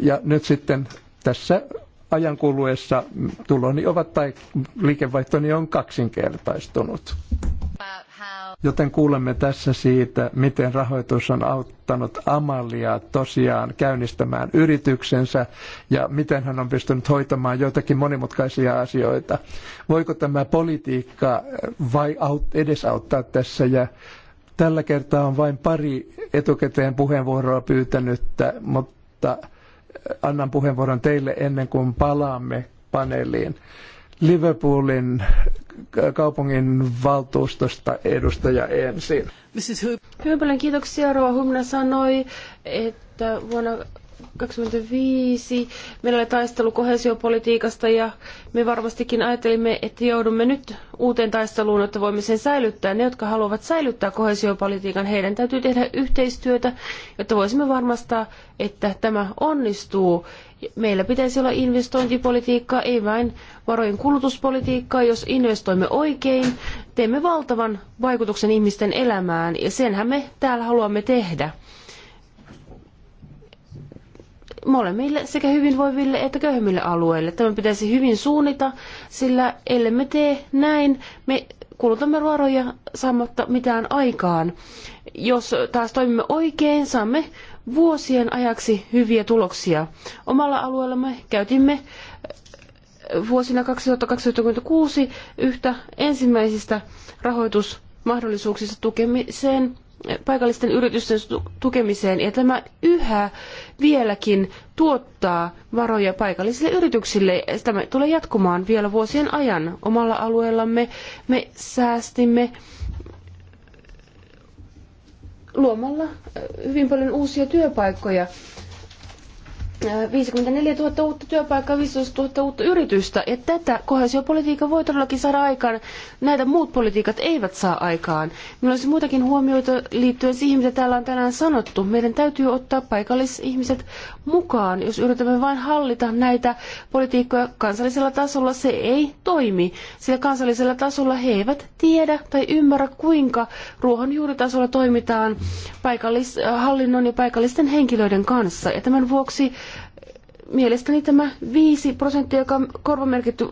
ja nyt sitten tässä ajan kuluessa tuloni ovat tai liikevaihtoni on kaksinkertaistunut. Joten kuulemme tässä siitä, miten rahoitus on auttanut Amaliaa tosiaan käynnistämään yrityksensä ja miten hän on pystynyt hoitamaan joitakin monimutkaisia asioita. Voiko tämä politiikka eh, vai edesauttaa tässä ja tällä kertaa on vain pari etukäteen puheenvuoroa pyytänyttä, mutta annan puheenvuoron teille ennen kuin palaamme paneeliin. Liverpoolin kaupungin valtuustosta edustaja ensin. Hyvin paljon kiitoksia. Rova Humna sanoi, että vuonna 25. Meillä oli taistelu kohesiopolitiikasta ja me varmastikin ajattelimme, että joudumme nyt uuteen taisteluun, että voimme sen säilyttää. Ne, jotka haluavat säilyttää kohesiopolitiikan, heidän täytyy tehdä yhteistyötä, jotta voisimme varmistaa, että tämä onnistuu. Meillä pitäisi olla investointipolitiikkaa, ei vain varojen kulutuspolitiikkaa. Jos investoimme oikein, teemme valtavan vaikutuksen ihmisten elämään ja senhän me täällä haluamme tehdä molemmille sekä hyvinvoiville että köyhemmille alueille. Tämä pitäisi hyvin suunnita, sillä ellemme tee näin, me kulutamme ruoroja saamatta mitään aikaan. Jos taas toimimme oikein, saamme vuosien ajaksi hyviä tuloksia. Omalla alueellamme käytimme äh, vuosina 2026 yhtä ensimmäisistä rahoitusmahdollisuuksista tukemiseen paikallisten yritysten tukemiseen ja tämä yhä vieläkin tuottaa varoja paikallisille yrityksille. Tämä tulee jatkumaan vielä vuosien ajan omalla alueellamme. Me säästimme luomalla hyvin paljon uusia työpaikkoja 54 000 uutta työpaikkaa, 15 000 uutta yritystä. Ja tätä kohesiopolitiikka voi todellakin saada aikaan. Näitä muut politiikat eivät saa aikaan. Minulla olisi muitakin huomioita liittyen siihen, mitä täällä on tänään sanottu. Meidän täytyy ottaa paikallisihmiset mukaan. Jos yritämme vain hallita näitä politiikkoja kansallisella tasolla, se ei toimi. Sillä kansallisella tasolla he eivät tiedä tai ymmärrä, kuinka ruohonjuuritasolla toimitaan paikallishallinnon ja paikallisten henkilöiden kanssa. Ja tämän vuoksi mielestäni tämä 5 prosenttia, joka on korvamerkitty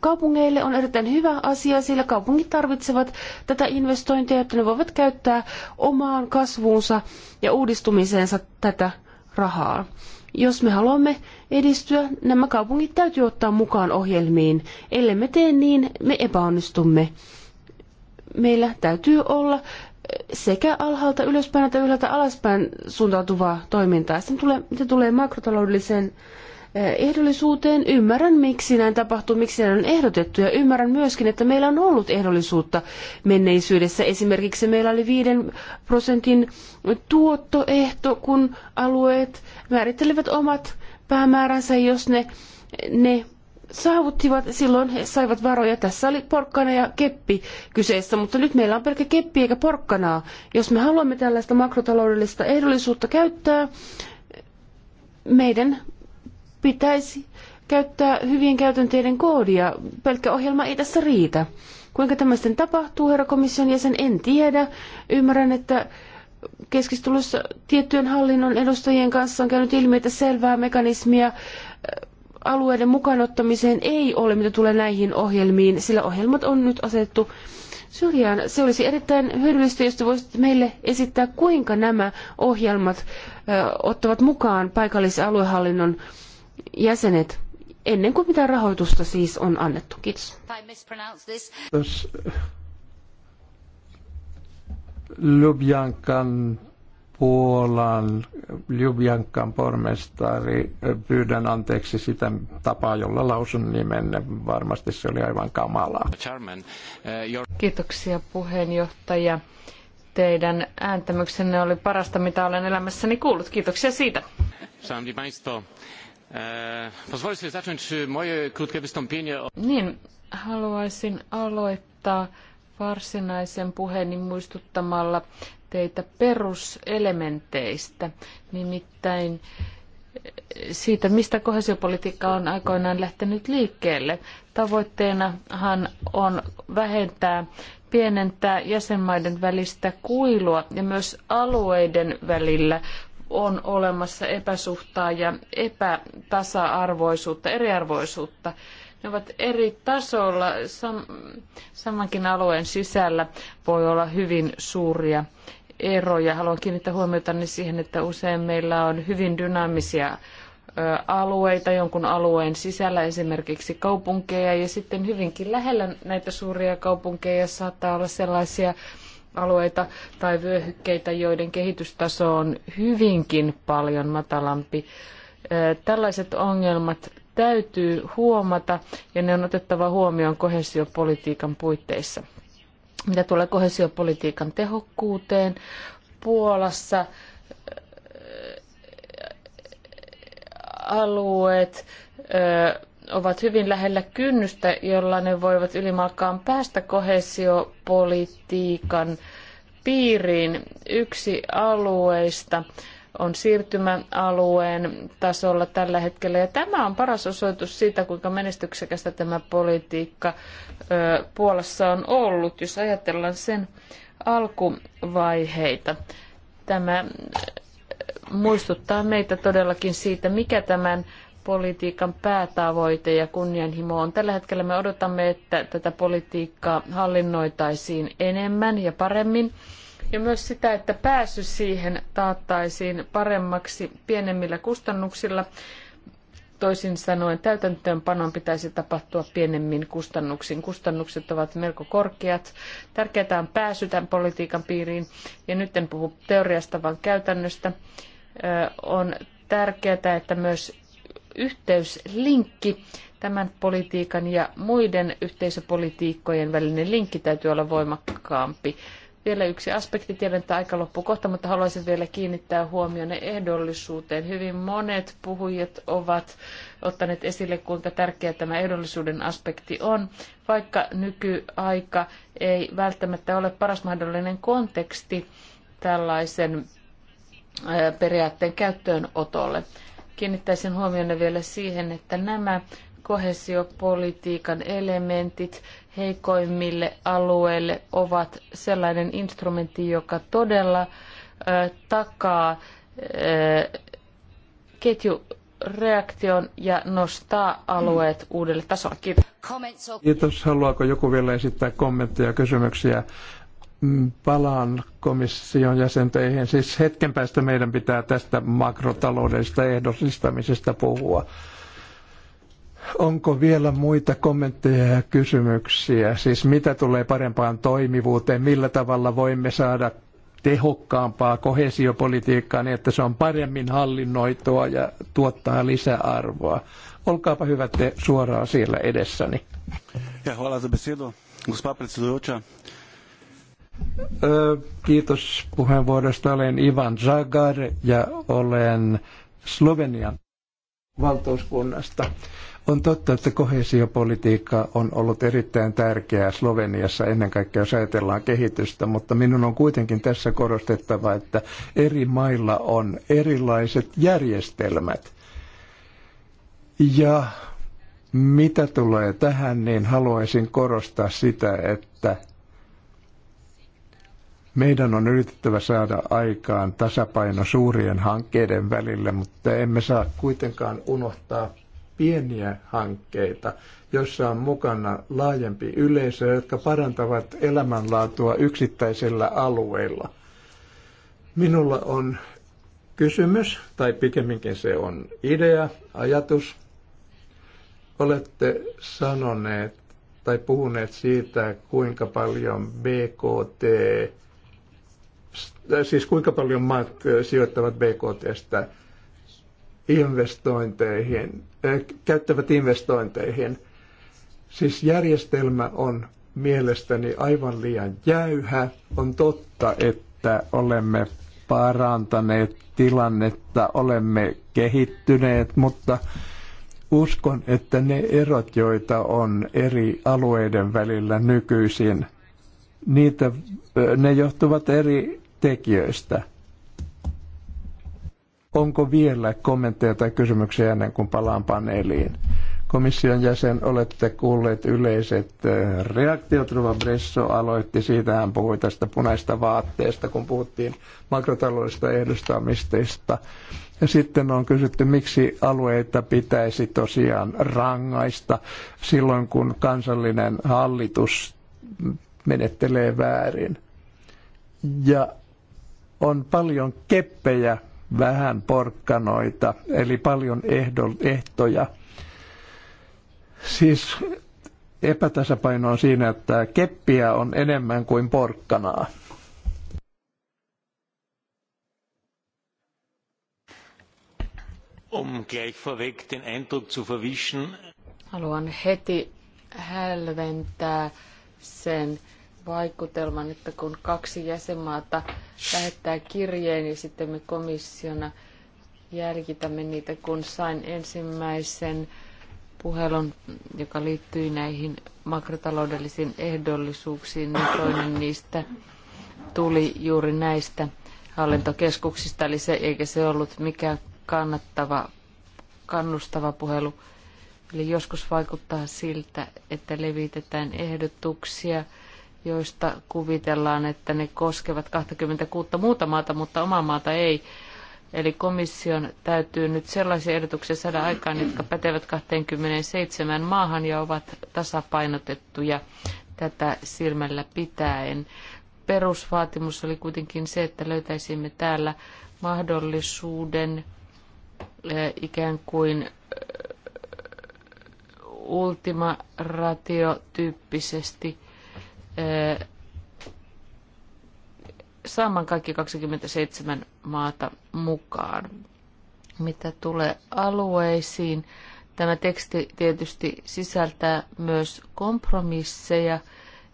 kaupungeille, on erittäin hyvä asia, sillä kaupungit tarvitsevat tätä investointia, jotta ne voivat käyttää omaan kasvuunsa ja uudistumiseensa tätä rahaa. Jos me haluamme edistyä, nämä kaupungit täytyy ottaa mukaan ohjelmiin. Ellei me tee niin, me epäonnistumme. Meillä täytyy olla sekä alhaalta ylöspäin että ylhäältä alaspäin suuntautuvaa toimintaa. Sitten tulee, mitä tulee makrotaloudelliseen eh, ehdollisuuteen, ymmärrän miksi näin tapahtuu, miksi näin on ehdotettu ja ymmärrän myöskin, että meillä on ollut ehdollisuutta menneisyydessä. Esimerkiksi meillä oli viiden prosentin tuottoehto, kun alueet määrittelivät omat päämääränsä, jos ne, ne saavuttivat, silloin he saivat varoja. Tässä oli porkkana ja keppi kyseessä, mutta nyt meillä on pelkkä keppi eikä porkkanaa. Jos me haluamme tällaista makrotaloudellista ehdollisuutta käyttää, meidän pitäisi käyttää hyvien käytänteiden koodia. Pelkkä ohjelma ei tässä riitä. Kuinka tämä sitten tapahtuu, herra komission jäsen, en tiedä. Ymmärrän, että keskustelussa tiettyjen hallinnon edustajien kanssa on käynyt ilmi, että selvää mekanismia alueiden mukaanottamiseen ei ole, mitä tulee näihin ohjelmiin, sillä ohjelmat on nyt asetettu syrjään. Se olisi erittäin hyödyllistä, jos te voisitte meille esittää, kuinka nämä ohjelmat ottavat mukaan paikallisen aluehallinnon jäsenet ennen kuin mitään rahoitusta siis on annettu. Kiitos. Lubjankan Puolan Ljubjankan pormestari, pyydän anteeksi sitä tapaa, jolla lausun nimenne. Varmasti se oli aivan kamalaa. Uh, Kiitoksia puheenjohtaja. Teidän ääntämyksenne oli parasta, mitä olen elämässäni kuullut. Kiitoksia siitä. Szanowni Państwo, uh, pozwolę zacząć moje krótkie wystąpienie. Niin, haluaisin aloittaa varsinaisen puheeni muistuttamalla teitä peruselementeistä, nimittäin eh, siitä, mistä kohesiopolitiikka on aikoinaan lähtenyt liikkeelle. Tavoitteenahan on vähentää, pienentää jäsenmaiden välistä kuilua ja myös alueiden välillä on olemassa epäsuhtaa ja epätasa-arvoisuutta, eriarvoisuutta. Ne ovat eri tasolla, sam- samankin alueen sisällä voi olla hyvin suuria eroja. Haluan kiinnittää huomiota siihen, että usein meillä on hyvin dynaamisia alueita jonkun alueen sisällä, esimerkiksi kaupunkeja, ja sitten hyvinkin lähellä näitä suuria kaupunkeja saattaa olla sellaisia alueita tai vyöhykkeitä, joiden kehitystaso on hyvinkin paljon matalampi. Tällaiset ongelmat täytyy huomata, ja ne on otettava huomioon koheesiopolitiikan puitteissa. Mitä tulee kohesiopolitiikan tehokkuuteen, Puolassa äh, alueet äh, ovat hyvin lähellä kynnystä, jolla ne voivat ylimalkaan päästä kohesiopolitiikan piiriin. Yksi alueista on siirtymäalueen tasolla tällä hetkellä. Ja tämä on paras osoitus siitä, kuinka menestyksekästä tämä politiikka Puolassa on ollut, jos ajatellaan sen alkuvaiheita. Tämä muistuttaa meitä todellakin siitä, mikä tämän politiikan päätavoite ja kunnianhimo on. Tällä hetkellä me odotamme, että tätä politiikkaa hallinnoitaisiin enemmän ja paremmin ja myös sitä, että pääsy siihen taattaisiin paremmaksi pienemmillä kustannuksilla. Toisin sanoen täytäntöönpanon pitäisi tapahtua pienemmin kustannuksin. Kustannukset ovat melko korkeat. Tärkeää on pääsy tämän politiikan piiriin, ja nyt en puhu teoriasta, vaan käytännöstä. On tärkeää, että myös yhteyslinkki tämän politiikan ja muiden yhteisöpolitiikkojen välinen linkki täytyy olla voimakkaampi. Vielä yksi aspekti, tiedän, että aika loppu kohta, mutta haluaisin vielä kiinnittää huomioon ehdollisuuteen. Hyvin monet puhujat ovat ottaneet esille, kuinka tärkeä tämä ehdollisuuden aspekti on, vaikka nykyaika ei välttämättä ole paras mahdollinen konteksti tällaisen periaatteen käyttöönotolle. Kiinnittäisin huomioon vielä siihen, että nämä kohesiopolitiikan elementit heikoimmille alueille ovat sellainen instrumentti, joka todella takaa ketjureaktion ja nostaa alueet uudelle tasolle. Kiitos. Kiitos. Haluaako joku vielä esittää kommentteja ja kysymyksiä? Mm, palaan komission jäsenteihin. Siis hetken päästä meidän pitää tästä makrotaloudellisesta ehdollistamisesta puhua. Onko vielä muita kommentteja ja kysymyksiä? Siis mitä tulee parempaan toimivuuteen? Millä tavalla voimme saada tehokkaampaa kohesiopolitiikkaa niin, että se on paremmin hallinnoitua ja tuottaa lisäarvoa? Olkaapa hyvä, te suoraan siellä edessäni. Ja hvala Kiitos puheenvuorosta. Olen Ivan Zagar ja olen Slovenian valtuuskunnasta. On totta, että kohesiopolitiikka on ollut erittäin tärkeää Sloveniassa ennen kaikkea, jos ajatellaan kehitystä, mutta minun on kuitenkin tässä korostettava, että eri mailla on erilaiset järjestelmät. Ja mitä tulee tähän, niin haluaisin korostaa sitä, että meidän on yritettävä saada aikaan tasapaino suurien hankkeiden välillä, mutta emme saa kuitenkaan unohtaa pieniä hankkeita, joissa on mukana laajempi yleisö, jotka parantavat elämänlaatua yksittäisillä alueilla. Minulla on kysymys, tai pikemminkin se on idea, ajatus. Olette sanoneet tai puhuneet siitä, kuinka paljon BKT, siis kuinka paljon maat sijoittavat BKTstä investointeihin käyttävät investointeihin. Siis järjestelmä on mielestäni aivan liian jäyhä. On totta, että olemme parantaneet tilannetta, olemme kehittyneet, mutta uskon, että ne erot, joita on eri alueiden välillä nykyisin, niitä, ne johtuvat eri tekijöistä – Onko vielä kommentteja tai kysymyksiä ennen kuin palaan paneeliin? Komission jäsen, olette kuulleet yleiset reaktiot. Ruva Bresso aloitti, siitä hän puhui tästä punaista vaatteesta, kun puhuttiin makrotaloudesta ehdostamisteista. Ja sitten on kysytty, miksi alueita pitäisi tosiaan rangaista silloin, kun kansallinen hallitus menettelee väärin. Ja on paljon keppejä vähän porkkanoita, eli paljon ehtoja. Siis epätasapaino on siinä, että keppiä on enemmän kuin porkkanaa. Um gleich vorweg den Eindruck zu verwischen. Haluan heti hälventää sen vaikutelman, että kun kaksi jäsenmaata lähettää kirjeen ja sitten me komissiona jälkitämme niitä, kun sain ensimmäisen puhelun, joka liittyi näihin makrotaloudellisiin ehdollisuuksiin, niin toinen niistä tuli juuri näistä hallintokeskuksista, eli se, eikä se ollut mikään kannattava, kannustava puhelu. Eli joskus vaikuttaa siltä, että levitetään ehdotuksia, joista kuvitellaan, että ne koskevat 26 muuta maata, mutta omaa maata ei. Eli komission täytyy nyt sellaisia ehdotuksia saada aikaan, jotka pätevät 27 maahan ja ovat tasapainotettuja tätä silmällä pitäen. Perusvaatimus oli kuitenkin se, että löytäisimme täällä mahdollisuuden eh, ikään kuin eh, ultima ratio tyyppisesti saamaan kaikki 27 maata mukaan. Mitä tulee alueisiin, tämä teksti tietysti sisältää myös kompromisseja,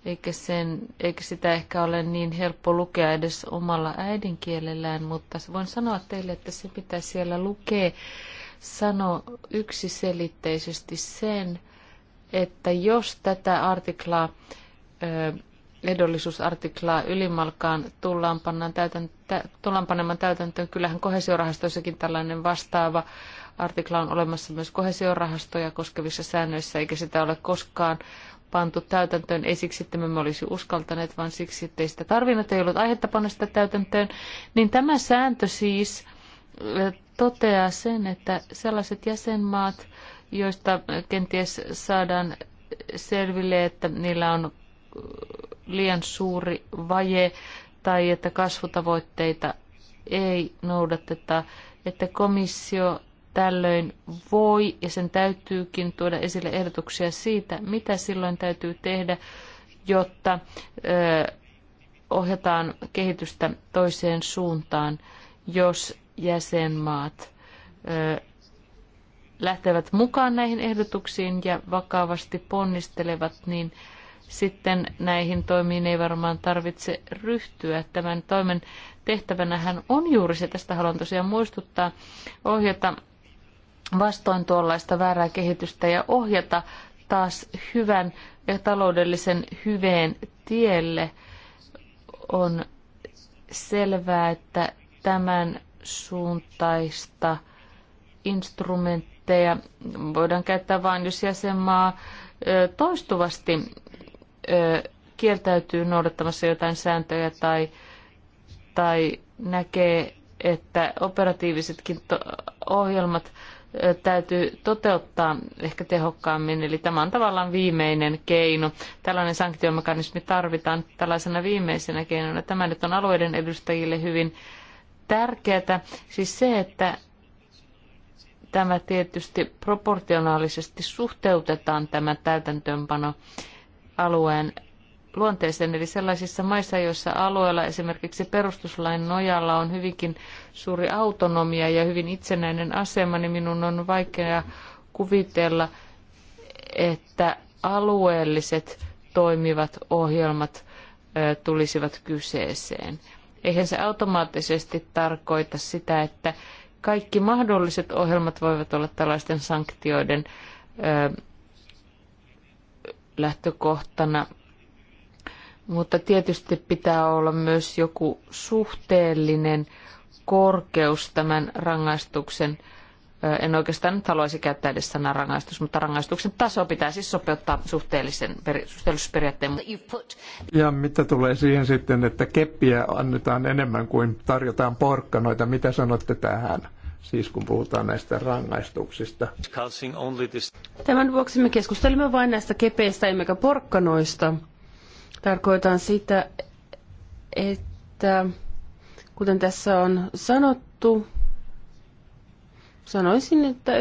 eikä, sen, eikä sitä ehkä ole niin helppo lukea edes omalla äidinkielellään, mutta voin sanoa teille, että se mitä siellä lukee, sano yksiselitteisesti sen, että jos tätä artiklaa edollisuusartiklaa ylimalkaan tullaan, pannaan täytäntö, tullaan panemaan täytäntöön. Kyllähän kohesiorahastoissakin tällainen vastaava artikla on olemassa myös kohesiorahastoja koskevissa säännöissä, eikä sitä ole koskaan pantu täytäntöön. Ei siksi, että me emme olisi uskaltaneet, vaan siksi, että ei sitä tarvinnut, ei ollut aihetta panna sitä täytäntöön. Niin tämä sääntö siis toteaa sen, että sellaiset jäsenmaat, joista kenties saadaan selville, että niillä on liian suuri vaje tai että kasvutavoitteita ei noudateta, että komissio tällöin voi ja sen täytyykin tuoda esille ehdotuksia siitä, mitä silloin täytyy tehdä, jotta ö, ohjataan kehitystä toiseen suuntaan, jos jäsenmaat ö, lähtevät mukaan näihin ehdotuksiin ja vakavasti ponnistelevat, niin sitten näihin toimiin ei varmaan tarvitse ryhtyä. Tämän toimen tehtävänähän on juuri se, tästä haluan tosiaan muistuttaa, ohjata vastoin tuollaista väärää kehitystä ja ohjata taas hyvän ja taloudellisen hyveen tielle on selvää, että tämän suuntaista instrumentteja voidaan käyttää vain, jos jäsenmaa toistuvasti kieltäytyy noudattamassa jotain sääntöjä tai, tai näkee, että operatiivisetkin ohjelmat täytyy toteuttaa ehkä tehokkaammin. Eli tämä on tavallaan viimeinen keino. Tällainen sanktiomekanismi tarvitaan tällaisena viimeisenä keinona. Tämä nyt on alueiden edustajille hyvin tärkeää. Siis se, että tämä tietysti proportionaalisesti suhteutetaan tämä täytäntöönpano alueen luonteeseen, eli sellaisissa maissa, joissa alueella esimerkiksi perustuslain nojalla on hyvinkin suuri autonomia ja hyvin itsenäinen asema, niin minun on vaikea kuvitella, että alueelliset toimivat ohjelmat tulisivat kyseeseen. Eihän se automaattisesti tarkoita sitä, että kaikki mahdolliset ohjelmat voivat olla tällaisten sanktioiden lähtökohtana. Mutta tietysti pitää olla myös joku suhteellinen korkeus tämän rangaistuksen en oikeastaan nyt haluaisi käyttää edes sanaa rangaistus, mutta rangaistuksen taso pitää siis sopeuttaa suhteellisen suhteellisuusperiaatteen. Ja mitä tulee siihen sitten, että keppiä annetaan enemmän kuin tarjotaan porkkanoita, mitä sanotte tähän? siis kun puhutaan näistä rangaistuksista. Tämän vuoksi me keskustelemme vain näistä kepeistä emmekä porkkanoista. Tarkoitan sitä, että kuten tässä on sanottu, sanoisin, että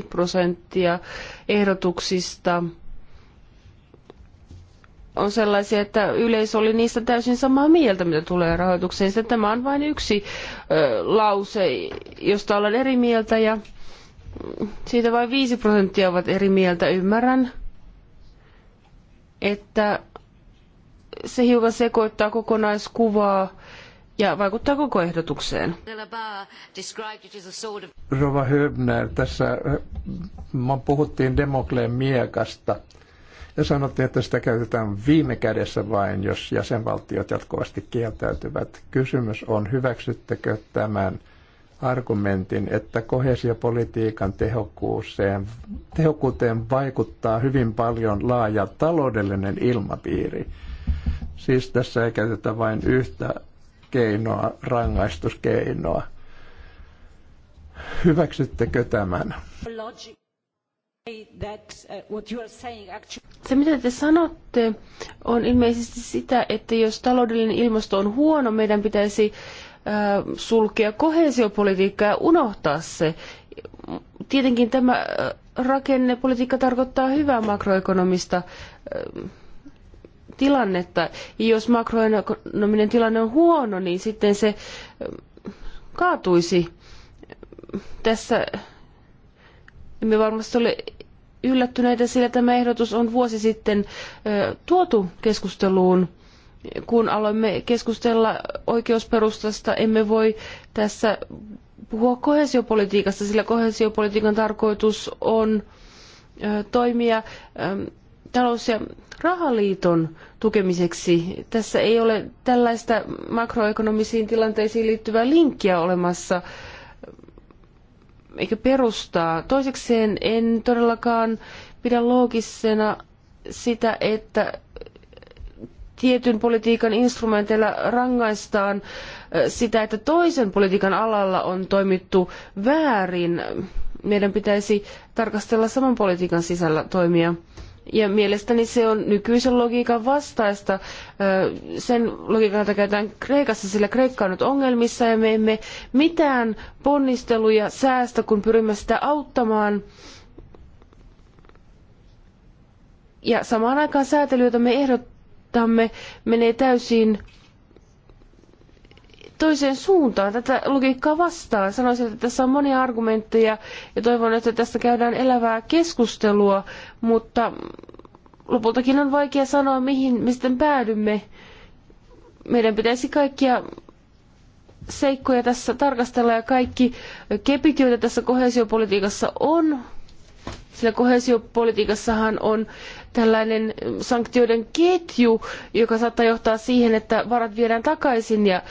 99,5 prosenttia ehdotuksista – on sellaisia, että yleisö oli niistä täysin samaa mieltä, mitä tulee rahoitukseen. Sitten tämä on vain yksi ö, lause, josta olen eri mieltä ja siitä vain viisi prosenttia ovat eri mieltä. Ymmärrän, että se hiukan sekoittaa kokonaiskuvaa ja vaikuttaa koko ehdotukseen. Rova Höbner, tässä puhuttiin Demokleen miekasta ja sanottiin, että sitä käytetään viime kädessä vain, jos jäsenvaltiot jatkuvasti kieltäytyvät. Kysymys on, hyväksyttekö tämän argumentin, että kohesiopolitiikan tehokkuuteen, tehokkuuteen vaikuttaa hyvin paljon laaja taloudellinen ilmapiiri. Siis tässä ei käytetä vain yhtä keinoa, rangaistuskeinoa. Hyväksyttekö tämän? Uh, se, mitä te sanotte, on ilmeisesti sitä, että jos taloudellinen ilmasto on huono, meidän pitäisi sulkea kohesiopolitiikkaa ja unohtaa se. Tietenkin tämä rakennepolitiikka tarkoittaa hyvää makroekonomista tilannetta. Ja jos makroekonominen tilanne on huono, niin sitten se kaatuisi. Tässä emme varmasti ole yllättyneitä, sillä tämä ehdotus on vuosi sitten tuotu keskusteluun. Kun aloimme keskustella oikeusperustasta, emme voi tässä puhua kohesiopolitiikasta, sillä kohesiopolitiikan tarkoitus on toimia talous- ja rahaliiton tukemiseksi. Tässä ei ole tällaista makroekonomisiin tilanteisiin liittyvää linkkiä olemassa eikä perustaa. Toisekseen en todellakaan pidä loogisena sitä, että tietyn politiikan instrumenteilla rangaistaan sitä, että toisen politiikan alalla on toimittu väärin. Meidän pitäisi tarkastella saman politiikan sisällä toimia. Ja mielestäni se on nykyisen logiikan vastaista. Sen logiikan jota käytetään Kreikassa, sillä Kreikka on nyt ongelmissa ja me emme mitään ponnisteluja säästä, kun pyrimme sitä auttamaan. Ja samaan aikaan säätely, jota me ehdottamme, menee täysin toiseen suuntaan tätä logiikkaa vastaan. Sanoisin, että tässä on monia argumentteja ja toivon, että tästä käydään elävää keskustelua, mutta lopultakin on vaikea sanoa, mihin me sitten päädymme. Meidän pitäisi kaikkia seikkoja tässä tarkastella ja kaikki kepit, joita tässä kohesiopolitiikassa on, sillä kohesiopolitiikassahan on tällainen sanktioiden ketju, joka saattaa johtaa siihen, että varat viedään takaisin ja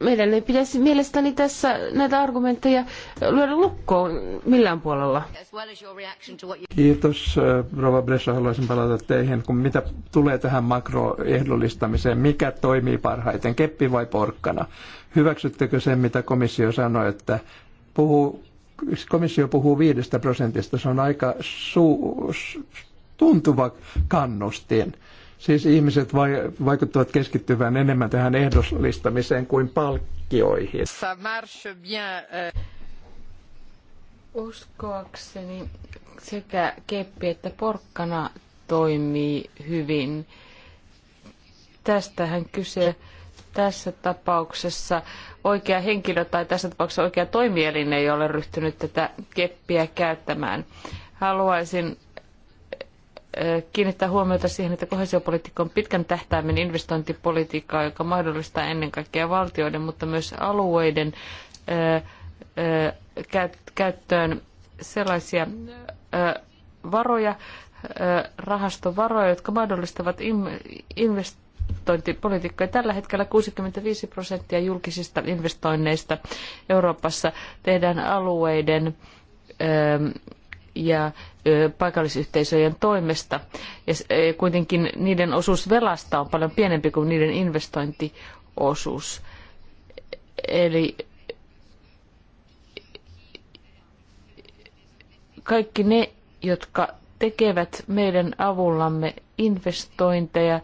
meidän ei pitäisi mielestäni tässä näitä argumentteja lyödä lukkoon millään puolella. Kiitos, Rova Bresha. Haluaisin palata teihin, kun mitä tulee tähän makroehdollistamiseen. Mikä toimii parhaiten, keppi vai porkkana? Hyväksyttekö sen, mitä komissio sanoi, että puhuu, komissio puhuu viidestä prosentista. Se on aika su, tuntuva kannustin. Siis ihmiset vaikuttavat keskittyvän enemmän tähän ehdollistamiseen kuin palkkioihin. Euh. Uskoakseni sekä keppi että porkkana toimii hyvin. Tästähän kyse tässä tapauksessa oikea henkilö tai tässä tapauksessa oikea toimielin ei ole ryhtynyt tätä keppiä käyttämään. Haluaisin kiinnittää huomiota siihen, että kohesiopolitiikka on pitkän tähtäimen investointipolitiikkaa, joka mahdollistaa ennen kaikkea valtioiden, mutta myös alueiden käyttöön sellaisia varoja, rahastovaroja, jotka mahdollistavat investointipolitiikkaa. Tällä hetkellä 65 prosenttia julkisista investoinneista Euroopassa tehdään alueiden ja paikallisyhteisöjen toimesta. Ja kuitenkin niiden osuus velasta on paljon pienempi kuin niiden investointiosuus. Eli kaikki ne, jotka tekevät meidän avullamme investointeja,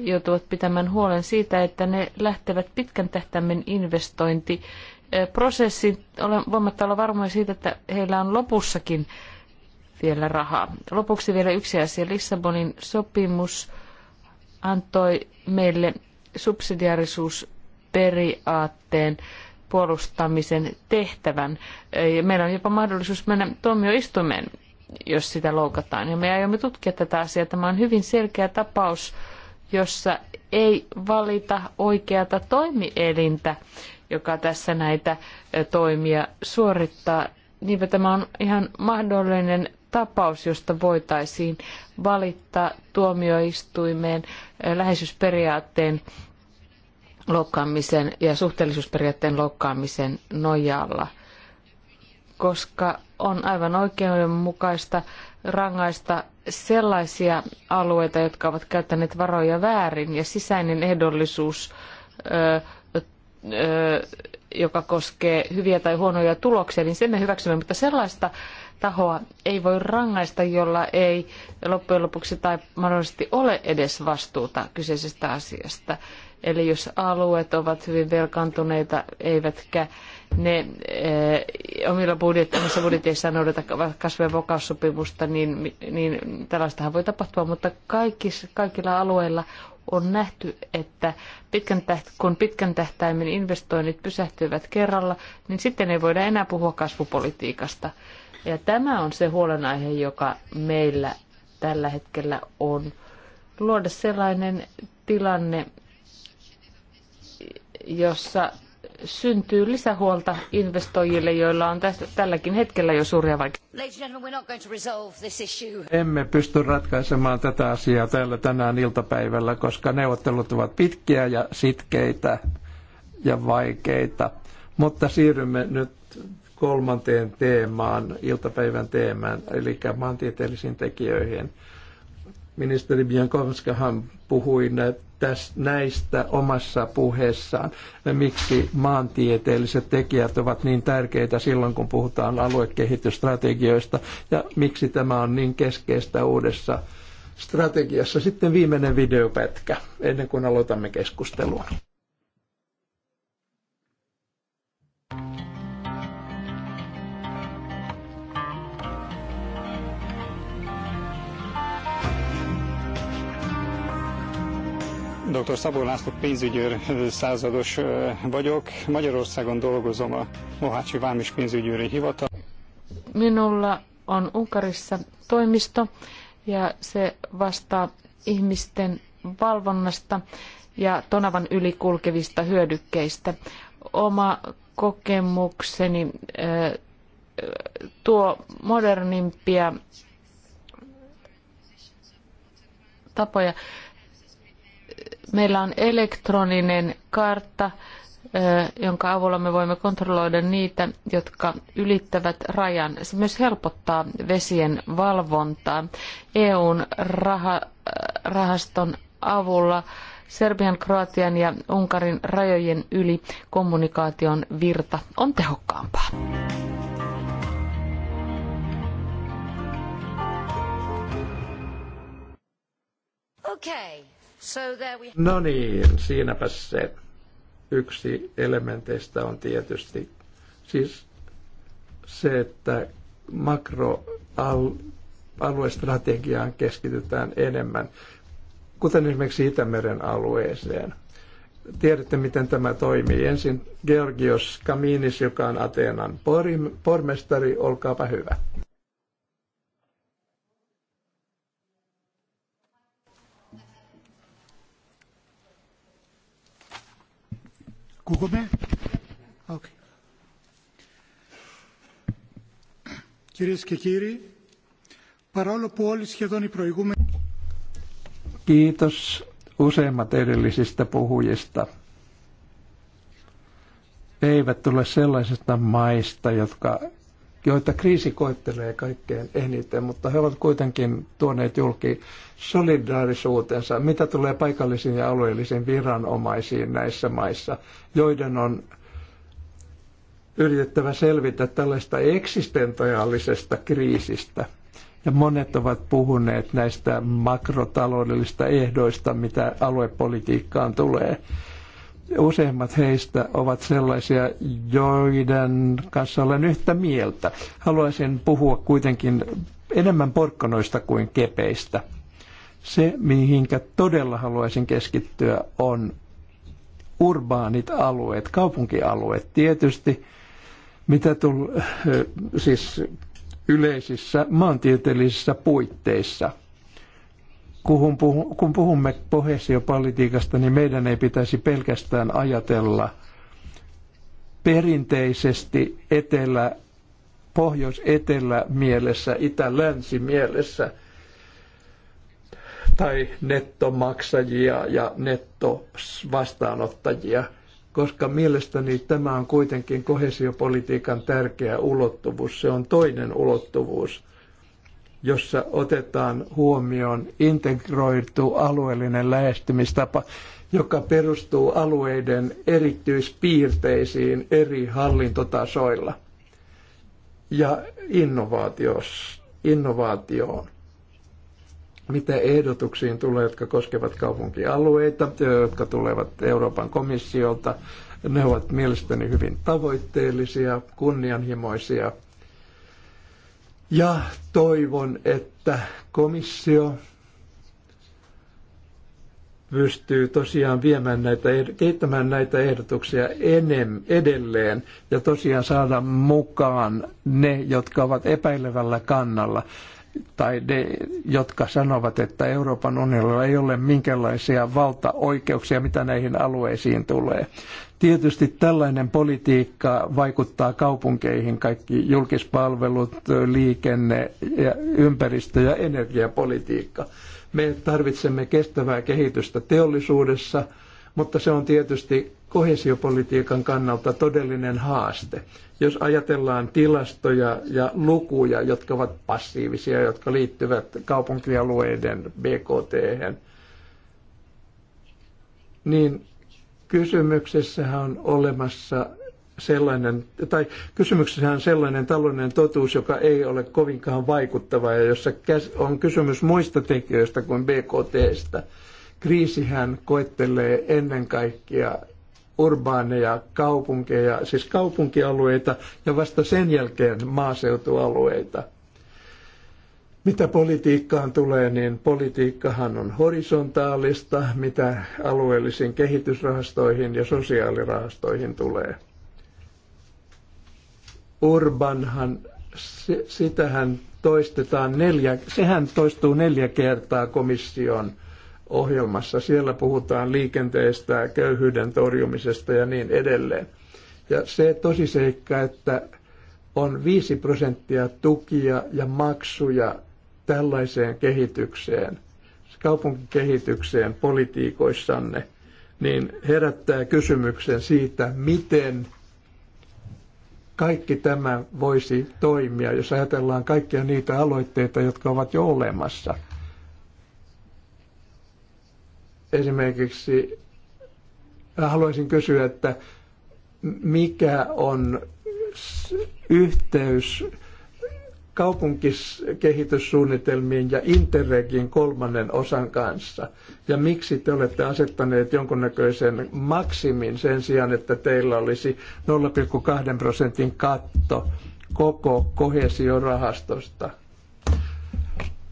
joutuvat pitämään huolen siitä, että ne lähtevät pitkän tähtäimen investointi prosessin, olen voimatta olla varmoja siitä, että heillä on lopussakin vielä rahaa. Lopuksi vielä yksi asia. Lissabonin sopimus antoi meille subsidiarisuusperiaatteen puolustamisen tehtävän. Meillä on jopa mahdollisuus mennä tuomioistuimeen, jos sitä loukataan. Ja me aiomme tutkia tätä asiaa. Tämä on hyvin selkeä tapaus, jossa ei valita oikeata toimielintä joka tässä näitä toimia suorittaa. Niinpä tämä on ihan mahdollinen tapaus, josta voitaisiin valittaa tuomioistuimeen läheisyysperiaatteen loukkaamisen ja suhteellisuusperiaatteen loukkaamisen nojalla, koska on aivan oikeudenmukaista rangaista sellaisia alueita, jotka ovat käyttäneet varoja väärin ja sisäinen ehdollisuus joka koskee hyviä tai huonoja tuloksia, niin sen me hyväksymme, mutta sellaista tahoa ei voi rangaista, jolla ei loppujen lopuksi tai mahdollisesti ole edes vastuuta kyseisestä asiasta. Eli jos alueet ovat hyvin velkaantuneita, eivätkä ne omilla budjet, omissa budjeteissaan noudata kasvu- ja vakaussopimusta, niin, niin tällaistahan voi tapahtua, mutta kaikis, kaikilla alueilla on nähty, että pitkän täht- kun pitkän tähtäimen investoinnit pysähtyvät kerralla, niin sitten ei voida enää puhua kasvupolitiikasta. Ja tämä on se huolenaihe, joka meillä tällä hetkellä on. Luoda sellainen tilanne, jossa syntyy lisähuolta investoijille, joilla on tästä, tälläkin hetkellä jo suuria vaikeuksia. Emme pysty ratkaisemaan tätä asiaa täällä tänään iltapäivällä, koska neuvottelut ovat pitkiä ja sitkeitä ja vaikeita. Mutta siirrymme nyt kolmanteen teemaan, iltapäivän teemaan, eli maantieteellisiin tekijöihin – Ministeri hän puhui tästä, näistä omassa puheessaan, miksi maantieteelliset tekijät ovat niin tärkeitä silloin, kun puhutaan aluekehitysstrategioista ja miksi tämä on niin keskeistä uudessa strategiassa. Sitten viimeinen videopätkä ennen kuin aloitamme keskustelua. Dr. Szabó László pénzügyőr százados vagyok. Magyarországon dolgozom a Mohácsi Vámis pénzügyőri hivatal. Minulla on Unkarissa toimisto ja se vastaa ihmisten valvonnasta ja Tonavan yli kulkevista hyödykkeistä. Oma kokemukseni tuo modernimpia tapoja meillä on elektroninen kartta, jonka avulla me voimme kontrolloida niitä, jotka ylittävät rajan. Se myös helpottaa vesien valvontaa. EUn raha, rahaston avulla Serbian, Kroatian ja Unkarin rajojen yli kommunikaation virta on tehokkaampaa. Okay. No niin, siinäpä se yksi elementeistä on tietysti siis se, että makroaluestrategiaan keskitytään enemmän, kuten esimerkiksi Itämeren alueeseen. Tiedätte, miten tämä toimii. Ensin Georgios Kaminis, joka on Ateenan pormestari, olkaapa hyvä. Ακούγομαι. Okay. Κυρίες και κύριοι, παρόλο που όλοι σχεδόν οι προηγούμενοι... Kiitos useimmat edellisistä puhujista eivät tule sellaisista maista, jotka joita kriisi koettelee kaikkein eniten, mutta he ovat kuitenkin tuoneet julki solidaarisuutensa, mitä tulee paikallisiin ja alueellisiin viranomaisiin näissä maissa, joiden on yritettävä selvitä tällaista eksistentiaalisesta kriisistä. Ja monet ovat puhuneet näistä makrotaloudellista ehdoista, mitä aluepolitiikkaan tulee useimmat heistä ovat sellaisia, joiden kanssa olen yhtä mieltä. Haluaisin puhua kuitenkin enemmän porkkanoista kuin kepeistä. Se, mihinkä todella haluaisin keskittyä, on urbaanit alueet, kaupunkialueet tietysti, mitä tul- siis yleisissä maantieteellisissä puitteissa – kun, puhu, kun puhumme kohesiopolitiikasta, niin meidän ei pitäisi pelkästään ajatella perinteisesti etelä, pohjois-etelä mielessä, itä-länsi mielessä tai nettomaksajia ja nettovastaanottajia, koska mielestäni tämä on kuitenkin kohesiopolitiikan tärkeä ulottuvuus, se on toinen ulottuvuus – jossa otetaan huomioon integroitu alueellinen lähestymistapa, joka perustuu alueiden erityispiirteisiin eri hallintotasoilla ja innovaatioon. Mitä ehdotuksiin tulee, jotka koskevat kaupunkialueita, jotka tulevat Euroopan komissiolta, ne ovat mielestäni hyvin tavoitteellisia, kunnianhimoisia – ja toivon, että komissio pystyy tosiaan viemään näitä, kehittämään näitä ehdotuksia enem, edelleen ja tosiaan saada mukaan ne, jotka ovat epäilevällä kannalla tai ne, jotka sanovat, että Euroopan unionilla ei ole minkäänlaisia valtaoikeuksia, mitä näihin alueisiin tulee. Tietysti tällainen politiikka vaikuttaa kaupunkeihin, kaikki julkispalvelut, liikenne, ja ympäristö- ja energiapolitiikka. Me tarvitsemme kestävää kehitystä teollisuudessa – mutta se on tietysti kohesiopolitiikan kannalta todellinen haaste. Jos ajatellaan tilastoja ja lukuja, jotka ovat passiivisia, jotka liittyvät kaupunkialueiden BKT, niin kysymyksessähän on olemassa sellainen, tai kysymyksessähän on sellainen taloudellinen totuus, joka ei ole kovinkaan vaikuttava ja jossa on kysymys muista tekijöistä kuin BKTstä kriisihän koettelee ennen kaikkea urbaaneja kaupunkeja, siis kaupunkialueita ja vasta sen jälkeen maaseutualueita. Mitä politiikkaan tulee, niin politiikkahan on horisontaalista, mitä alueellisiin kehitysrahastoihin ja sosiaalirahastoihin tulee. Urbanhan, sitähän toistetaan neljä, sehän toistuu neljä kertaa komission ohjelmassa. Siellä puhutaan liikenteestä, köyhyyden torjumisesta ja niin edelleen. Ja se tosiseikka, että on 5 prosenttia tukia ja maksuja tällaiseen kehitykseen, kaupunkikehitykseen politiikoissanne, niin herättää kysymyksen siitä, miten kaikki tämä voisi toimia, jos ajatellaan kaikkia niitä aloitteita, jotka ovat jo olemassa – esimerkiksi äh, haluaisin kysyä, että mikä on yhteys kaupunkikehityssuunnitelmien ja Interregin kolmannen osan kanssa? Ja miksi te olette asettaneet jonkunnäköisen maksimin sen sijaan, että teillä olisi 0,2 prosentin katto koko kohesiorahastosta?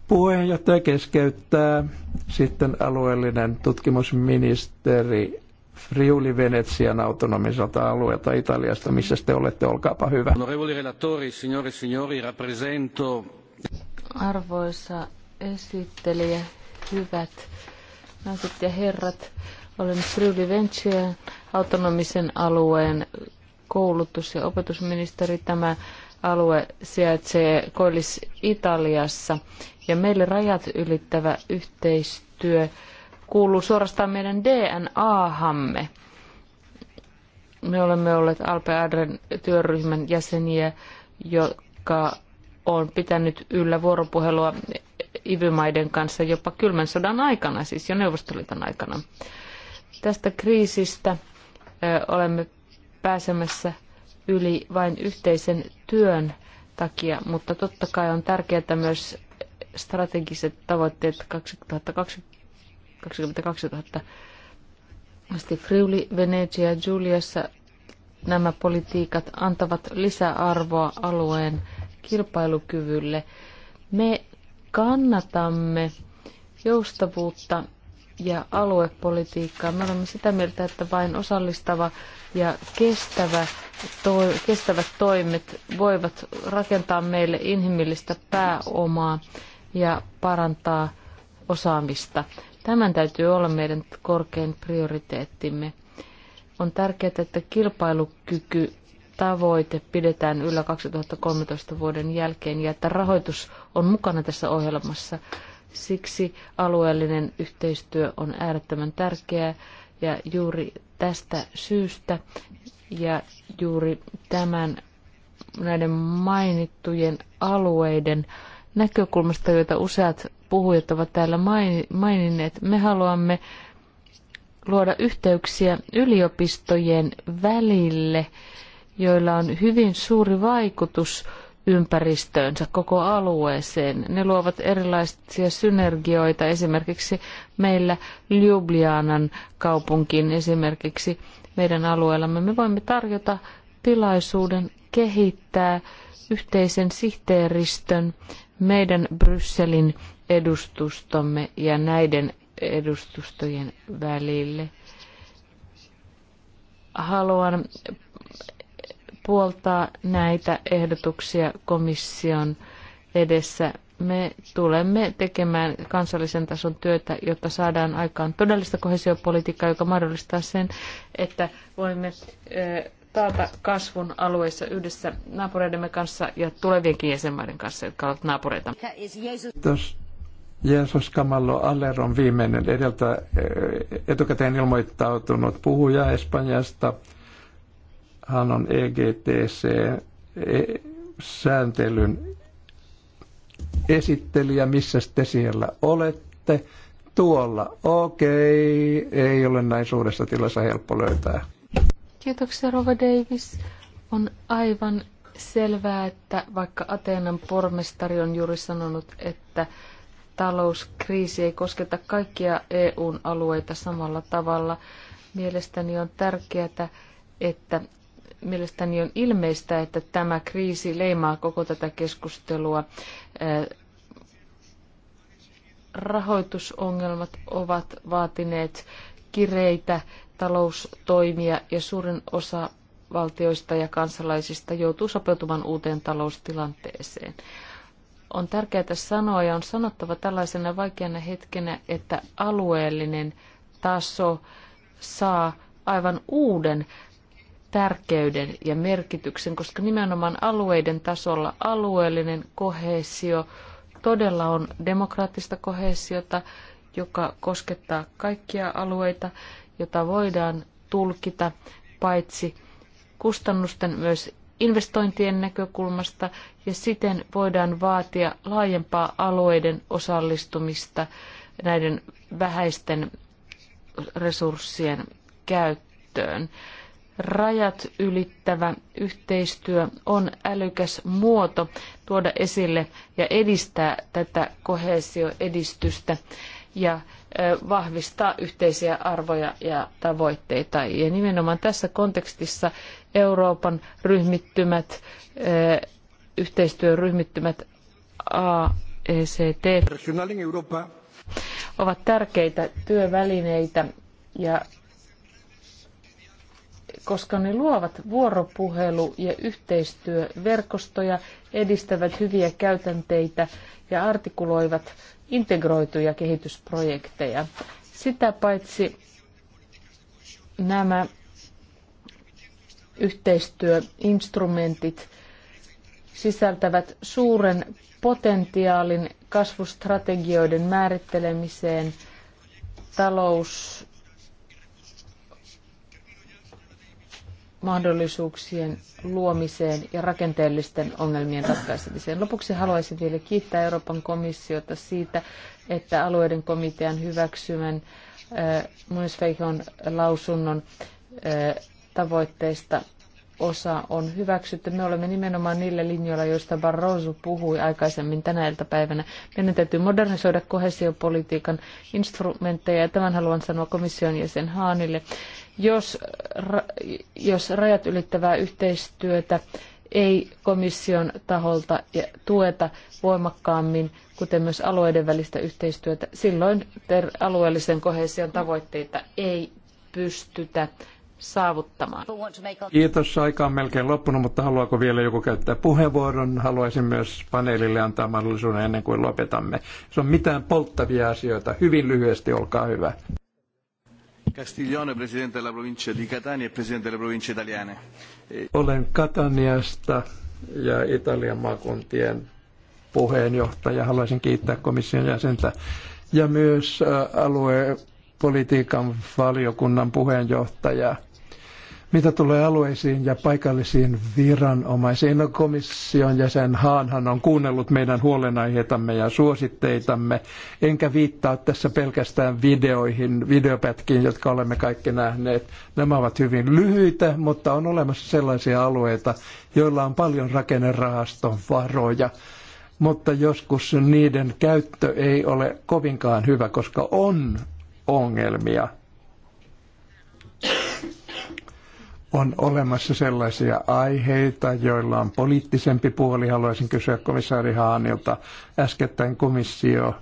Puheenjohtaja keskeyttää sitten alueellinen tutkimusministeri Friuli Venetsian autonomiselta alueelta Italiasta, missä te olette, olkaapa hyvä. E Arvoisa esittelijä, hyvät naiset ja herrat, olen Friuli Venetsian autonomisen alueen koulutus- ja opetusministeri. Tämä alue sijaitsee Koillis-Italiassa ja meille rajat ylittävä yhteistyö kuuluu suorastaan meidän DNA-hamme. Me olemme olleet Alpe Adren työryhmän jäseniä, joka on pitänyt yllä vuoropuhelua ivymaiden kanssa jopa kylmän sodan aikana, siis jo Neuvostoliiton aikana. Tästä kriisistä olemme pääsemässä yli vain yhteisen työn takia, mutta totta kai on tärkeää myös strategiset tavoitteet 2022 asti Friuli, Venezia ja Giuliassa nämä politiikat antavat lisäarvoa alueen kilpailukyvylle. Me kannatamme joustavuutta ja aluepolitiikkaa. Me olemme sitä mieltä, että vain osallistava ja kestävä to, kestävät toimet voivat rakentaa meille inhimillistä pääomaa ja parantaa osaamista. Tämän täytyy olla meidän korkein prioriteettimme. On tärkeää, että kilpailukyky tavoite pidetään yllä 2013 vuoden jälkeen ja että rahoitus on mukana tässä ohjelmassa. Siksi alueellinen yhteistyö on äärettömän tärkeää ja juuri tästä syystä ja juuri tämän näiden mainittujen alueiden näkökulmasta, joita useat puhujat ovat täällä maininneet. Me haluamme luoda yhteyksiä yliopistojen välille, joilla on hyvin suuri vaikutus ympäristöönsä, koko alueeseen. Ne luovat erilaisia synergioita esimerkiksi meillä Ljubljanan kaupunkiin esimerkiksi meidän alueellamme. Me voimme tarjota tilaisuuden kehittää yhteisen sihteeristön meidän Brysselin edustustomme ja näiden edustustojen välille. Haluan puoltaa näitä ehdotuksia komission edessä. Me tulemme tekemään kansallisen tason työtä, jotta saadaan aikaan todellista kohesiopolitiikkaa, joka mahdollistaa sen, että voimme taata kasvun alueissa yhdessä naapureidemme kanssa ja tulevienkin jäsenmaiden kanssa, jotka ovat naapureita. Kiitos. Jeesus Kamallo Aller on viimeinen edeltä eh, etukäteen ilmoittautunut puhuja Espanjasta. Hän on EGTC-sääntelyn eh, esittelijä. Missä te siellä olette? Tuolla. Okei, ei ole näin suuressa tilassa helppo löytää. Kiitoksia, Rova Davis. On aivan selvää, että vaikka Ateenan pormestari on juuri sanonut, että talouskriisi ei kosketa kaikkia EUn alueita samalla tavalla, mielestäni on tärkeää, että mielestäni on ilmeistä, että tämä kriisi leimaa koko tätä keskustelua. Rahoitusongelmat ovat vaatineet kireitä taloustoimia ja suurin osa valtioista ja kansalaisista joutuu sopeutumaan uuteen taloustilanteeseen. On tärkeää sanoa ja on sanottava tällaisena vaikeana hetkenä, että alueellinen taso saa aivan uuden tärkeyden ja merkityksen, koska nimenomaan alueiden tasolla alueellinen kohesio todella on demokraattista kohesiota, joka koskettaa kaikkia alueita jota voidaan tulkita paitsi kustannusten myös investointien näkökulmasta ja siten voidaan vaatia laajempaa alueiden osallistumista näiden vähäisten resurssien käyttöön. Rajat ylittävä yhteistyö on älykäs muoto tuoda esille ja edistää tätä koheesioedistystä ja vahvistaa yhteisiä arvoja ja tavoitteita. Ja nimenomaan tässä kontekstissa Euroopan ryhmittymät, yhteistyöryhmittymät ACT e ovat tärkeitä työvälineitä ja koska ne luovat vuoropuhelu- ja yhteistyöverkostoja, edistävät hyviä käytänteitä ja artikuloivat integroituja kehitysprojekteja. Sitä paitsi nämä yhteistyöinstrumentit sisältävät suuren potentiaalin kasvustrategioiden määrittelemiseen, talous- mahdollisuuksien luomiseen ja rakenteellisten ongelmien ratkaisemiseen. Lopuksi haluaisin vielä kiittää Euroopan komissiota siitä, että alueiden komitean hyväksymän äh, Munisveikon lausunnon äh, tavoitteista osa on hyväksytty. Me olemme nimenomaan niillä linjoilla, joista Barroso puhui aikaisemmin tänä iltapäivänä. Meidän täytyy modernisoida kohesiopolitiikan instrumentteja ja tämän haluan sanoa komission jäsen Haanille. Jos, jos rajat ylittävää yhteistyötä ei komission taholta tueta voimakkaammin, kuten myös alueiden välistä yhteistyötä, silloin alueellisen kohesion tavoitteita ei pystytä saavuttamaan. Kiitos, aika on melkein loppunut, mutta haluaako vielä joku käyttää puheenvuoron? Haluaisin myös paneelille antaa mahdollisuuden ennen kuin lopetamme. Jos on mitään polttavia asioita, hyvin lyhyesti, olkaa hyvä. Castiglione, presidente della provincia di Catania e presidente delle province italiane. Eh, Olen Kataniasta ja Italian maakuntien puheenjohtaja. Haluaisin kiittää komission jäsentä ja myös aluepolitiikan valiokunnan puheenjohtajaa mitä tulee alueisiin ja paikallisiin viranomaisiin, no komission jäsen Haanhan on kuunnellut meidän huolenaiheitamme ja suositteitamme, enkä viittaa tässä pelkästään videoihin, videopätkiin, jotka olemme kaikki nähneet. Nämä ovat hyvin lyhyitä, mutta on olemassa sellaisia alueita, joilla on paljon rakennerahaston varoja mutta joskus niiden käyttö ei ole kovinkaan hyvä, koska on ongelmia on olemassa sellaisia aiheita, joilla on poliittisempi puoli. Haluaisin kysyä komissaari Haanilta. Äskettäin komissio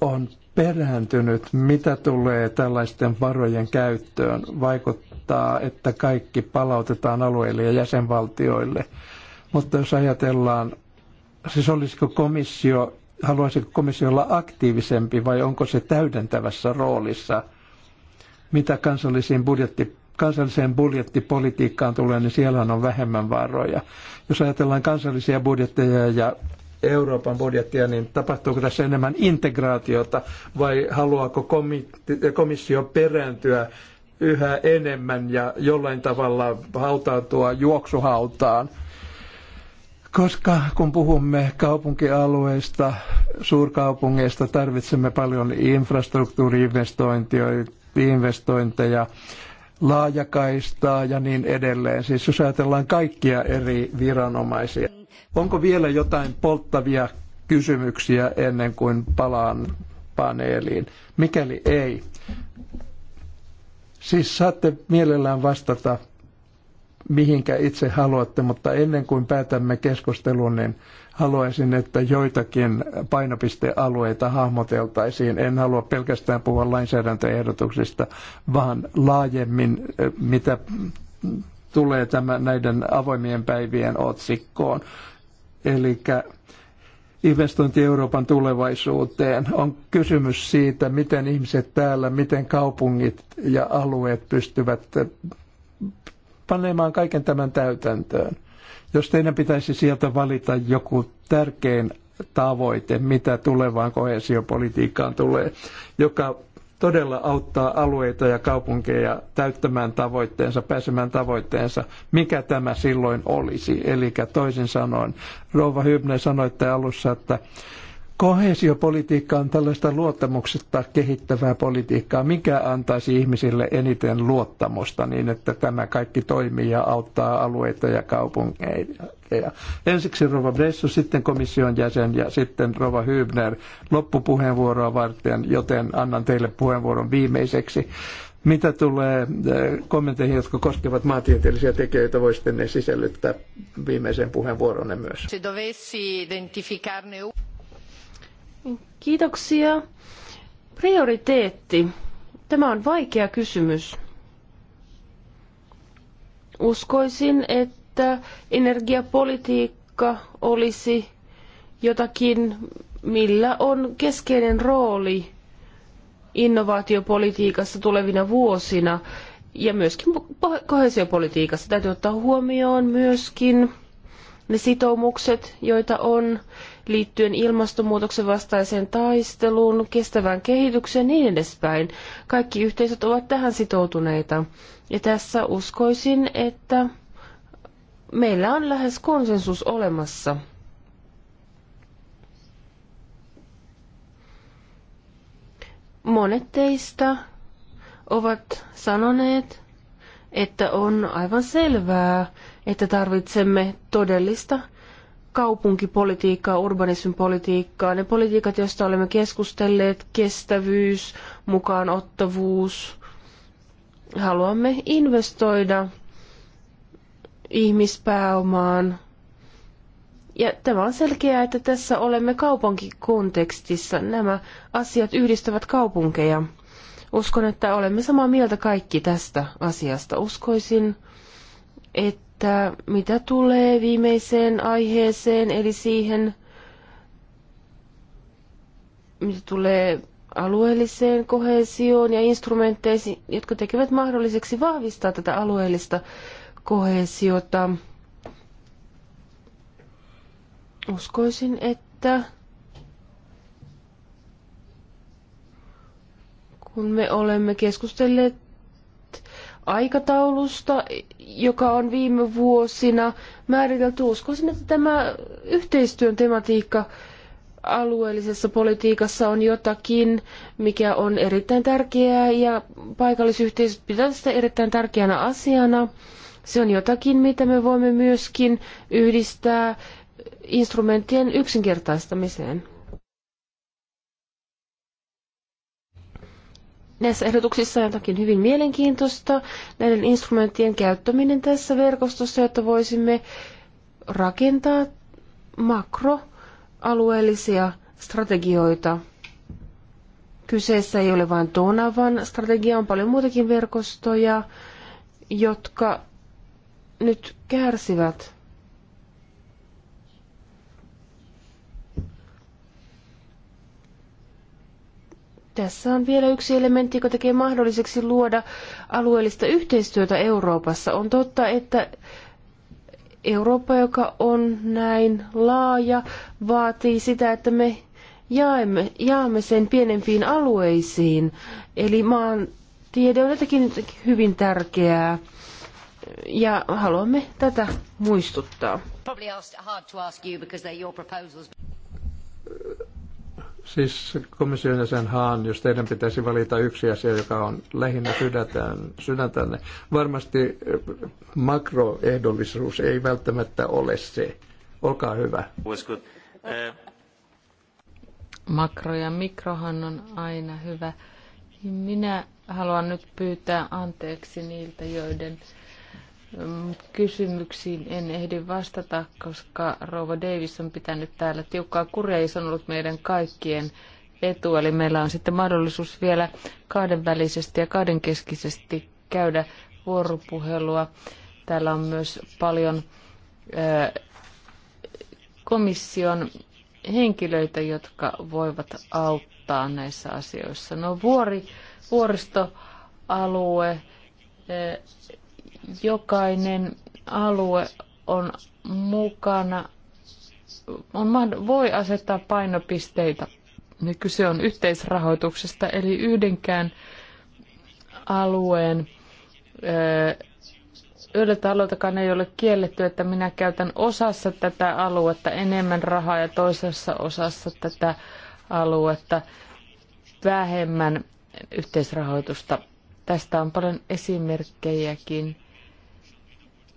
on perääntynyt, mitä tulee tällaisten varojen käyttöön. Vaikuttaa, että kaikki palautetaan alueille ja jäsenvaltioille. Mutta jos ajatellaan, siis olisiko komissio, haluaisiko komissio olla aktiivisempi vai onko se täydentävässä roolissa – mitä kansallisiin budjetti, kansalliseen budjettipolitiikkaan tulee, niin siellä on vähemmän varoja. Jos ajatellaan kansallisia budjetteja ja Euroopan budjettia, niin tapahtuuko tässä enemmän integraatiota vai haluaako komissio perääntyä yhä enemmän ja jollain tavalla hautautua juoksuhautaan? Koska kun puhumme kaupunkialueista, suurkaupungeista, tarvitsemme paljon infrastruktuuriinvestointeja, investointeja, laajakaistaa ja niin edelleen. Siis jos ajatellaan kaikkia eri viranomaisia. Onko vielä jotain polttavia kysymyksiä ennen kuin palaan paneeliin? Mikäli ei, siis saatte mielellään vastata mihinkä itse haluatte, mutta ennen kuin päätämme keskustelun, niin haluaisin, että joitakin painopistealueita hahmoteltaisiin. En halua pelkästään puhua lainsäädäntöehdotuksista, vaan laajemmin, eh, mitä tulee tämä näiden avoimien päivien otsikkoon. Eli investointi Euroopan tulevaisuuteen on kysymys siitä, miten ihmiset täällä, miten kaupungit ja alueet pystyvät eh, panemaan kaiken tämän täytäntöön. Jos teidän pitäisi sieltä valita joku tärkein tavoite, mitä tulevaan kohesiopolitiikkaan tulee, joka todella auttaa alueita ja kaupunkeja täyttämään tavoitteensa, pääsemään tavoitteensa, mikä tämä silloin olisi. Eli toisin sanoen, Rouva Hybne sanoi alussa, että Kohesiopolitiikka on tällaista luottamuksesta kehittävää politiikkaa, mikä antaisi ihmisille eniten luottamusta niin, että tämä kaikki toimii ja auttaa alueita ja kaupunkeja. Ensiksi Rova Bressu, sitten komission jäsen ja sitten Rova Hybner loppupuheenvuoroa varten, joten annan teille puheenvuoron viimeiseksi. Mitä tulee eh, kommentteihin, jotka koskevat maantieteellisiä tekijöitä, voisitte ne sisällyttää viimeiseen puheenvuoronne myös. Kiitoksia. Prioriteetti. Tämä on vaikea kysymys. Uskoisin, että energiapolitiikka olisi jotakin, millä on keskeinen rooli innovaatiopolitiikassa tulevina vuosina ja myöskin kohesiopolitiikassa. Täytyy ottaa huomioon myöskin ne sitoumukset, joita on liittyen ilmastonmuutoksen vastaiseen taisteluun, kestävään kehitykseen ja niin edespäin. Kaikki yhteisöt ovat tähän sitoutuneita. Ja tässä uskoisin, että meillä on lähes konsensus olemassa. Monet teistä ovat sanoneet, että on aivan selvää, että tarvitsemme todellista kaupunkipolitiikkaa, urbanismin politiikkaa, ne politiikat, joista olemme keskustelleet, kestävyys, mukaanottavuus. Haluamme investoida ihmispääomaan. Ja tämä on selkeää, että tässä olemme kaupunkikontekstissa. Nämä asiat yhdistävät kaupunkeja. Uskon, että olemme samaa mieltä kaikki tästä asiasta. Uskoisin, että että mitä tulee viimeiseen aiheeseen, eli siihen, mitä tulee alueelliseen kohesioon ja instrumentteisiin, jotka tekevät mahdolliseksi vahvistaa tätä alueellista kohesiota. Uskoisin, että kun me olemme keskustelleet aikataulusta joka on viime vuosina määritelty. Uskoisin, että tämä yhteistyön tematiikka alueellisessa politiikassa on jotakin, mikä on erittäin tärkeää ja paikallisyhteisöt pitää sitä erittäin tärkeänä asiana. Se on jotakin, mitä me voimme myöskin yhdistää instrumenttien yksinkertaistamiseen. näissä ehdotuksissa on jotakin hyvin mielenkiintoista. Näiden instrumenttien käyttäminen tässä verkostossa, jotta voisimme rakentaa makroalueellisia strategioita. Kyseessä ei ole vain Donavan strategia, on paljon muitakin verkostoja, jotka nyt kärsivät Tässä on vielä yksi elementti, joka tekee mahdolliseksi luoda alueellista yhteistyötä Euroopassa. On totta, että Eurooppa, joka on näin laaja, vaatii sitä, että me jaemme, jaamme sen pienempiin alueisiin. Eli maan tiede on jotenkin hyvin tärkeää ja haluamme tätä muistuttaa. Siis komission jäsen Haan, jos teidän pitäisi valita yksi asia, joka on lähinnä sydäntään, sydäntänne, varmasti eh, makroehdollisuus ei välttämättä ole se. Olkaa hyvä. Eh. Makro ja mikrohan on aina hyvä. Minä haluan nyt pyytää anteeksi niiltä, joiden Mm, kysymyksiin en ehdi vastata, koska Rouva Davis on pitänyt täällä tiukkaa kuria ja se on ollut meidän kaikkien etu. Eli meillä on sitten mahdollisuus vielä kahdenvälisesti ja kahdenkeskisesti käydä vuoropuhelua. Täällä on myös paljon komission henkilöitä, jotka voivat auttaa näissä asioissa. No vuori, vuoristoalue, jokainen alue on mukana, on, voi asettaa painopisteitä. Kyse on yhteisrahoituksesta, eli yhdenkään alueen yhdeltä alueeltakaan ei ole kielletty, että minä käytän osassa tätä aluetta enemmän rahaa ja toisessa osassa tätä aluetta vähemmän yhteisrahoitusta. Tästä on paljon esimerkkejäkin.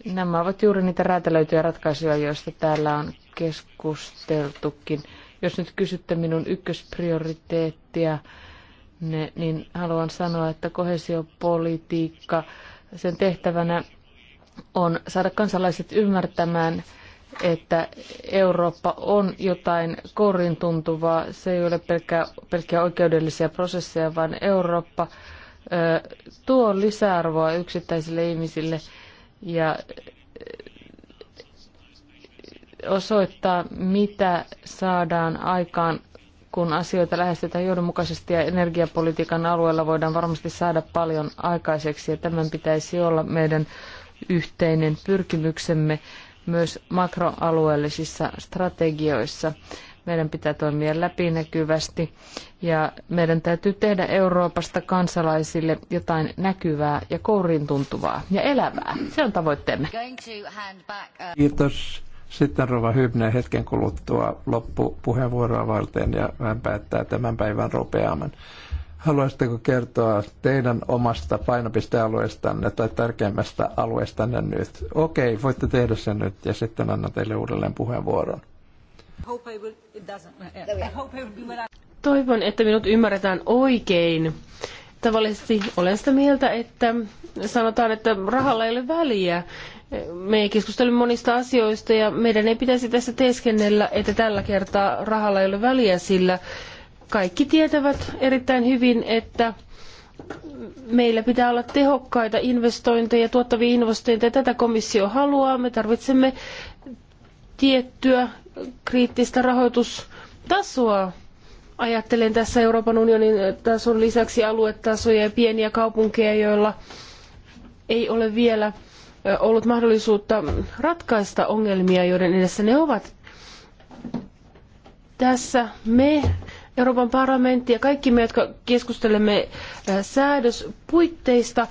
Nämä ovat juuri niitä räätälöityjä ratkaisuja, joista täällä on keskusteltukin. Jos nyt kysytte minun ykkösprioriteettia, ne, niin haluan sanoa, että kohesiopolitiikka, sen tehtävänä on saada kansalaiset ymmärtämään, että Eurooppa on jotain korin tuntuvaa. Se ei ole pelkkää, pelkkää oikeudellisia prosesseja, vaan Eurooppa ö, tuo lisäarvoa yksittäisille ihmisille ja osoittaa, mitä saadaan aikaan, kun asioita lähestytään johdonmukaisesti ja energiapolitiikan alueella voidaan varmasti saada paljon aikaiseksi ja tämän pitäisi olla meidän yhteinen pyrkimyksemme myös makroalueellisissa strategioissa. Meidän pitää toimia läpinäkyvästi ja meidän täytyy tehdä Euroopasta kansalaisille jotain näkyvää ja kouriintuntuvaa tuntuvaa ja elävää. Se on tavoitteemme. Uh, Kiitos. Sitten Rova Hybne hetken kuluttua loppupuheenvuoroa varten ja hän päättää tämän päivän rupeaman. Haluaisitteko kertoa teidän omasta painopistealueestanne tai tärkeimmästä alueestanne nyt? Okei, voitte tehdä sen nyt ja sitten annan teille uudelleen puheenvuoron. Toivon, että minut ymmärretään oikein. Tavallisesti olen sitä mieltä, että sanotaan, että rahalla ei ole väliä. Me keskustele monista asioista ja meidän ei pitäisi tässä teeskennellä, että tällä kertaa rahalla ei ole väliä, sillä kaikki tietävät erittäin hyvin, että meillä pitää olla tehokkaita investointeja, tuottavia investointeja. Tätä komissio haluaa. Me tarvitsemme tiettyä kriittistä rahoitustasoa. Ajattelen tässä Euroopan unionin tason lisäksi aluetasoja ja pieniä kaupunkeja, joilla ei ole vielä ollut mahdollisuutta ratkaista ongelmia, joiden edessä ne ovat. Tässä me, Euroopan parlamentti ja kaikki me, jotka keskustelemme säädöspuitteista,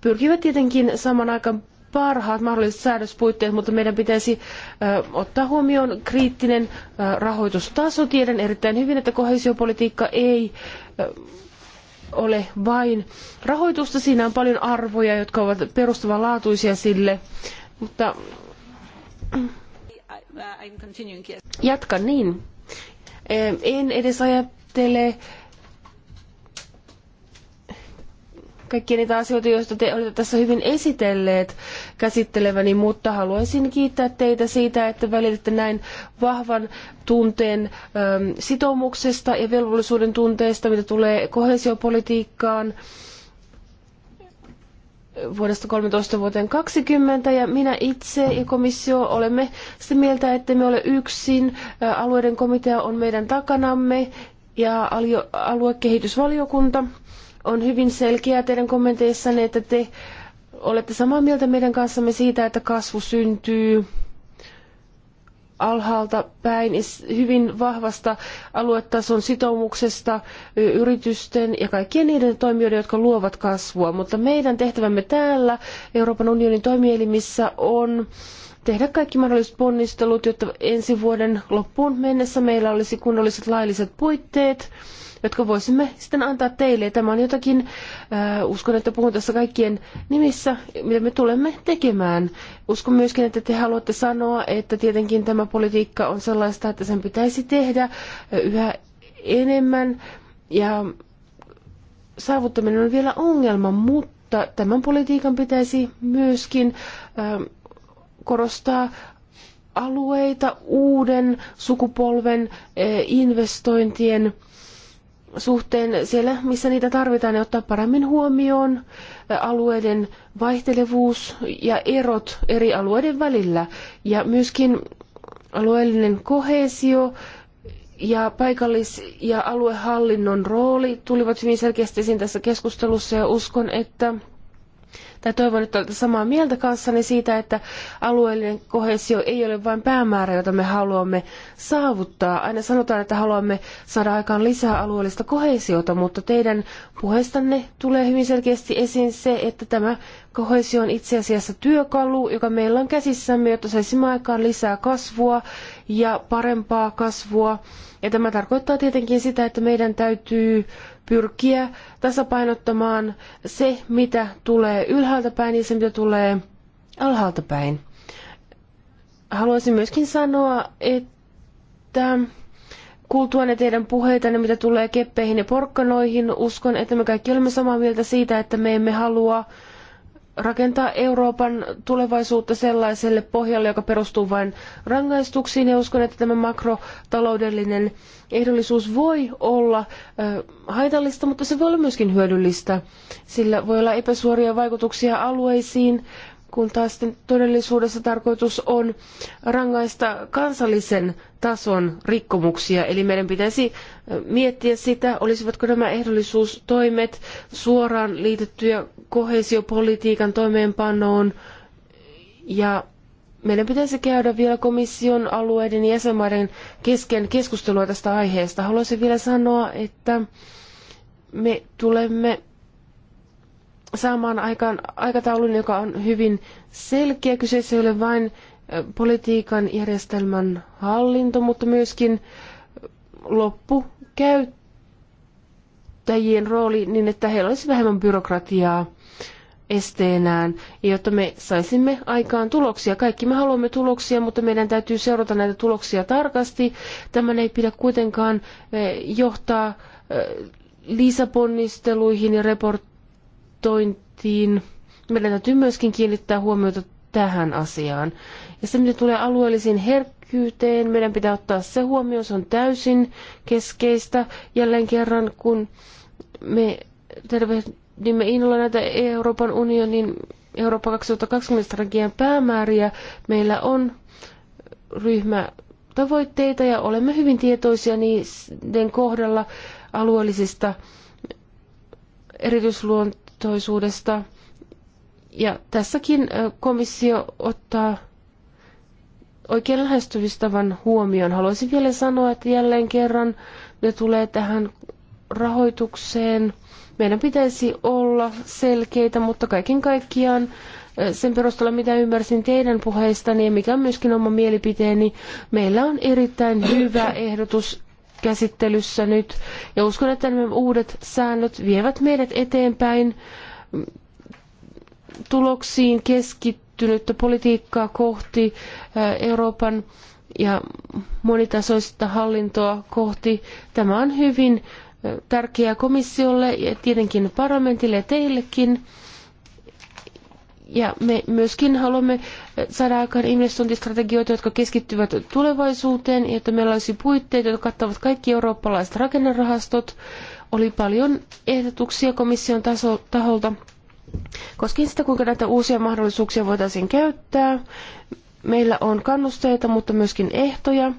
pyrkivät tietenkin saman aikaan parhaat mahdolliset säädöspuitteet, mutta meidän pitäisi ottaa huomioon kriittinen rahoitustaso. Tiedän erittäin hyvin, että kohesiopolitiikka ei ole vain rahoitusta. Siinä on paljon arvoja, jotka ovat perustavanlaatuisia sille, mutta jatkan niin. En edes ajattele kaikkia niitä asioita, joista te olette tässä hyvin esitelleet käsitteleväni, mutta haluaisin kiittää teitä siitä, että välitätte näin vahvan tunteen ähm, sitoumuksesta ja velvollisuuden tunteesta, mitä tulee kohesiopolitiikkaan vuodesta 13 vuoteen 20 ja minä itse ja komissio olemme sitä mieltä, että me ole yksin. Äh, alueiden komitea on meidän takanamme ja aluekehitysvaliokunta. On hyvin selkeää teidän kommenteissanne, että te olette samaa mieltä meidän kanssamme siitä, että kasvu syntyy alhaalta päin hyvin vahvasta aluetason sitoumuksesta yritysten ja kaikkien niiden toimijoiden, jotka luovat kasvua. Mutta meidän tehtävämme täällä Euroopan unionin toimielimissä on tehdä kaikki mahdolliset ponnistelut, jotta ensi vuoden loppuun mennessä meillä olisi kunnolliset lailliset puitteet – jotka voisimme sitten antaa teille. Tämä on jotakin, uskon, että puhun tässä kaikkien nimissä, mitä me tulemme tekemään. Uskon myöskin, että te haluatte sanoa, että tietenkin tämä politiikka on sellaista, että sen pitäisi tehdä yhä enemmän ja saavuttaminen on vielä ongelma, mutta tämän politiikan pitäisi myöskin korostaa alueita uuden sukupolven investointien suhteen siellä, missä niitä tarvitaan, ja ottaa paremmin huomioon alueiden vaihtelevuus ja erot eri alueiden välillä. Ja myöskin alueellinen kohesio ja paikallis- ja aluehallinnon rooli tulivat hyvin selkeästi esiin tässä keskustelussa, ja uskon, että tai toivon, että olette samaa mieltä kanssani siitä, että alueellinen kohesio ei ole vain päämäärä, jota me haluamme saavuttaa. Aina sanotaan, että haluamme saada aikaan lisää alueellista kohesiota, mutta teidän puheestanne tulee hyvin selkeästi esiin se, että tämä kohesio on itse asiassa työkalu, joka meillä on käsissämme, jotta saisimme aikaan lisää kasvua ja parempaa kasvua. Ja tämä tarkoittaa tietenkin sitä, että meidän täytyy pyrkiä tasapainottamaan se, mitä tulee ylhäältä päin ja se, mitä tulee alhaalta päin. Haluaisin myöskin sanoa, että kuultuanne teidän puheitanne, mitä tulee keppeihin ja porkkanoihin, uskon, että me kaikki olemme samaa mieltä siitä, että me emme halua rakentaa Euroopan tulevaisuutta sellaiselle pohjalle, joka perustuu vain rangaistuksiin. Ja uskon, että tämä makrotaloudellinen ehdollisuus voi olla haitallista, mutta se voi olla myöskin hyödyllistä. Sillä voi olla epäsuoria vaikutuksia alueisiin, kun taas todellisuudessa tarkoitus on rangaista kansallisen tason rikkomuksia. Eli meidän pitäisi miettiä sitä, olisivatko nämä ehdollisuustoimet suoraan liitettyjä koheesiopolitiikan toimeenpanoon. Ja meidän pitäisi käydä vielä komission alueiden ja jäsenmaiden kesken keskustelua tästä aiheesta. Haluaisin vielä sanoa, että me tulemme saamaan aikaan aikataulun, joka on hyvin selkeä. Kyseessä ei ole vain politiikan järjestelmän hallinto, mutta myöskin loppukäyttäjien rooli niin, että heillä olisi vähemmän byrokratiaa esteenään, jotta me saisimme aikaan tuloksia. Kaikki me haluamme tuloksia, mutta meidän täytyy seurata näitä tuloksia tarkasti. Tämän ei pidä kuitenkaan johtaa lisäponnisteluihin ja report raportointiin. Meidän täytyy myöskin kiinnittää huomiota tähän asiaan. Ja se, mitä tulee alueellisiin herkkyyteen, meidän pitää ottaa se huomioon, se on täysin keskeistä. Jälleen kerran, kun me tervehdimme innolla näitä Euroopan unionin Eurooppa 2020 strategian päämääriä, meillä on ryhmä tavoitteita ja olemme hyvin tietoisia niiden kohdalla alueellisista erityisluonteista vapaaehtoisuudesta. Ja tässäkin komissio ottaa oikein lähestymistavan huomioon. Haluaisin vielä sanoa, että jälleen kerran ne tulee tähän rahoitukseen. Meidän pitäisi olla selkeitä, mutta kaiken kaikkiaan sen perusteella, mitä ymmärsin teidän puheistanne ja mikä on myöskin oma mielipiteeni, meillä on erittäin hyvä ehdotus käsittelyssä nyt. Ja uskon, että nämä uudet säännöt vievät meidät eteenpäin tuloksiin keskittynyttä politiikkaa kohti Euroopan ja monitasoista hallintoa kohti. Tämä on hyvin tärkeää komissiolle ja tietenkin parlamentille ja teillekin. Ja me myöskin haluamme saada aikaan investointistrategioita, jotka keskittyvät tulevaisuuteen, ja että meillä olisi puitteet, jotka kattavat kaikki eurooppalaiset rakennerahastot. Oli paljon ehdotuksia komission taso, taholta koskien sitä, kuinka näitä uusia mahdollisuuksia voitaisiin käyttää. Meillä on kannusteita, mutta myöskin ehtoja.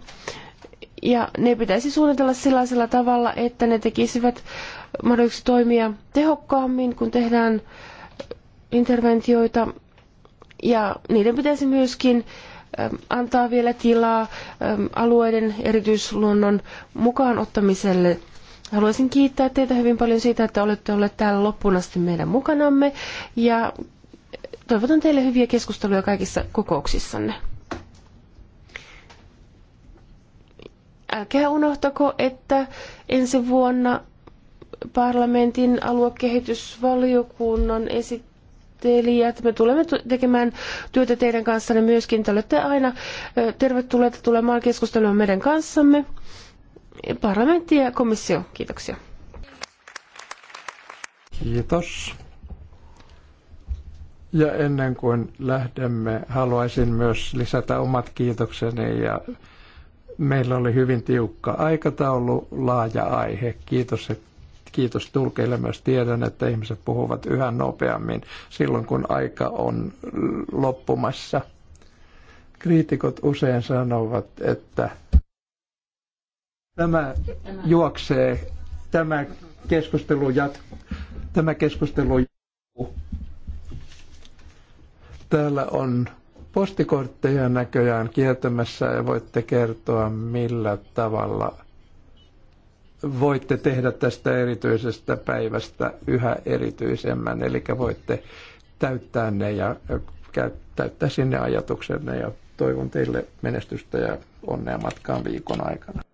Ja ne pitäisi suunnitella sellaisella tavalla, että ne tekisivät mahdollisiksi toimia tehokkaammin, kun tehdään interventioita ja niiden pitäisi myöskin ähm, antaa vielä tilaa ähm, alueiden erityisluonnon mukaan ottamiselle. Haluaisin kiittää teitä hyvin paljon siitä, että olette olleet täällä loppuun asti meidän mukanamme ja toivotan teille hyviä keskusteluja kaikissa kokouksissanne. Älkää unohtako, että ensi vuonna parlamentin aluekehitysvaliokunnan esittely taiteilijat. Me tulemme tekemään työtä teidän kanssanne myöskin. Te olette aina tervetulleita tulemaan keskustelemaan meidän kanssamme. Parlamentti ja komissio, kiitoksia. Kiitos. Ja ennen kuin lähdemme, haluaisin myös lisätä omat kiitokseni ja meillä oli hyvin tiukka aikataulu, laaja aihe. Kiitos, että Kiitos tulkeille myös tiedän, että ihmiset puhuvat yhä nopeammin silloin, kun aika on loppumassa. Kriitikot usein sanovat, että tämä juoksee, tämä keskustelu jatkuu. Tämä keskustelu jatkuu. Täällä on postikortteja näköjään kiertämässä ja voitte kertoa, millä tavalla voitte tehdä tästä erityisestä päivästä yhä erityisemmän, eli voitte täyttää ne ja täyttää sinne ajatuksenne ja toivon teille menestystä ja onnea matkaan viikon aikana.